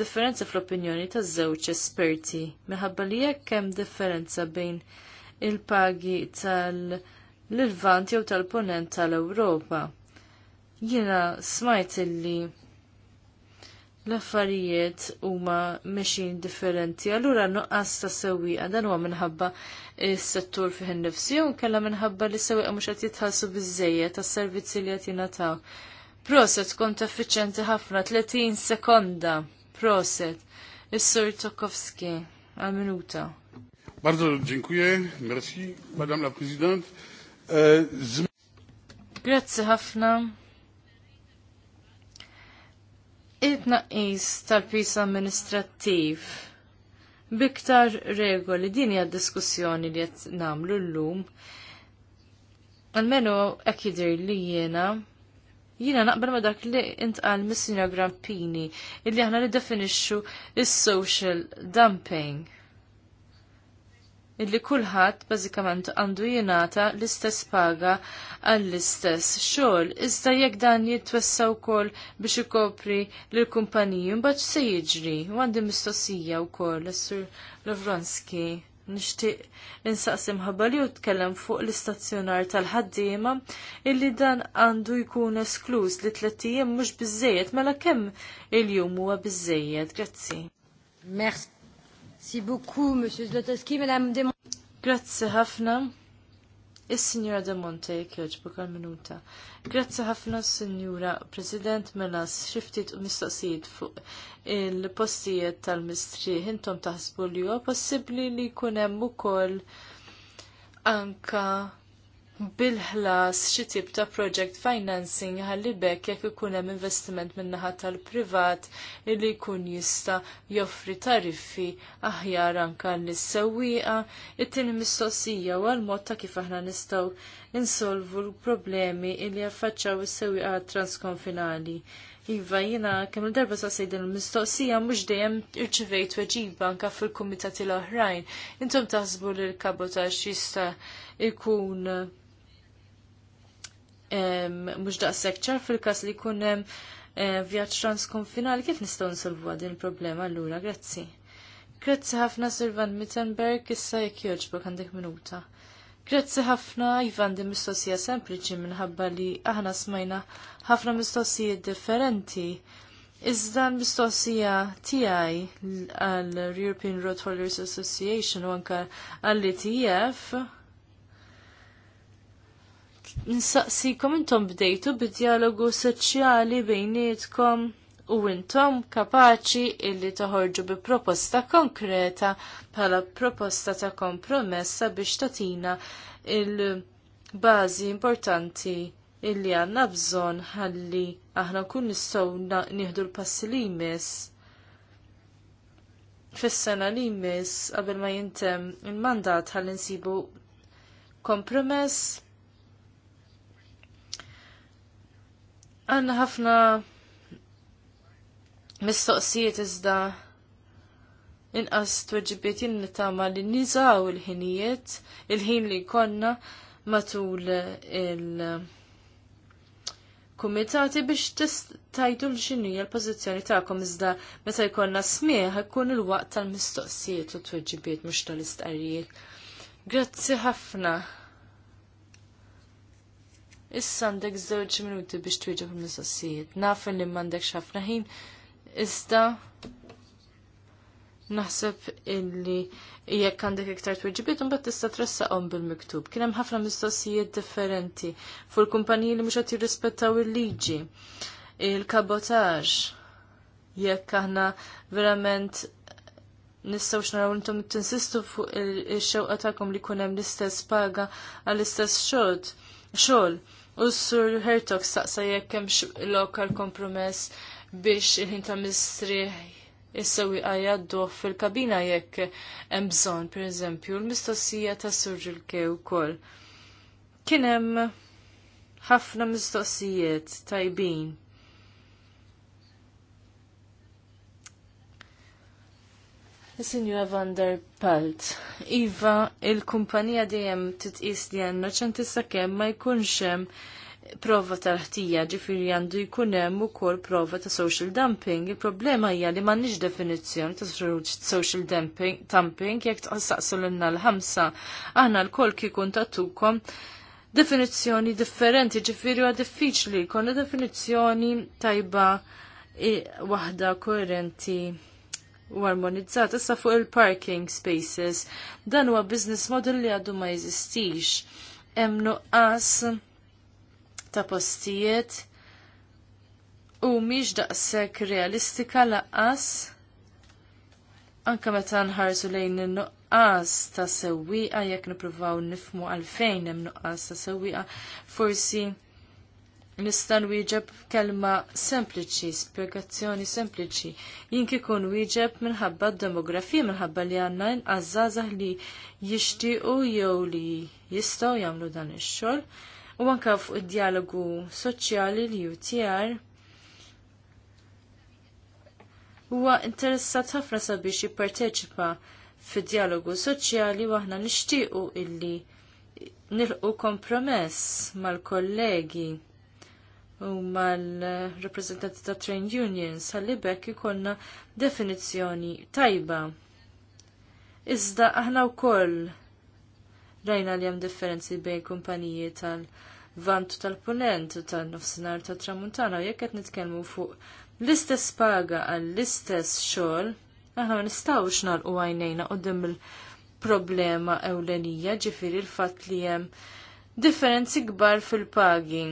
differenza fl-opinjoni ta' żewġ esperti minħabba li jekk hemm differenza bejn il-pagi tal-Lilvant jew tal punent tal-Ewropa. Jiena smajt illi l-affarijiet huma mexin differenti. Allura nuqqas ta' sewwieqa dan huwa minħabba s-settur fih innifsi u kella minħabba li sewwieqa mhux qed jitħallsu biżejjed tas-servizzi li qed jingħataw. Proset kont effiċjenti ħafna 30 sekonda. Proset. Is-Sur Tokowski għal minuta. Bardzo dziękuję. Merci, Madame la Présidente. E, Grazie ħafna it-naqis tal-pis amministrattiv biktar regoli din hija diskussjoni li qed nagħmlu llum. Almenu hekk jidher li jiena jiena naqbel ma dak li intqal mis-Sinja Grampini illi aħna niddefinixxu is-social dumping illi kulħadd bażikament għandu jingħata l-istess paga għall-istess xogħol. Iżda jekk dan jitwessa wkoll biex ikopri lill kumpaniji mbagħad se jiġri. U għandi mistoqsija wkoll sur Lovronski. Nixtieq insaqsim ħabali u tkellem fuq l-istazzjonar tal-ħaddiema illi dan għandu jkun esklus li tlettijiem mhux biżejjed mela kemm il-jum huwa biżejjed. Grazzi. Merci. Merci beaucoup, Monsieur Zlotowski. Madame Demon. Grazie ħafna. is signora De Monte jkjoġbuk għal-minuta. Grazzi ħafna Signora President Melas xiftit u mistoqsijiet fuq il-postijiet tal-mistri intom taħsbu li possibbli li jkun hemm ukoll anka bil-ħlas xi tip ta' project financing ħalli bekk jekk ikun hemm investiment min-naħa tal-privat li jkun jista' joffri tariffi aħjar anke lis-sewwieqa, it-tieni mistoqsija u l mod ta' kif aħna nistgħu insolvu l-problemi li jaffaċċaw is-sewwieqa transkonfinali. Iva, jina, kemm il-darba sa' sejdin il-mistoqsija, mux dejjem irċivejt weġiba anka fil-komitati l-oħrajn. Intom taħsbu li l-kabotax jista' ikun mhux daqshekk ċar fil-każ li jkun hemm eh, vjaġġ transkonfinali kif nistgħu nsolvu din il-problema allura, grazzi. Grazzi ħafna Sirvan Mittenberg issa jekk jogħġbok għandek minuta. Grazzi ħafna Ivan di mistoqsija sempliċi minħabba li aħna smajna ħafna mistoqsijiet differenti. Iżda l-mistoqsija tiegħi għall European Road Haulers Association u anke għall-ETF Nsaqsikom intom bdejtu bid-dialogu soċjali bejnietkom u intom kapaċi illi toħorġu bi proposta konkreta bħala proposta ta' kompromessa biex tatina il-bazi importanti illi għanna bżon ħalli aħna kun nistaw nieħdu l-passi li jmiss fis-sena li jmiss qabel ma jintem il-mandat ħalli nsibu kompromess Għanna ħafna mistoqsijiet iżda inqas tweġibiet jinn tama li nizaw il-ħinijiet, il-ħin li konna matul il-kumitati biex tajdu l-ġinija l-pozizjoni ta'kom iżda meta jkonna smieħ ikun il-waqt tal-mistoqsijiet u tweġibiet mux tal-istqarijiet. Grazzi ħafna. Issa għandek żewġ minuti biex twieġeb il-mistoqsijiet. Naf li m'għandekx ħafna ħin, iżda naħseb illi jekk għandek iktar tweġibiet imbagħad tista' tressaqhom bil-miktub. Kien hemm ħafna mistoqsijiet differenti fuq il-kumpaniji li mhux qed jirrispettaw il-liġi, il-kabotaġġ. Jekk aħna verament nistawx naraw intom tinsistu fuq il-xewqa tagħkom li jkun hemm l-istess paga għall-istess xogħol. U s-sur Hertog staqsa jekk lokal kompromess biex il-ħin ta' mistrieħ issewi għajaddu fil-kabina jekk hemm bżonn, pereżempju, l-mistoqsija ta' sur Rilke wkoll. Kien hemm ħafna mistoqsijiet tajbin Signora van der Palt, Iva, il-kumpanija dejjem titqis li għannoċenti kemm ma jkunx hemm prova tal-ħtija ġifiri għandu jkun hemm ukoll prova ta' social dumping. Il-problema hija li m'għandniex definizzjoni ta' social dumping, dumping jekk tqassaqsu l-inna l-ħamsa. Aħna l-kol kikun tagħtukom definizzjoni differenti ġifiri għad diffiċli, konna definizzjoni tajba waħda koerenti u armonizzata sa fuq il-parking spaces, dan huwa business model li għadu ma jeżistix. Hemm nuqqas ta' postijiet u miex daqshekk realistika laqqas anke meta nħarsu lejn in-nuqqas ta' sewwieqa jekk nippruvaw nifmu għalfejn hemm nuqqas ta' sewwieqa forsi nista' nwieġeb kelma sempliċi, spjegazzjoni sempliċi. Jink ikun wieġeb minħabba d-demografija minħabba li għandna għazzazah li jixtiequ jew li jistgħu jagħmlu dan ix-xogħol. U anke fuq id-dialogu soċjali li UTR huwa interessat ħafna sabiex jipparteċipa fid-dialogu soċjali u aħna nixtiequ illi nilqu kompromess mal-kollegi mal-reprezentanti ta' train unions, għalli bekk ikonna definizjoni tajba. Iżda aħna wkoll rajna li hemm differenzi bejn kumpaniji tal-vantu tal ponent tan-nofsinhar tat-tramuntana jekk qed nitkellmu fuq l-istess paga għall-istess xogħol, aħna ma nistgħux nagħlqu għajnejna dim il-problema ewlenija ġifiri l-fatt li hemm differenzi kbar fil-pagi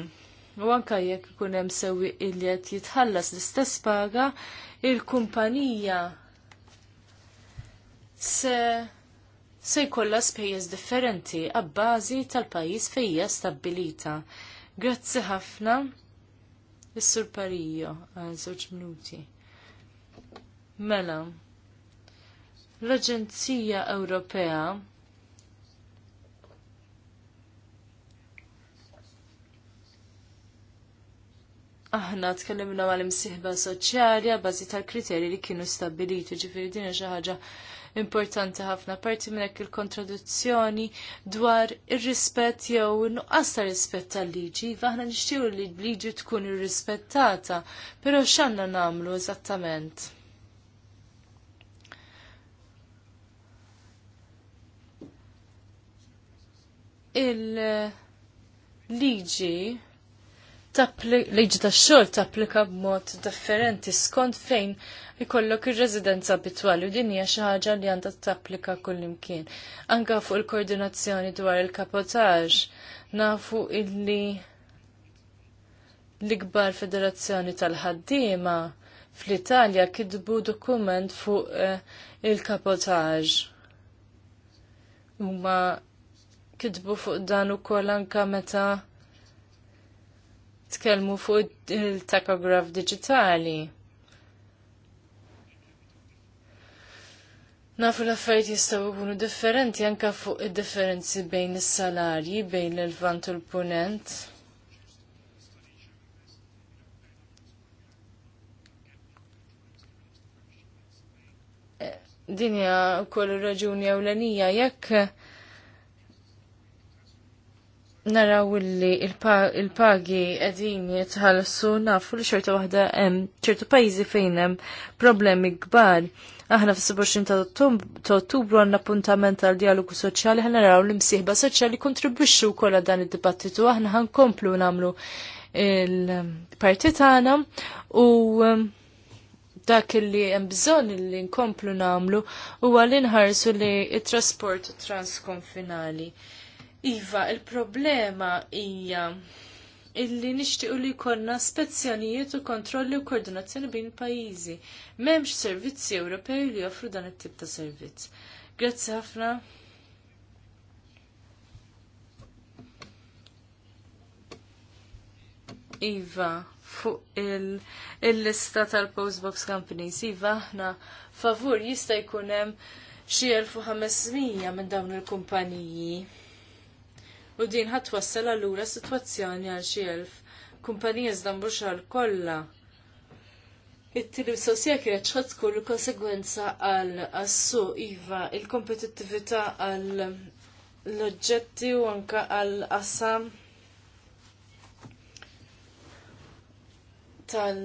U anka jekk ikun hemm sewwi iljet jitħallas l-istess paga, il-kumpanija se se jkollha spejjeż differenti għabbażi tal-pajjiż fejja stabbilita. Grazzi ħafna. Is-Sur Parijo għal żewġ minuti. Mela, l-Aġenzija Ewropea aħna tkellimna mal-imsieħba soċjali bażi tal-kriterji li kienu stabiliti, ġifieri din xi ħaġa importanti ħafna parti minn hekk il-kontradizzjoni dwar ir-rispett jew nuqqas ta' rispett tal-liġi, iva aħna nixtiew li l-liġi tkun irrispettata, però x'għandna nagħmlu eżattament? Il-liġi liġi ta' xogħol tapplika b'mod differenti skont fejn ikollok ir-residenza abitwali u din hija xi ħaġa li għandha tapplika kullimkien. Anka fuq il-koordinazzjoni dwar il-kapotaġġ nafu illi l-ikbar federazzjoni tal-ħaddiema fl-Italja kidbu dokument fuq eh, il-kapotaġġ. Huma kidbu fuq dan ukoll anka meta' tkellmu fuq il-takograf digitali. Nafu l-affarijiet jistgħu jkunu differenti anke fuq id-differenzi bejn is-salarji bejn l-Lvant u l-Punent. Eh, Dinja kollu raġuni ewlenija jekk naraw li il-pagi qegħdin jitħallsu nafu li xorta waħda hemm ċertu pajjiżi fejn hemm problemi kbar. Aħna fis-27 ta' Ottubru għandna appuntament għal dialogu soċjali ħan naraw li msieħba soċjali kontribwixxu wkoll dan id-dibattitu aħna ħankomplu nagħmlu il-parti tagħna u dak li hemm bżonn li nkomplu nagħmlu huwa li nħarsu li t trasport transkonfinali. Iva, il-problema hija illi nixtiequ li jkollna spezzjonijiet u kontrolli u koordinazzjoni bejn pajjiżi. M'hemmx servizzi Ewropej li joffru dan it-tip ta' servizz. Grazzi ħafna. Iva, fuq il-lista il tal-Postbox Companies, Iva, aħna favur jista' jkun hemm xi 1500 minn dawn il-kumpaniji u din ħat wassal allura sitwazzjoni għal xi elf kumpanija żdan kolla. kollha. It-tili sosja kienet ċħat konsegwenza għal assu iva il-kompetittività għal l-oġġetti u anka għal qasam tal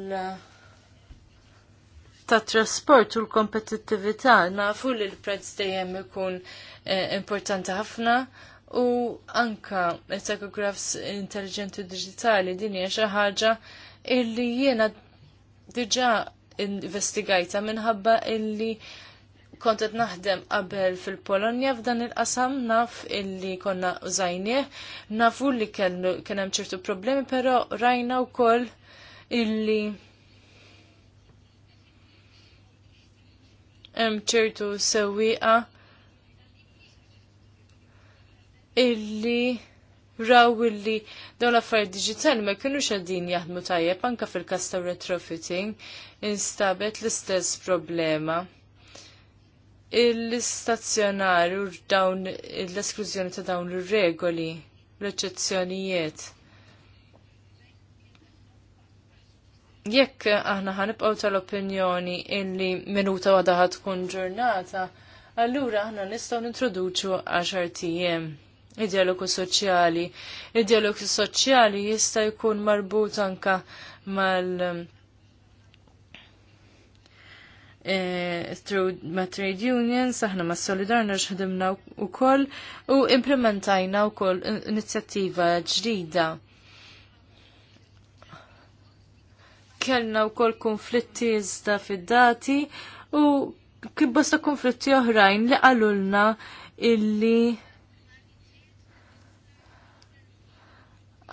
ta' trasport u l-kompetittività nafu li l-prezz dejjem ikun eh, importanti ħafna u anka tachografs intelligenti digitali din hija xi ħaġa illi jiena diġà investigajta minħabba illi kontet naħdem qabel fil-Polonja f'dan il-qasam naf illi konna użajnieh, nafu li kien hemm ċertu problemi, però rajna wkoll illi hemm ċertu sewwieqa illi raw illi dawn l-affarijiet diġitali ma kienux għaddin jaħdmu tajjeb anke fil-kas ta' retrofitting instabet l-istess problema. il istazzjonar u dawn l-esklużjoni ta' dawn ir-regoli, l-eċezzjonijiet. jekk aħna ħanibqaw tal-opinjoni illi minuta wadaħa tkun ġurnata, allura aħna nistgħu nintroduċu għax RTM id-dialogu soċjali. Id-dialogu soċjali jista' jkun marbut anka mal- um, eh, through ma trade unions, aħna ma solidarna ħdimna u koll u implementajna u koll inizjattiva ġdida. Kellna u koll konflitti iżda fid-dati u kibbasta konflitti oħrajn li għalulna illi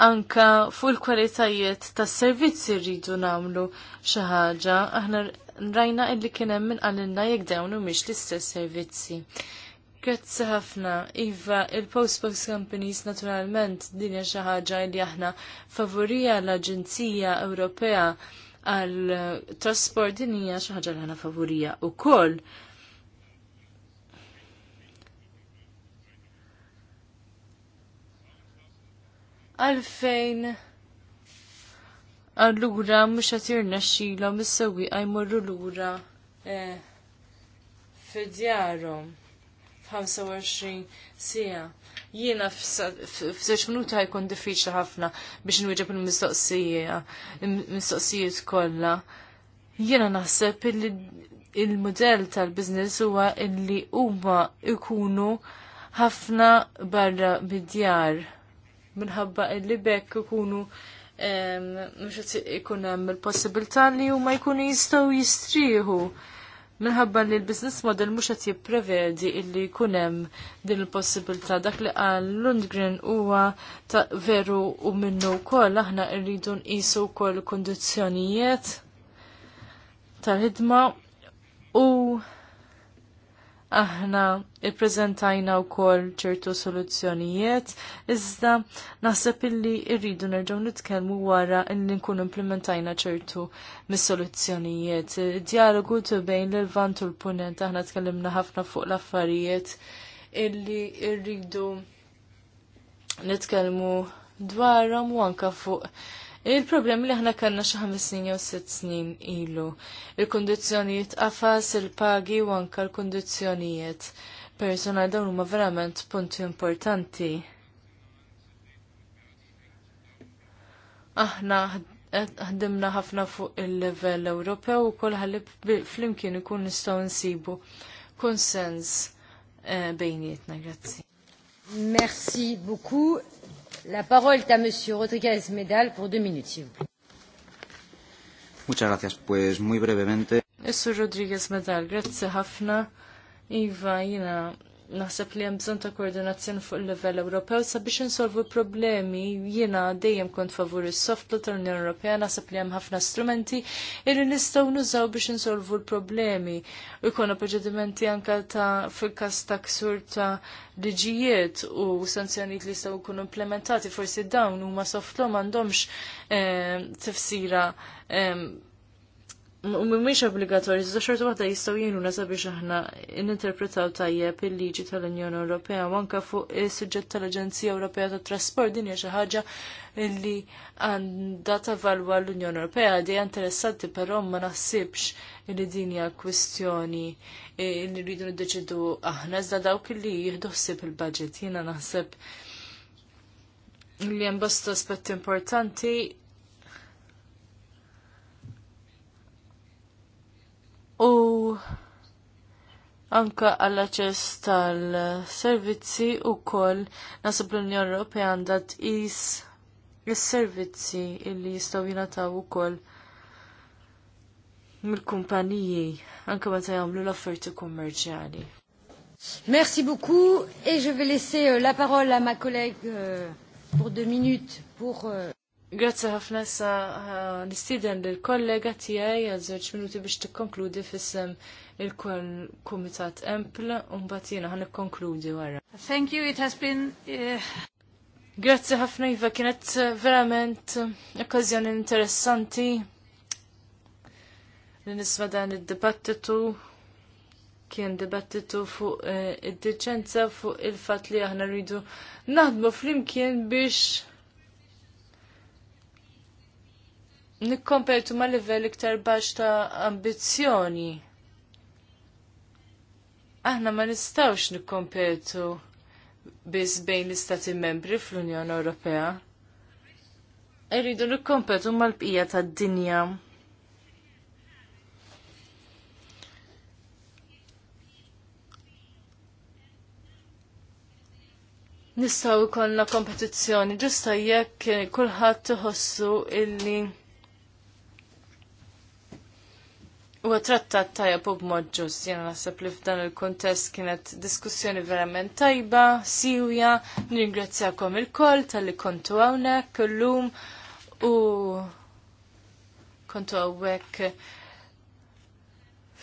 anka fuq il-kwalitajiet tas-servizzi rridu nagħmlu xi ħaġa, aħna rajna illi kien hemm qalilna jekk dawn mhix l-istess servizzi. Grazzi ħafna, Iva, il-Postbox Companies naturalment din xi ħaġa li aħna favorija l-Aġenzija Ewropea għal trasport din hija xi ħaġa li aħna favorija wkoll għalfejn għallura mux għatir naxxila s-sewi għajmurru l-ura fid-djarom 25 sija. Jiena f-sex minuta għajkun diffiċli ħafna biex nwieġeb il-mistoqsija, il-mistoqsijiet kollha. Jiena naħseb il-modell tal-biznis huwa illi huma ikunu ħafna barra bid-djar minħabba li bekk ikunu mhux ikun hemm il-possibilità li huma jkunu jistgħu jistrieħu minħabba li l-business model mhux qed jipprevedi illi jkun hemm din il-possibilità dak li qal Lundgren huwa ta' veru u minnu wkoll aħna rridu nqisu wkoll kundizzjonijiet tal-ħidma u aħna ippreżentajna wkoll ċertu soluzzjonijiet, iżda naħseb illi rridu nerġgħu nitkellmu wara illi nkunu implementajna ċertu mis-soluzzjonijiet. Dialogu bejn l vant u l-Punent aħna tkellimna ħafna fuq l-affarijiet illi rridu nitkellmu dwarom u anke fuq Il-problemi li ħna kanna xi ħames snin jew sitt snin ilu. Il-kundizzjonijiet qafas, il-pagi u anke l-kundizzjonijiet personali dawn huma verament punti importanti. Aħna ħdimna ħafna fuq il-level Ewropew u kol ħalli flimkien ikun nistgħu nsibu konsens eh, bejnietna. Grazzi. Merci beaucoup. La parole est à Monsieur Rodriguez Medal pour deux minutes, s'il vous plaît. Muchas gracias. Pues muy brevemente. Monsieur Rodriguez Medal, grazie ħafna. Iva, jina, naħseb li hemm bżonn ta' koordinazzjoni fuq il-livell Ewropew sabiex insolvu problemi jiena dejjem kont favur is-soft law tal-Unjoni Ewropea naħseb li hemm ħafna strumenti li nistgħu nużaw biex insolvu l-problemi. Ikonu proċedimenti anke ta' fil-każ ta' ksur ta' liġijiet u sanzjonijiet li jistgħu jkunu implementati forsi dawn huma soft law m'għandhomx eh, tifsira eh, mhumiex obbligatorji, xortu xorta waħda jistgħu jgħinuna sabiex aħna ninterpretaw tajjeb il-liġi tal-Unjoni Ewropea u anke fuq is-suġġett tal-Aġenzija Ewropea tat-Trasport din hija xi ħaġa li għandha tavalwa l-Unjoni Ewropea di interessanti però ma naħsibx li din hija kwistjoni eh, li rridu niddeċidu aħna iżda dawk li jieħdu ħsieb il-budget jiena naħseb li hemm bosta aspetti importanti u anka għall-aċċess tal-servizzi u koll nasib l unjoni Ewropea għandha tqis is-servizzi illi jistgħu jingħataw ukoll mill-kumpaniji anke meta jagħmlu l-offerti kummerċjali. Merci beaucoup et je vais laisser euh, la parole à ma collègue euh, pour deux minutes pour euh, Grazzi ħafna sa nistiden l-kollega tiegħi għal żewġ minuti biex tikkonkludi fissem il-kull empl un batina ħan konkludi wara. Thank you, it has been eh, Grazzi ħafna Iva, kienet eh, verament eh, okkażjoni interessanti l nisma dan il dibattitu kien dibattitu fuq id-deċenza fuq il-fat li aħna rridu naħdmu flimkien biex nikkompetu ma' livell iktar baċ ta' ambizzjoni. Aħna ma nistawx nikkompetu biss bejn l-istati membri fl-Unjoni Ewropea. Irridu nikkompetu mal-bqija tad-dinja. Nistaw ikollna kompetizzjoni ġusta jekk kulħadd iħossu illi U trattat tajab u b'mod ġust, jena nasab li f'dan il-kontest kienet diskussjoni verament tajba, siwja, nirringrazzjakom il-koll tal-li kontu għawnek, l-lum, u kontu għawek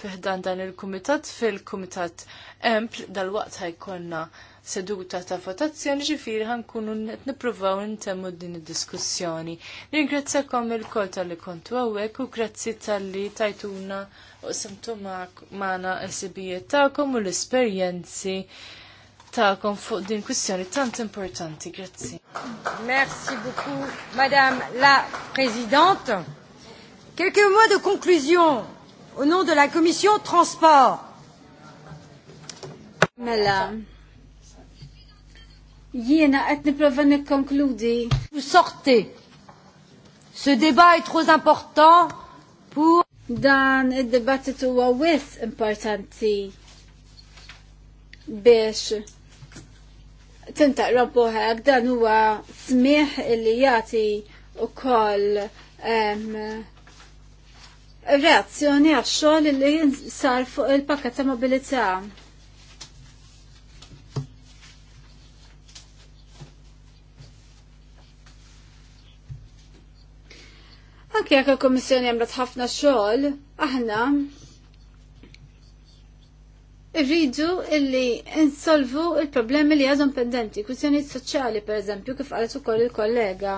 fiħdan dan il kumitat fil kumitat empl dal-waqt ħajkonna seduta ta' votazzjoni ġifiri ħankunu nipruvaw nintemmu din id-diskussjoni. Ringrazzakom il-kol tal-li kontu għawek u grazzi tal-li tajtuna u semtu maħna esibijiet ta'kom u l-esperienzi ta'kom fuq din kwistjoni tant importanti. Grazzi. Merci beaucoup, Madame la Présidente. Quelques mots de conclusion au nom de la Commission Transport. Mela, Jiena qed nipprova nikkonkludi. Sorti. Ce débat est trop important pour dan id-dibattitu huwa wis importanti biex tintaqra rabbuħek dan huwa smieħ illi jagħti ukoll reazzjoni għax-xogħol li sar fuq il pakka ta' mobilità. Anke jekk il-Kummissjoni għamlet ħafna xogħol, aħna irridu illi insolvu il-problemi li għadhom pendenti, kwistjonijiet soċjali pereżempju kif qalet ukoll il-kollega.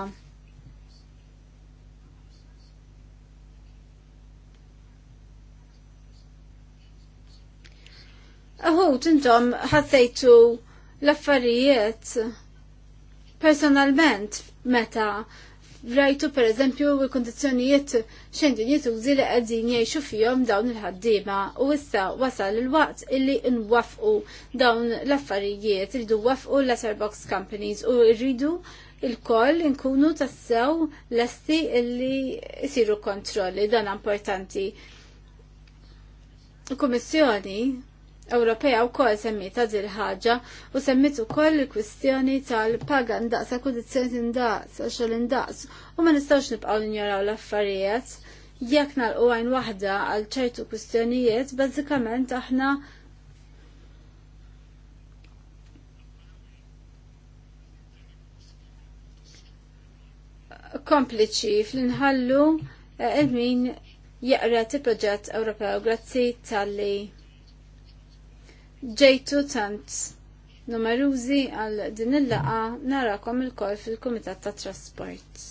Aħu, intom ħassejtu l-affarijiet personalment meta rajtu per eżempju il-kondizjonijiet xendinijiet użi li għedin jiexu fjom dawn il-ħaddima u issa wasal il-waqt illi nwafqu dawn l-affarijiet rridu wafqu l-letterbox companies u rridu il-koll nkunu tassew l-esti illi jisiru kontrolli dan importanti. Il-Kommissjoni Ewropea wkoll semmita dil ħaġa u semmit ukoll il-kwistjoni tal-paga ndaqsa kundizzjoni indaqs, xogħol indaqs u ma nistgħux nibqgħu njoraw l-affarijiet. Jekk nagħlqu għajn waħda għal ċertu kwistjonijiet, bażikament aħna kompliċi fl-inħallu eh, il-min jaqra ti proġett Ewropew grazzi tal-li ġejtu tant numerużi għal din il-laqa narakom il-kol fil-Kumitat ta' Trasport.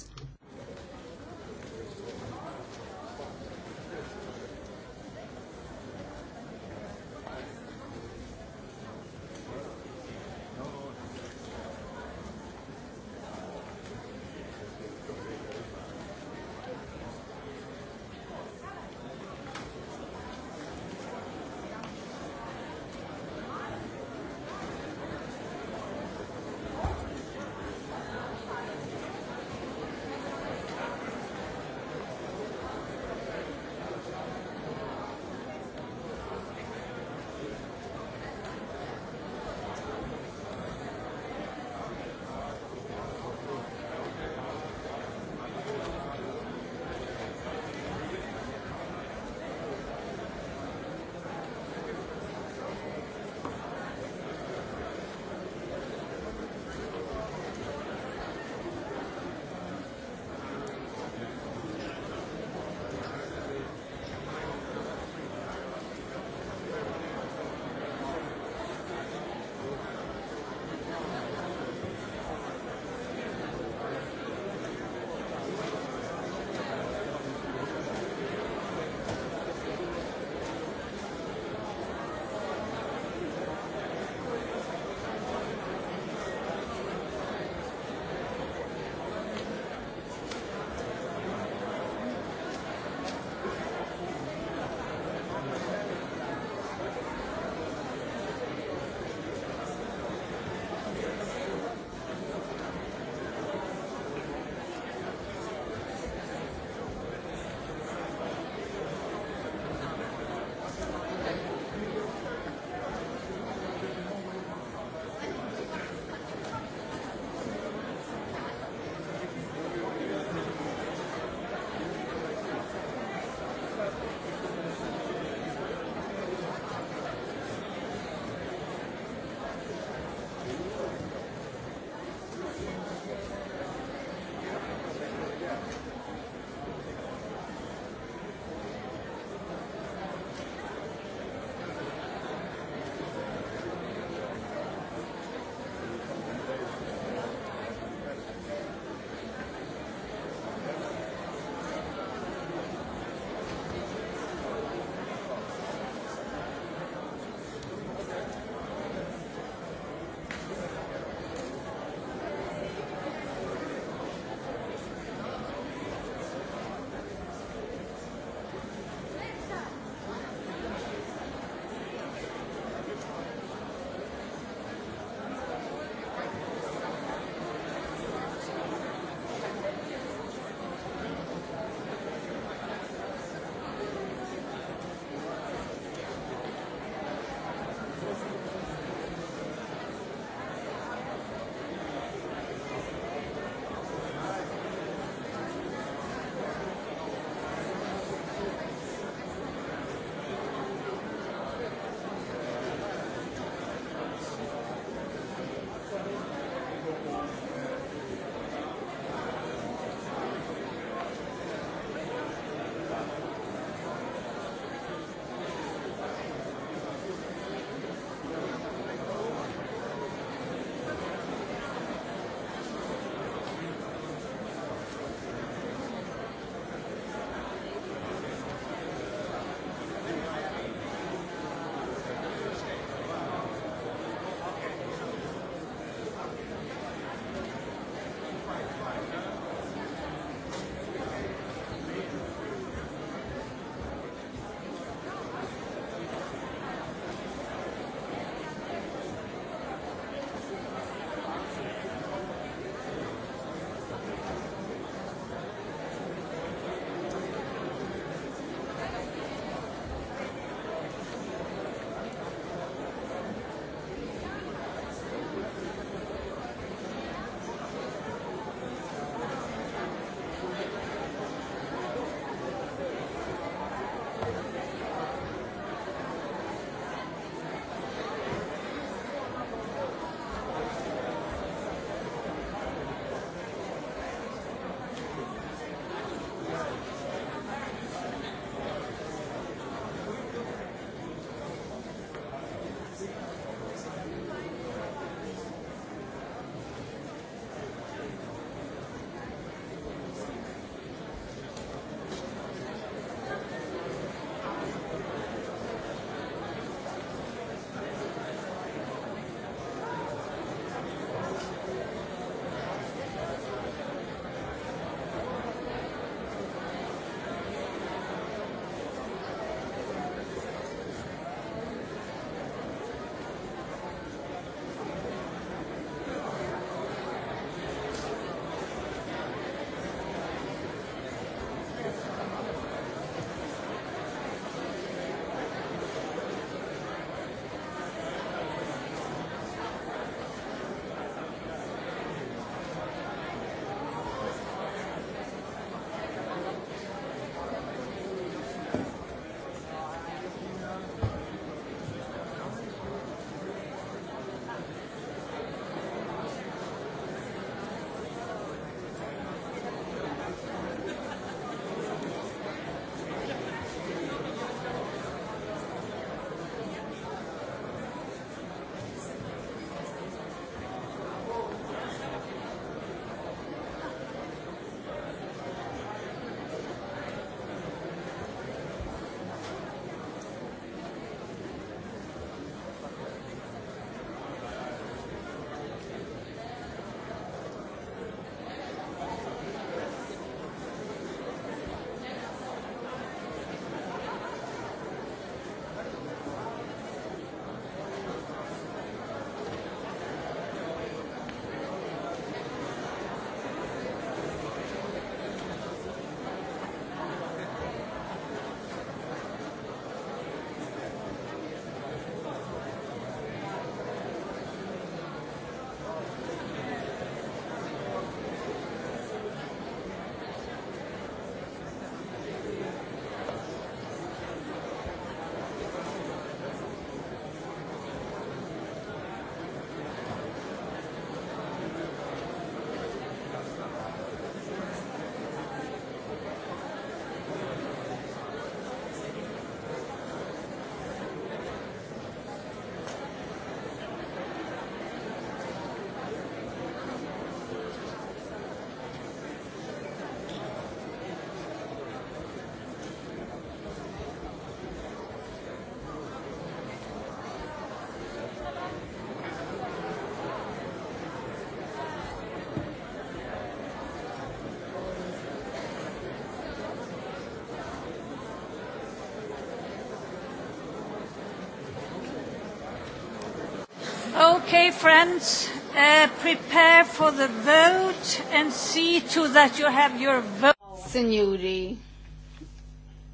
Okay, friends, uh, prepare for the vote and see to that you have your vote. Signori,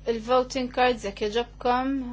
il-voting cards jek jġobkom